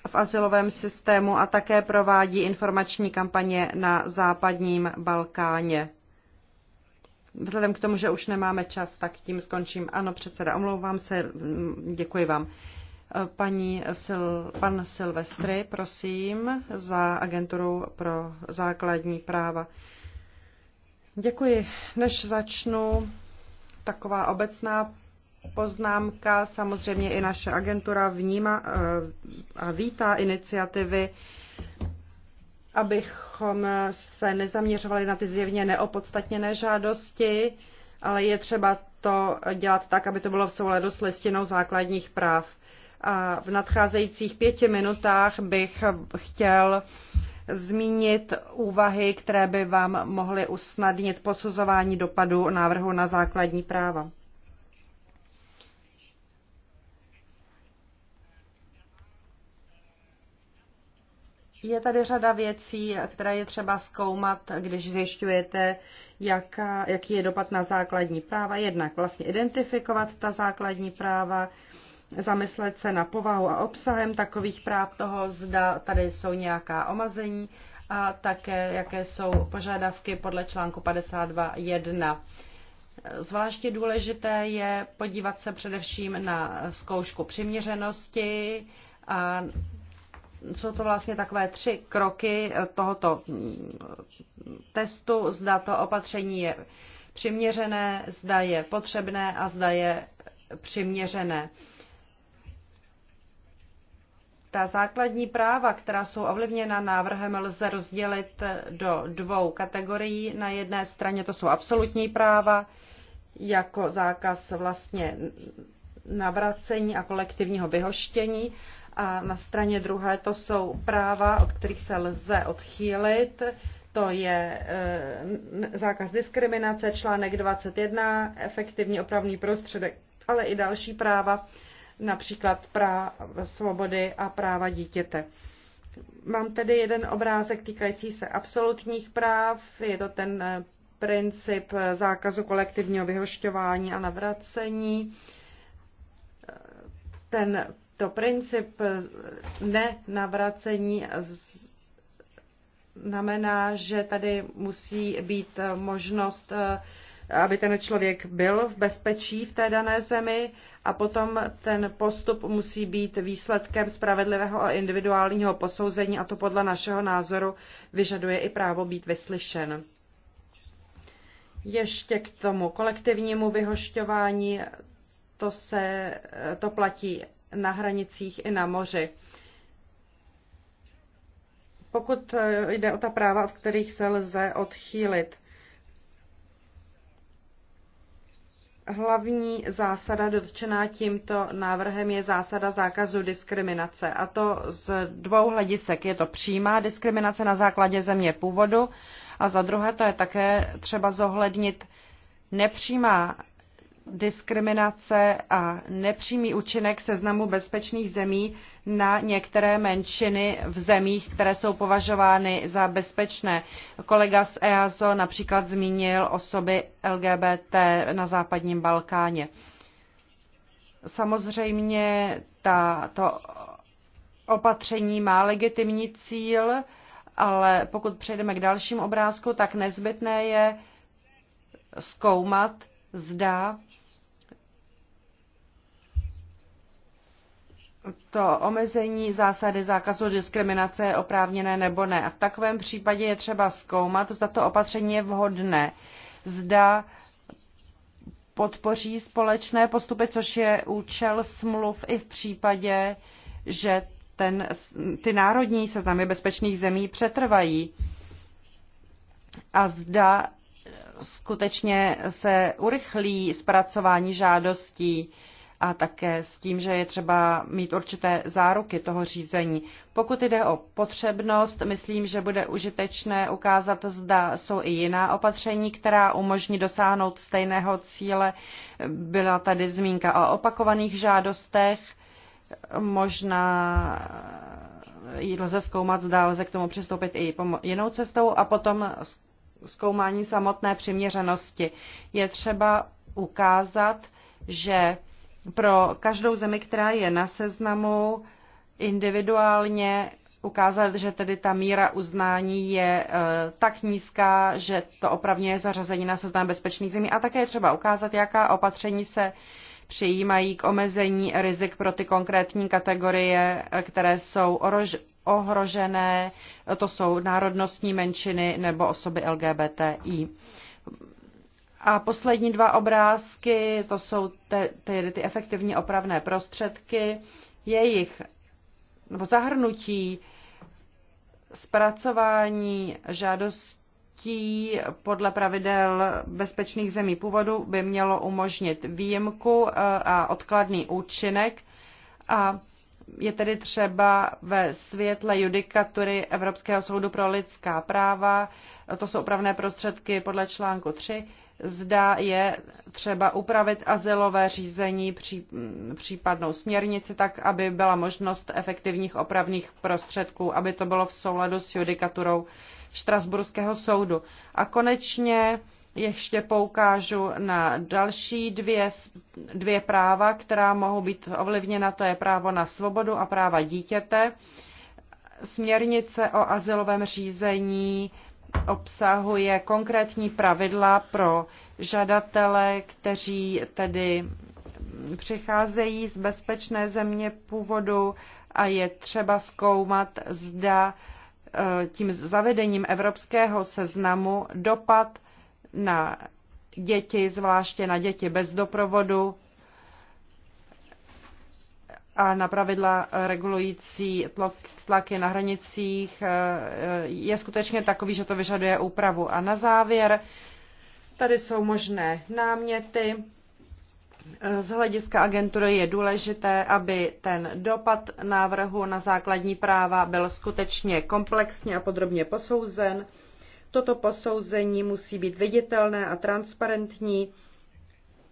v asilovém systému a také provádí informační kampaně na západním Balkáně. Vzhledem k tomu, že už nemáme čas, tak tím skončím. Ano, předseda, omlouvám se, děkuji vám. Paní Sil, pan Silvestry, prosím, za agenturu pro základní práva. Děkuji. Než začnu, taková obecná poznámka. Samozřejmě i naše agentura vnímá eh, a vítá iniciativy, abychom se nezaměřovali na ty zjevně neopodstatněné žádosti, ale je třeba to dělat tak, aby to bylo v souladu s listinou základních práv. A v nadcházejících pěti minutách bych chtěl zmínit úvahy, které by vám mohly usnadnit posuzování dopadu návrhu na základní práva. Je tady řada věcí, které je třeba zkoumat, když zjišťujete, jaká, jaký je dopad na základní práva. Jednak vlastně identifikovat ta základní práva, zamyslet se na povahu a obsahem takových práv toho, zda tady jsou nějaká omazení a také, jaké jsou požadavky podle článku 52.1. Zvláště důležité je podívat se především na zkoušku přiměřenosti a jsou to vlastně takové tři kroky tohoto testu, zda to opatření je přiměřené, zda je potřebné a zda je přiměřené. Ta základní práva, která jsou ovlivněna návrhem, lze rozdělit do dvou kategorií. Na jedné straně to jsou absolutní práva, jako zákaz vlastně navracení a kolektivního vyhoštění. A na straně druhé to jsou práva, od kterých se lze odchýlit. To je e, zákaz diskriminace, článek 21, efektivní opravný prostředek, ale i další práva, například práv svobody a práva dítěte. Mám tedy jeden obrázek týkající se absolutních práv. Je to ten eh, princip eh, zákazu kolektivního vyhošťování a navracení. Eh, ten, to princip nenavracení znamená, že tady musí být možnost aby ten člověk byl v bezpečí v té dané zemi a potom ten postup musí být výsledkem spravedlivého a individuálního posouzení a to podle našeho názoru vyžaduje i právo být vyslyšen. Ještě k tomu kolektivnímu vyhošťování, to, se, to platí na hranicích i na moři. Pokud jde o ta práva, od kterých se lze odchýlit, Hlavní zásada dotčená tímto návrhem je zásada zákazu diskriminace. A to z dvou hledisek. Je to přímá diskriminace na základě země původu a za druhé to je také třeba zohlednit nepřímá diskriminace a nepřímý účinek seznamu bezpečných zemí, na některé menšiny v zemích, které jsou považovány za bezpečné. Kolega z EASO například zmínil osoby LGBT na západním Balkáně. Samozřejmě ta, to opatření má legitimní cíl, ale pokud přejdeme k dalším obrázku, tak nezbytné je zkoumat, zda to omezení zásady zákazu diskriminace je oprávněné nebo ne. A v takovém případě je třeba zkoumat, zda to opatření je vhodné, zda podpoří společné postupy, což je účel smluv i v případě, že ten, ty národní seznamy bezpečných zemí přetrvají. A zda skutečně se urychlí zpracování žádostí a také s tím, že je třeba mít určité záruky toho řízení. Pokud jde o potřebnost, myslím, že bude užitečné ukázat, zda jsou i jiná opatření, která umožní dosáhnout stejného cíle. Byla tady zmínka o opakovaných žádostech, možná lze zkoumat, zda lze k tomu přistoupit i jinou cestou a potom zkoumání samotné přiměřenosti. Je třeba ukázat, že pro každou zemi, která je na seznamu, individuálně ukázat, že tedy ta míra uznání je e, tak nízká, že to opravně je zařazení na seznam bezpečných zemí a také je třeba ukázat, jaká opatření se přijímají k omezení rizik pro ty konkrétní kategorie, e, které jsou ohrožené, to jsou národnostní menšiny nebo osoby LGBTI. A poslední dva obrázky, to jsou te, ty, ty efektivní opravné prostředky, jejich nebo zahrnutí zpracování žádostí podle pravidel bezpečných zemí původu by mělo umožnit výjimku e, a odkladný účinek a je tedy třeba ve světle judikatury Evropského soudu pro lidská práva, to jsou opravné prostředky podle článku 3, zda je třeba upravit azylové řízení, případnou směrnici, tak aby byla možnost efektivních opravných prostředků, aby to bylo v souladu s judikaturou Štrasburského soudu. A konečně ještě poukážu na další dvě, dvě práva, která mohou být ovlivněna, to je právo na svobodu a práva dítěte. Směrnice o azylovém řízení obsahuje konkrétní pravidla pro žadatele, kteří tedy přicházejí z bezpečné země původu a je třeba zkoumat, zda eh, tím zavedením evropského seznamu dopad na děti, zvláště na děti bez doprovodu, a na pravidla eh, regulující tlaky na hranicích eh, eh, je skutečně takový, že to vyžaduje úpravu. A na závěr, tady jsou možné náměty. Z hlediska agentury je důležité, aby ten dopad návrhu na základní práva byl skutečně komplexně a podrobně posouzen. Toto posouzení musí být viditelné a transparentní,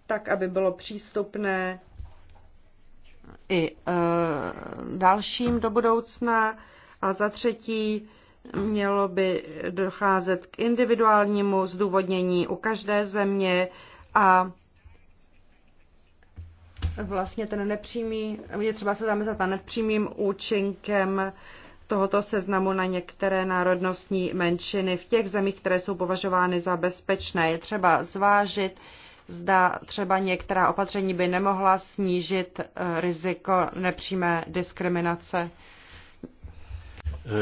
tak aby bylo přístupné i e, dalším do budoucna. A za třetí, mělo by docházet k individuálnímu zdůvodnění u každé země a vlastně ten nepřímý, je třeba se zamyslet na nepřímým účinkem tohoto seznamu na některé národnostní menšiny v těch zemích, které jsou považovány za bezpečné. Je třeba zvážit, zda třeba některá opatření by nemohla snížit eh, riziko nepřímé diskriminace.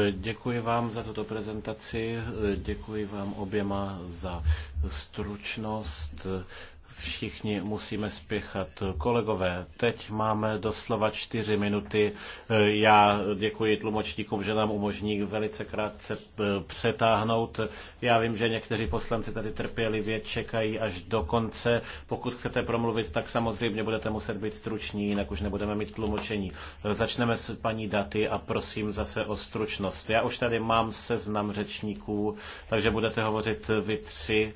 Eh, děkuji vám za tuto prezentaci, eh, děkuji vám oběma za stručnost všichni musíme spěchat. Kolegové, teď máme doslova čtyři minuty. Já děkuji tlumočníkům, že nám umožní velice krátce eh, přetáhnout. Já vím, že někteří poslanci tady trpělivě čekají až do konce. Pokud chcete promluvit, tak samozřejmě budete muset být struční, jinak už nebudeme mít tlumočení. Eh, začneme s paní Daty a prosím zase o stručnost. Já už tady mám seznam řečníků, takže budete hovořit vy tři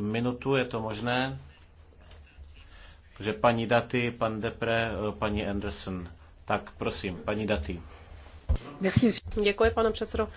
minutu, je to možné? Takže paní Daty, pan Depre, eh, paní Anderson. Tak prosím, paní Daty. Děkuji, pane předsedo.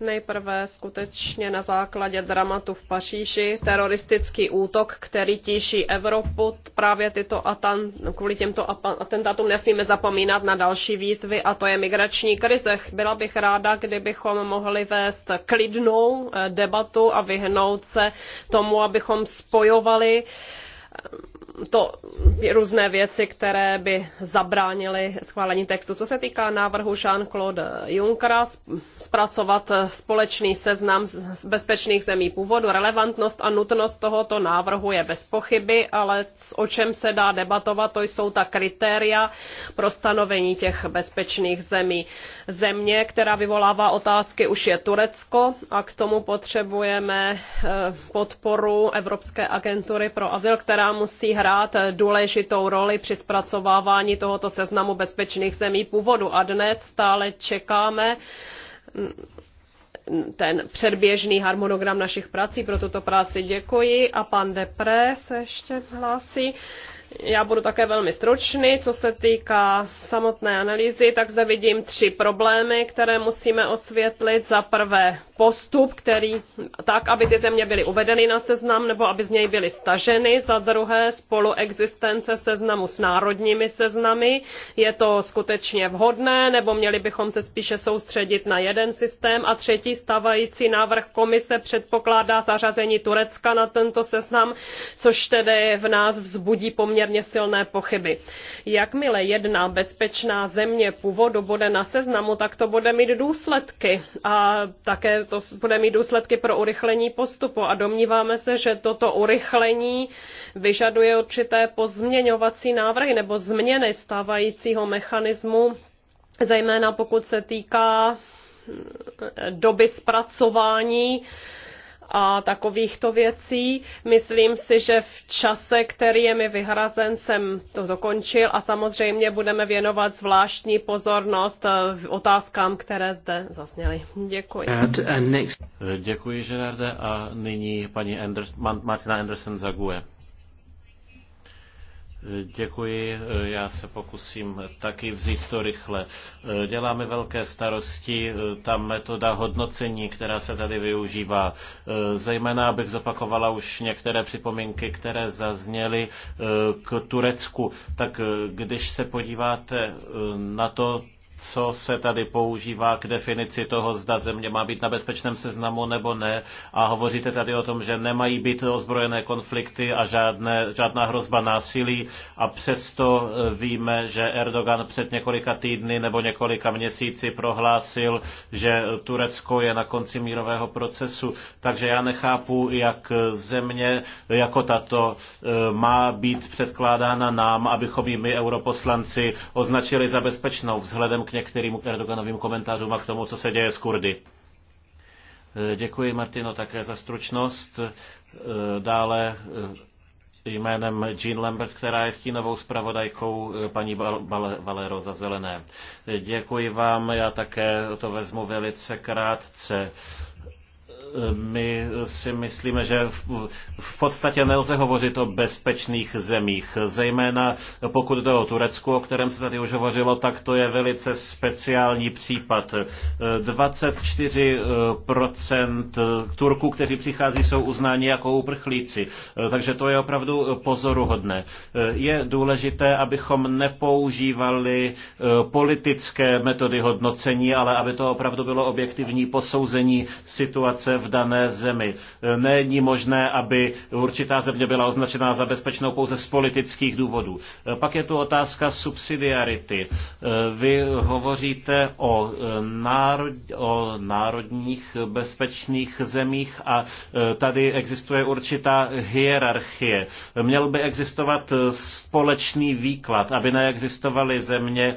Nejprve skutečně na základě dramatu v Paříži teroristický útok, který tíší Evropu. Právě tyto atan, kvůli těmto atentátům nesmíme zapomínat na další výzvy a to je migrační krize. Byla bych ráda, kdybychom mohli vést klidnou eh, debatu a vyhnout se tomu, abychom spojovali uh, to různé věci, které by zabránily schválení textu. Co se týká návrhu Jean-Claude Junckera zpracovat společný seznam z bezpečných zemí původu, relevantnost a nutnost tohoto návrhu je bez pochyby, ale o čem se dá debatovat, to jsou ta kritéria pro stanovení těch bezpečných zemí. Země, která vyvolává otázky, už je Turecko a k tomu potřebujeme eh, podporu Evropské agentury pro azyl, která která musí hrát důležitou roli při zpracovávání tohoto seznamu bezpečných zemí původu. A dnes stále čekáme mm, ten předběžný harmonogram našich prací. Pro tuto práci děkuji. A pan Depre se ještě hlásí. Já budu také velmi stručný. Co se týká samotné analýzy, tak zde vidím tři problémy, které musíme osvětlit. Za prvé postup, který tak, aby ty země byly uvedeny na seznam nebo aby z něj byly staženy. Za druhé spoluexistence seznamu s národními seznamy. Je to skutečně vhodné nebo měli bychom se spíše soustředit na jeden systém? A třetí stavající návrh komise předpokládá zařazení Turecka na tento seznam, což tedy v nás vzbudí poměrně poměrně silné pochyby. Jakmile jedna bezpečná země původu bude na seznamu, tak to bude mít důsledky a také to bude mít důsledky pro urychlení postupu a domníváme se, že toto urychlení vyžaduje určité pozměňovací návrhy nebo změny stávajícího mechanismu, zejména pokud se týká mm, doby zpracování a takovýchto věcí. Myslím si, že v čase, který je mi vyhrazen, jsem to dokončil a samozřejmě budeme věnovat zvláštní pozornost eh, otázkám, které zde zazněly. Děkuji. Děkuji, Gerarde. A nyní paní Anders- Martina Anderson Zague. Děkuji, já se pokusím taky vzít to rychle. Děláme velké starosti, ta metoda hodnocení, která se tady využívá. Zejména, abych zapakovala už některé připomínky, které zazněly k Turecku. Tak když se podíváte na to, co se tady používá k definici toho, zda země má být na bezpečném seznamu nebo ne. A hovoříte tady o tom, že nemají být ozbrojené konflikty a žádné, žádná hrozba násilí. A přesto eh, víme, že Erdogan před několika týdny nebo několika měsíci prohlásil, že Turecko je na konci mírového procesu. Takže já nechápu, jak země jako tato eh, má být předkládána nám, abychom ji my, europoslanci, označili za bezpečnou vzhledem k některým Erdoganovým komentářům a k tomu, co se děje s Kurdy. Eh, děkuji, Martino, také za stručnost. Eh, dále eh, jménem Jean Lambert, která je stínovou zpravodajkou paní Valero za zelené. Děkuji vám, já také to vezmu velice krátce my si myslíme, že v podstatě nelze hovořit o bezpečných zemích. Zejména pokud jde o Turecku, o kterém se tady už hovořilo, tak to je velice speciální případ. 24% eh, Turků, kteří přichází, jsou uznáni jako uprchlíci. Eh, takže to je opravdu pozoruhodné. Eh, je důležité, abychom nepoužívali politické metody hodnocení, ale aby to opravdu bylo objektivní posouzení situace v dané zemi. Není možné, aby určitá země byla označená za bezpečnou pouze z politických důvodů. E, pak je tu otázka subsidiarity. E, vy hovoříte o, e, národ, o národních bezpečných zemích a tady existuje určitá hierarchie. Měl by existovat společný výklad, aby neexistovaly země,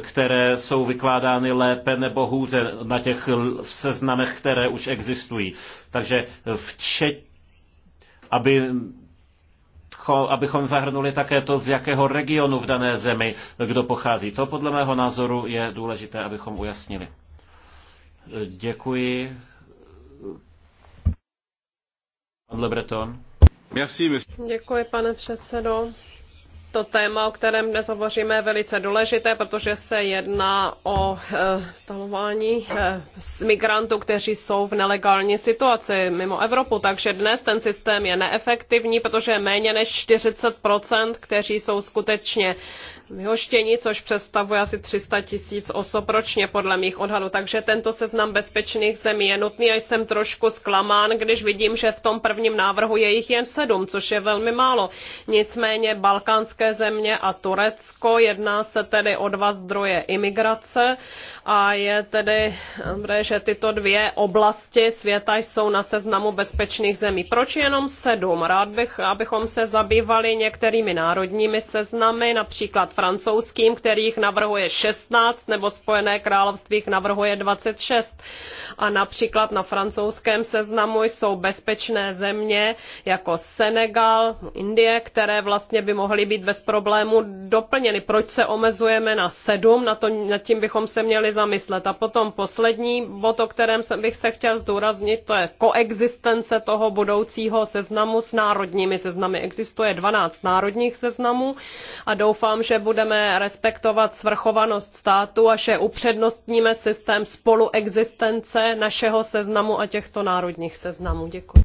které jsou vykládány lépe nebo hůře na těch seznamech, které už existují existují. Takže eh, včet, aby abychom zahrnuli také to, z jakého regionu v dané zemi eh, kdo pochází. To podle mého názoru je důležité, abychom ujasnili. Eh, děkuji. Pan Lebreton. Děkuji, pane předsedo to téma, o kterém dnes hovoříme, je velice důležité, protože se jedná o eh, stahování eh, migrantů, kteří jsou v nelegální situaci mimo Evropu. Takže dnes ten systém je neefektivní, protože je méně než 40 kteří jsou skutečně vyhoštění, což představuje asi 300 tisíc osob ročně podle mých odhadů. Takže tento seznam bezpečných zemí je nutný a jsem trošku zklamán, když vidím, že v tom prvním návrhu je jich jen sedm, což je velmi málo. Nicméně balkánské země a Turecko, jedná se tedy o dva zdroje imigrace a je tedy, že tyto dvě oblasti světa jsou na seznamu bezpečných zemí. Proč jenom sedm? Rád bych, abychom se zabývali některými národními seznamy, například francouzským, kterých navrhuje 16, nebo Spojené království navrhuje 26. A například na francouzském seznamu jsou bezpečné země jako Senegal, Indie, které vlastně by mohly být bez problému doplněny. Proč se omezujeme na 7? Na to, nad tím bychom se měli zamyslet. A potom poslední bod, o kterém bych se chtěl zdůraznit, to je koexistence toho budoucího seznamu s národními seznamy. Existuje 12 národních seznamů a doufám, že budeme respektovat svrchovanost státu a že upřednostníme systém spoluexistence našeho seznamu a těchto národních seznamů. Děkuji.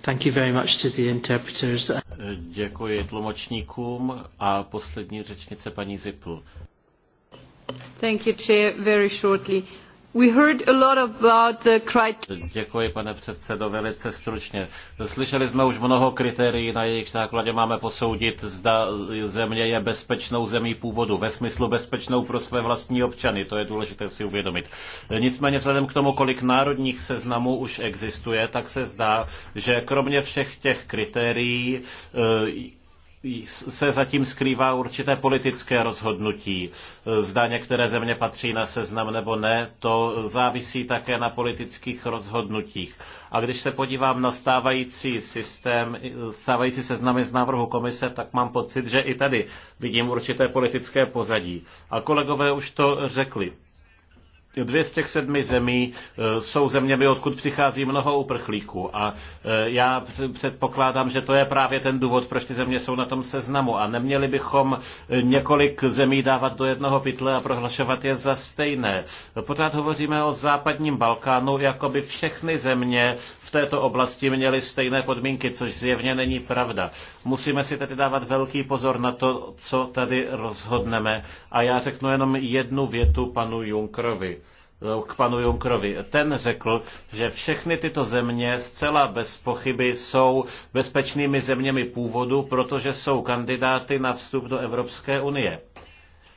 Thank you very much to the interpreters. Děkuji tlumočníkům a poslední řečnice paní Zipl. Thank you, Chair. Very shortly. Děkuji, pane předsedo, velice stručně. Slyšeli jsme už mnoho kritérií, na jejich základě máme posoudit, zda země je bezpečnou zemí původu, ve smyslu bezpečnou pro své vlastní občany, to je důležité si uvědomit. Nicméně vzhledem k tomu, kolik národních seznamů už existuje, tak se zdá, že kromě všech těch kritérií eh, se zatím skrývá určité politické rozhodnutí. Zda některé země patří na seznam nebo ne, to závisí také na politických rozhodnutích. A když se podívám na stávající systém, stávající seznamy z návrhu komise, tak mám pocit, že i tady vidím určité politické pozadí. A kolegové už to řekli. Dvě z těch sedmi zemí eh, jsou zeměmi, odkud přichází mnoho uprchlíků. A eh, já předpokládám, že to je právě ten důvod, proč ty země jsou na tom seznamu. A neměli bychom eh, několik zemí dávat do jednoho pytle a prohlašovat je za stejné. Pořád hovoříme o západním Balkánu, jako by všechny země v této oblasti měly stejné podmínky, což zjevně není pravda. Musíme si tedy dávat velký pozor na to, co tady rozhodneme. A já řeknu jenom jednu větu panu Junkrovi k panu Junkrovi. Ten řekl, že všechny tyto země zcela bez pochyby jsou bezpečnými zeměmi původu, protože jsou kandidáty na vstup do Evropské unie.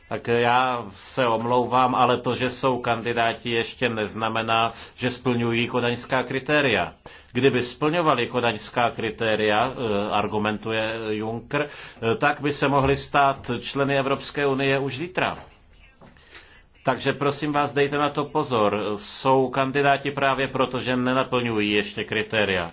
Tak já se omlouvám, ale to, že jsou kandidáti, ještě neznamená, že splňují kodaňská kritéria. Kdyby splňovali kodaňská kritéria, eh, argumentuje Juncker, eh, tak by se mohli stát členy Evropské unie už zítra. Takže prosím vás, dejte na to pozor. Jsou kandidáti právě proto, že nenaplňují ještě kritéria.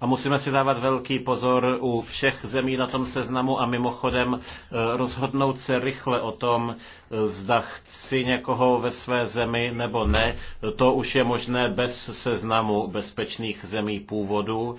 A musíme si dávat velký pozor u všech zemí na tom seznamu a mimochodem eh, rozhodnout se rychle o tom, zda chci někoho ve své zemi nebo ne, to už je možné bez seznamu bezpečných zemí původu.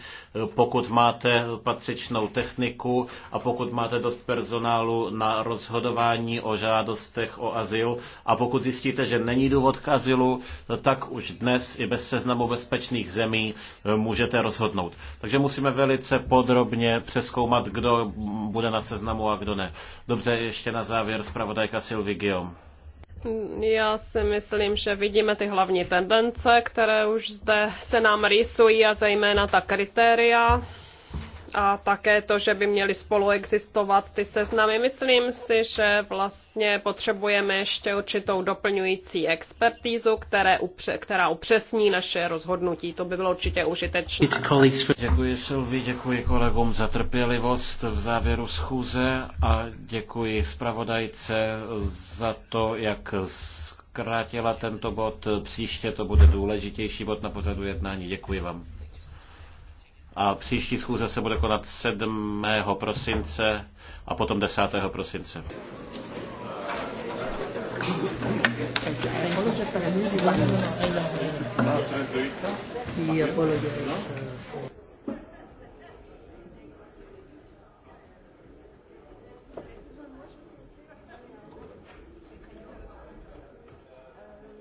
Pokud máte patřičnou techniku a pokud máte dost personálu na rozhodování o žádostech o azyl a pokud zjistíte, že není důvod k azylu, tak už dnes i bez seznamu bezpečných zemí eh, můžete rozhodnout. Takže musíme velice podrobně přeskoumat, kdo bude na seznamu a kdo ne. Dobře, ještě na závěr zpravodajka Silvi Guillaume. Já si myslím, že vidíme ty hlavní tendence, které už zde se nám rýsují a zejména ta kritéria, a také to, že by měly spolu existovat ty seznamy. Myslím si, že vlastně potřebujeme ještě určitou doplňující expertízu, které upře- která upřesní naše rozhodnutí. To by bylo určitě užitečné. Děkuji Silvi, děkuji kolegům za trpělivost v závěru schůze a děkuji zpravodajce za to, jak zkrátila tento bod. Příště to bude důležitější bod na pořadu jednání. Děkuji vám a příští schůze se bude konat 7. prosince a potom 10. prosince. He apologized.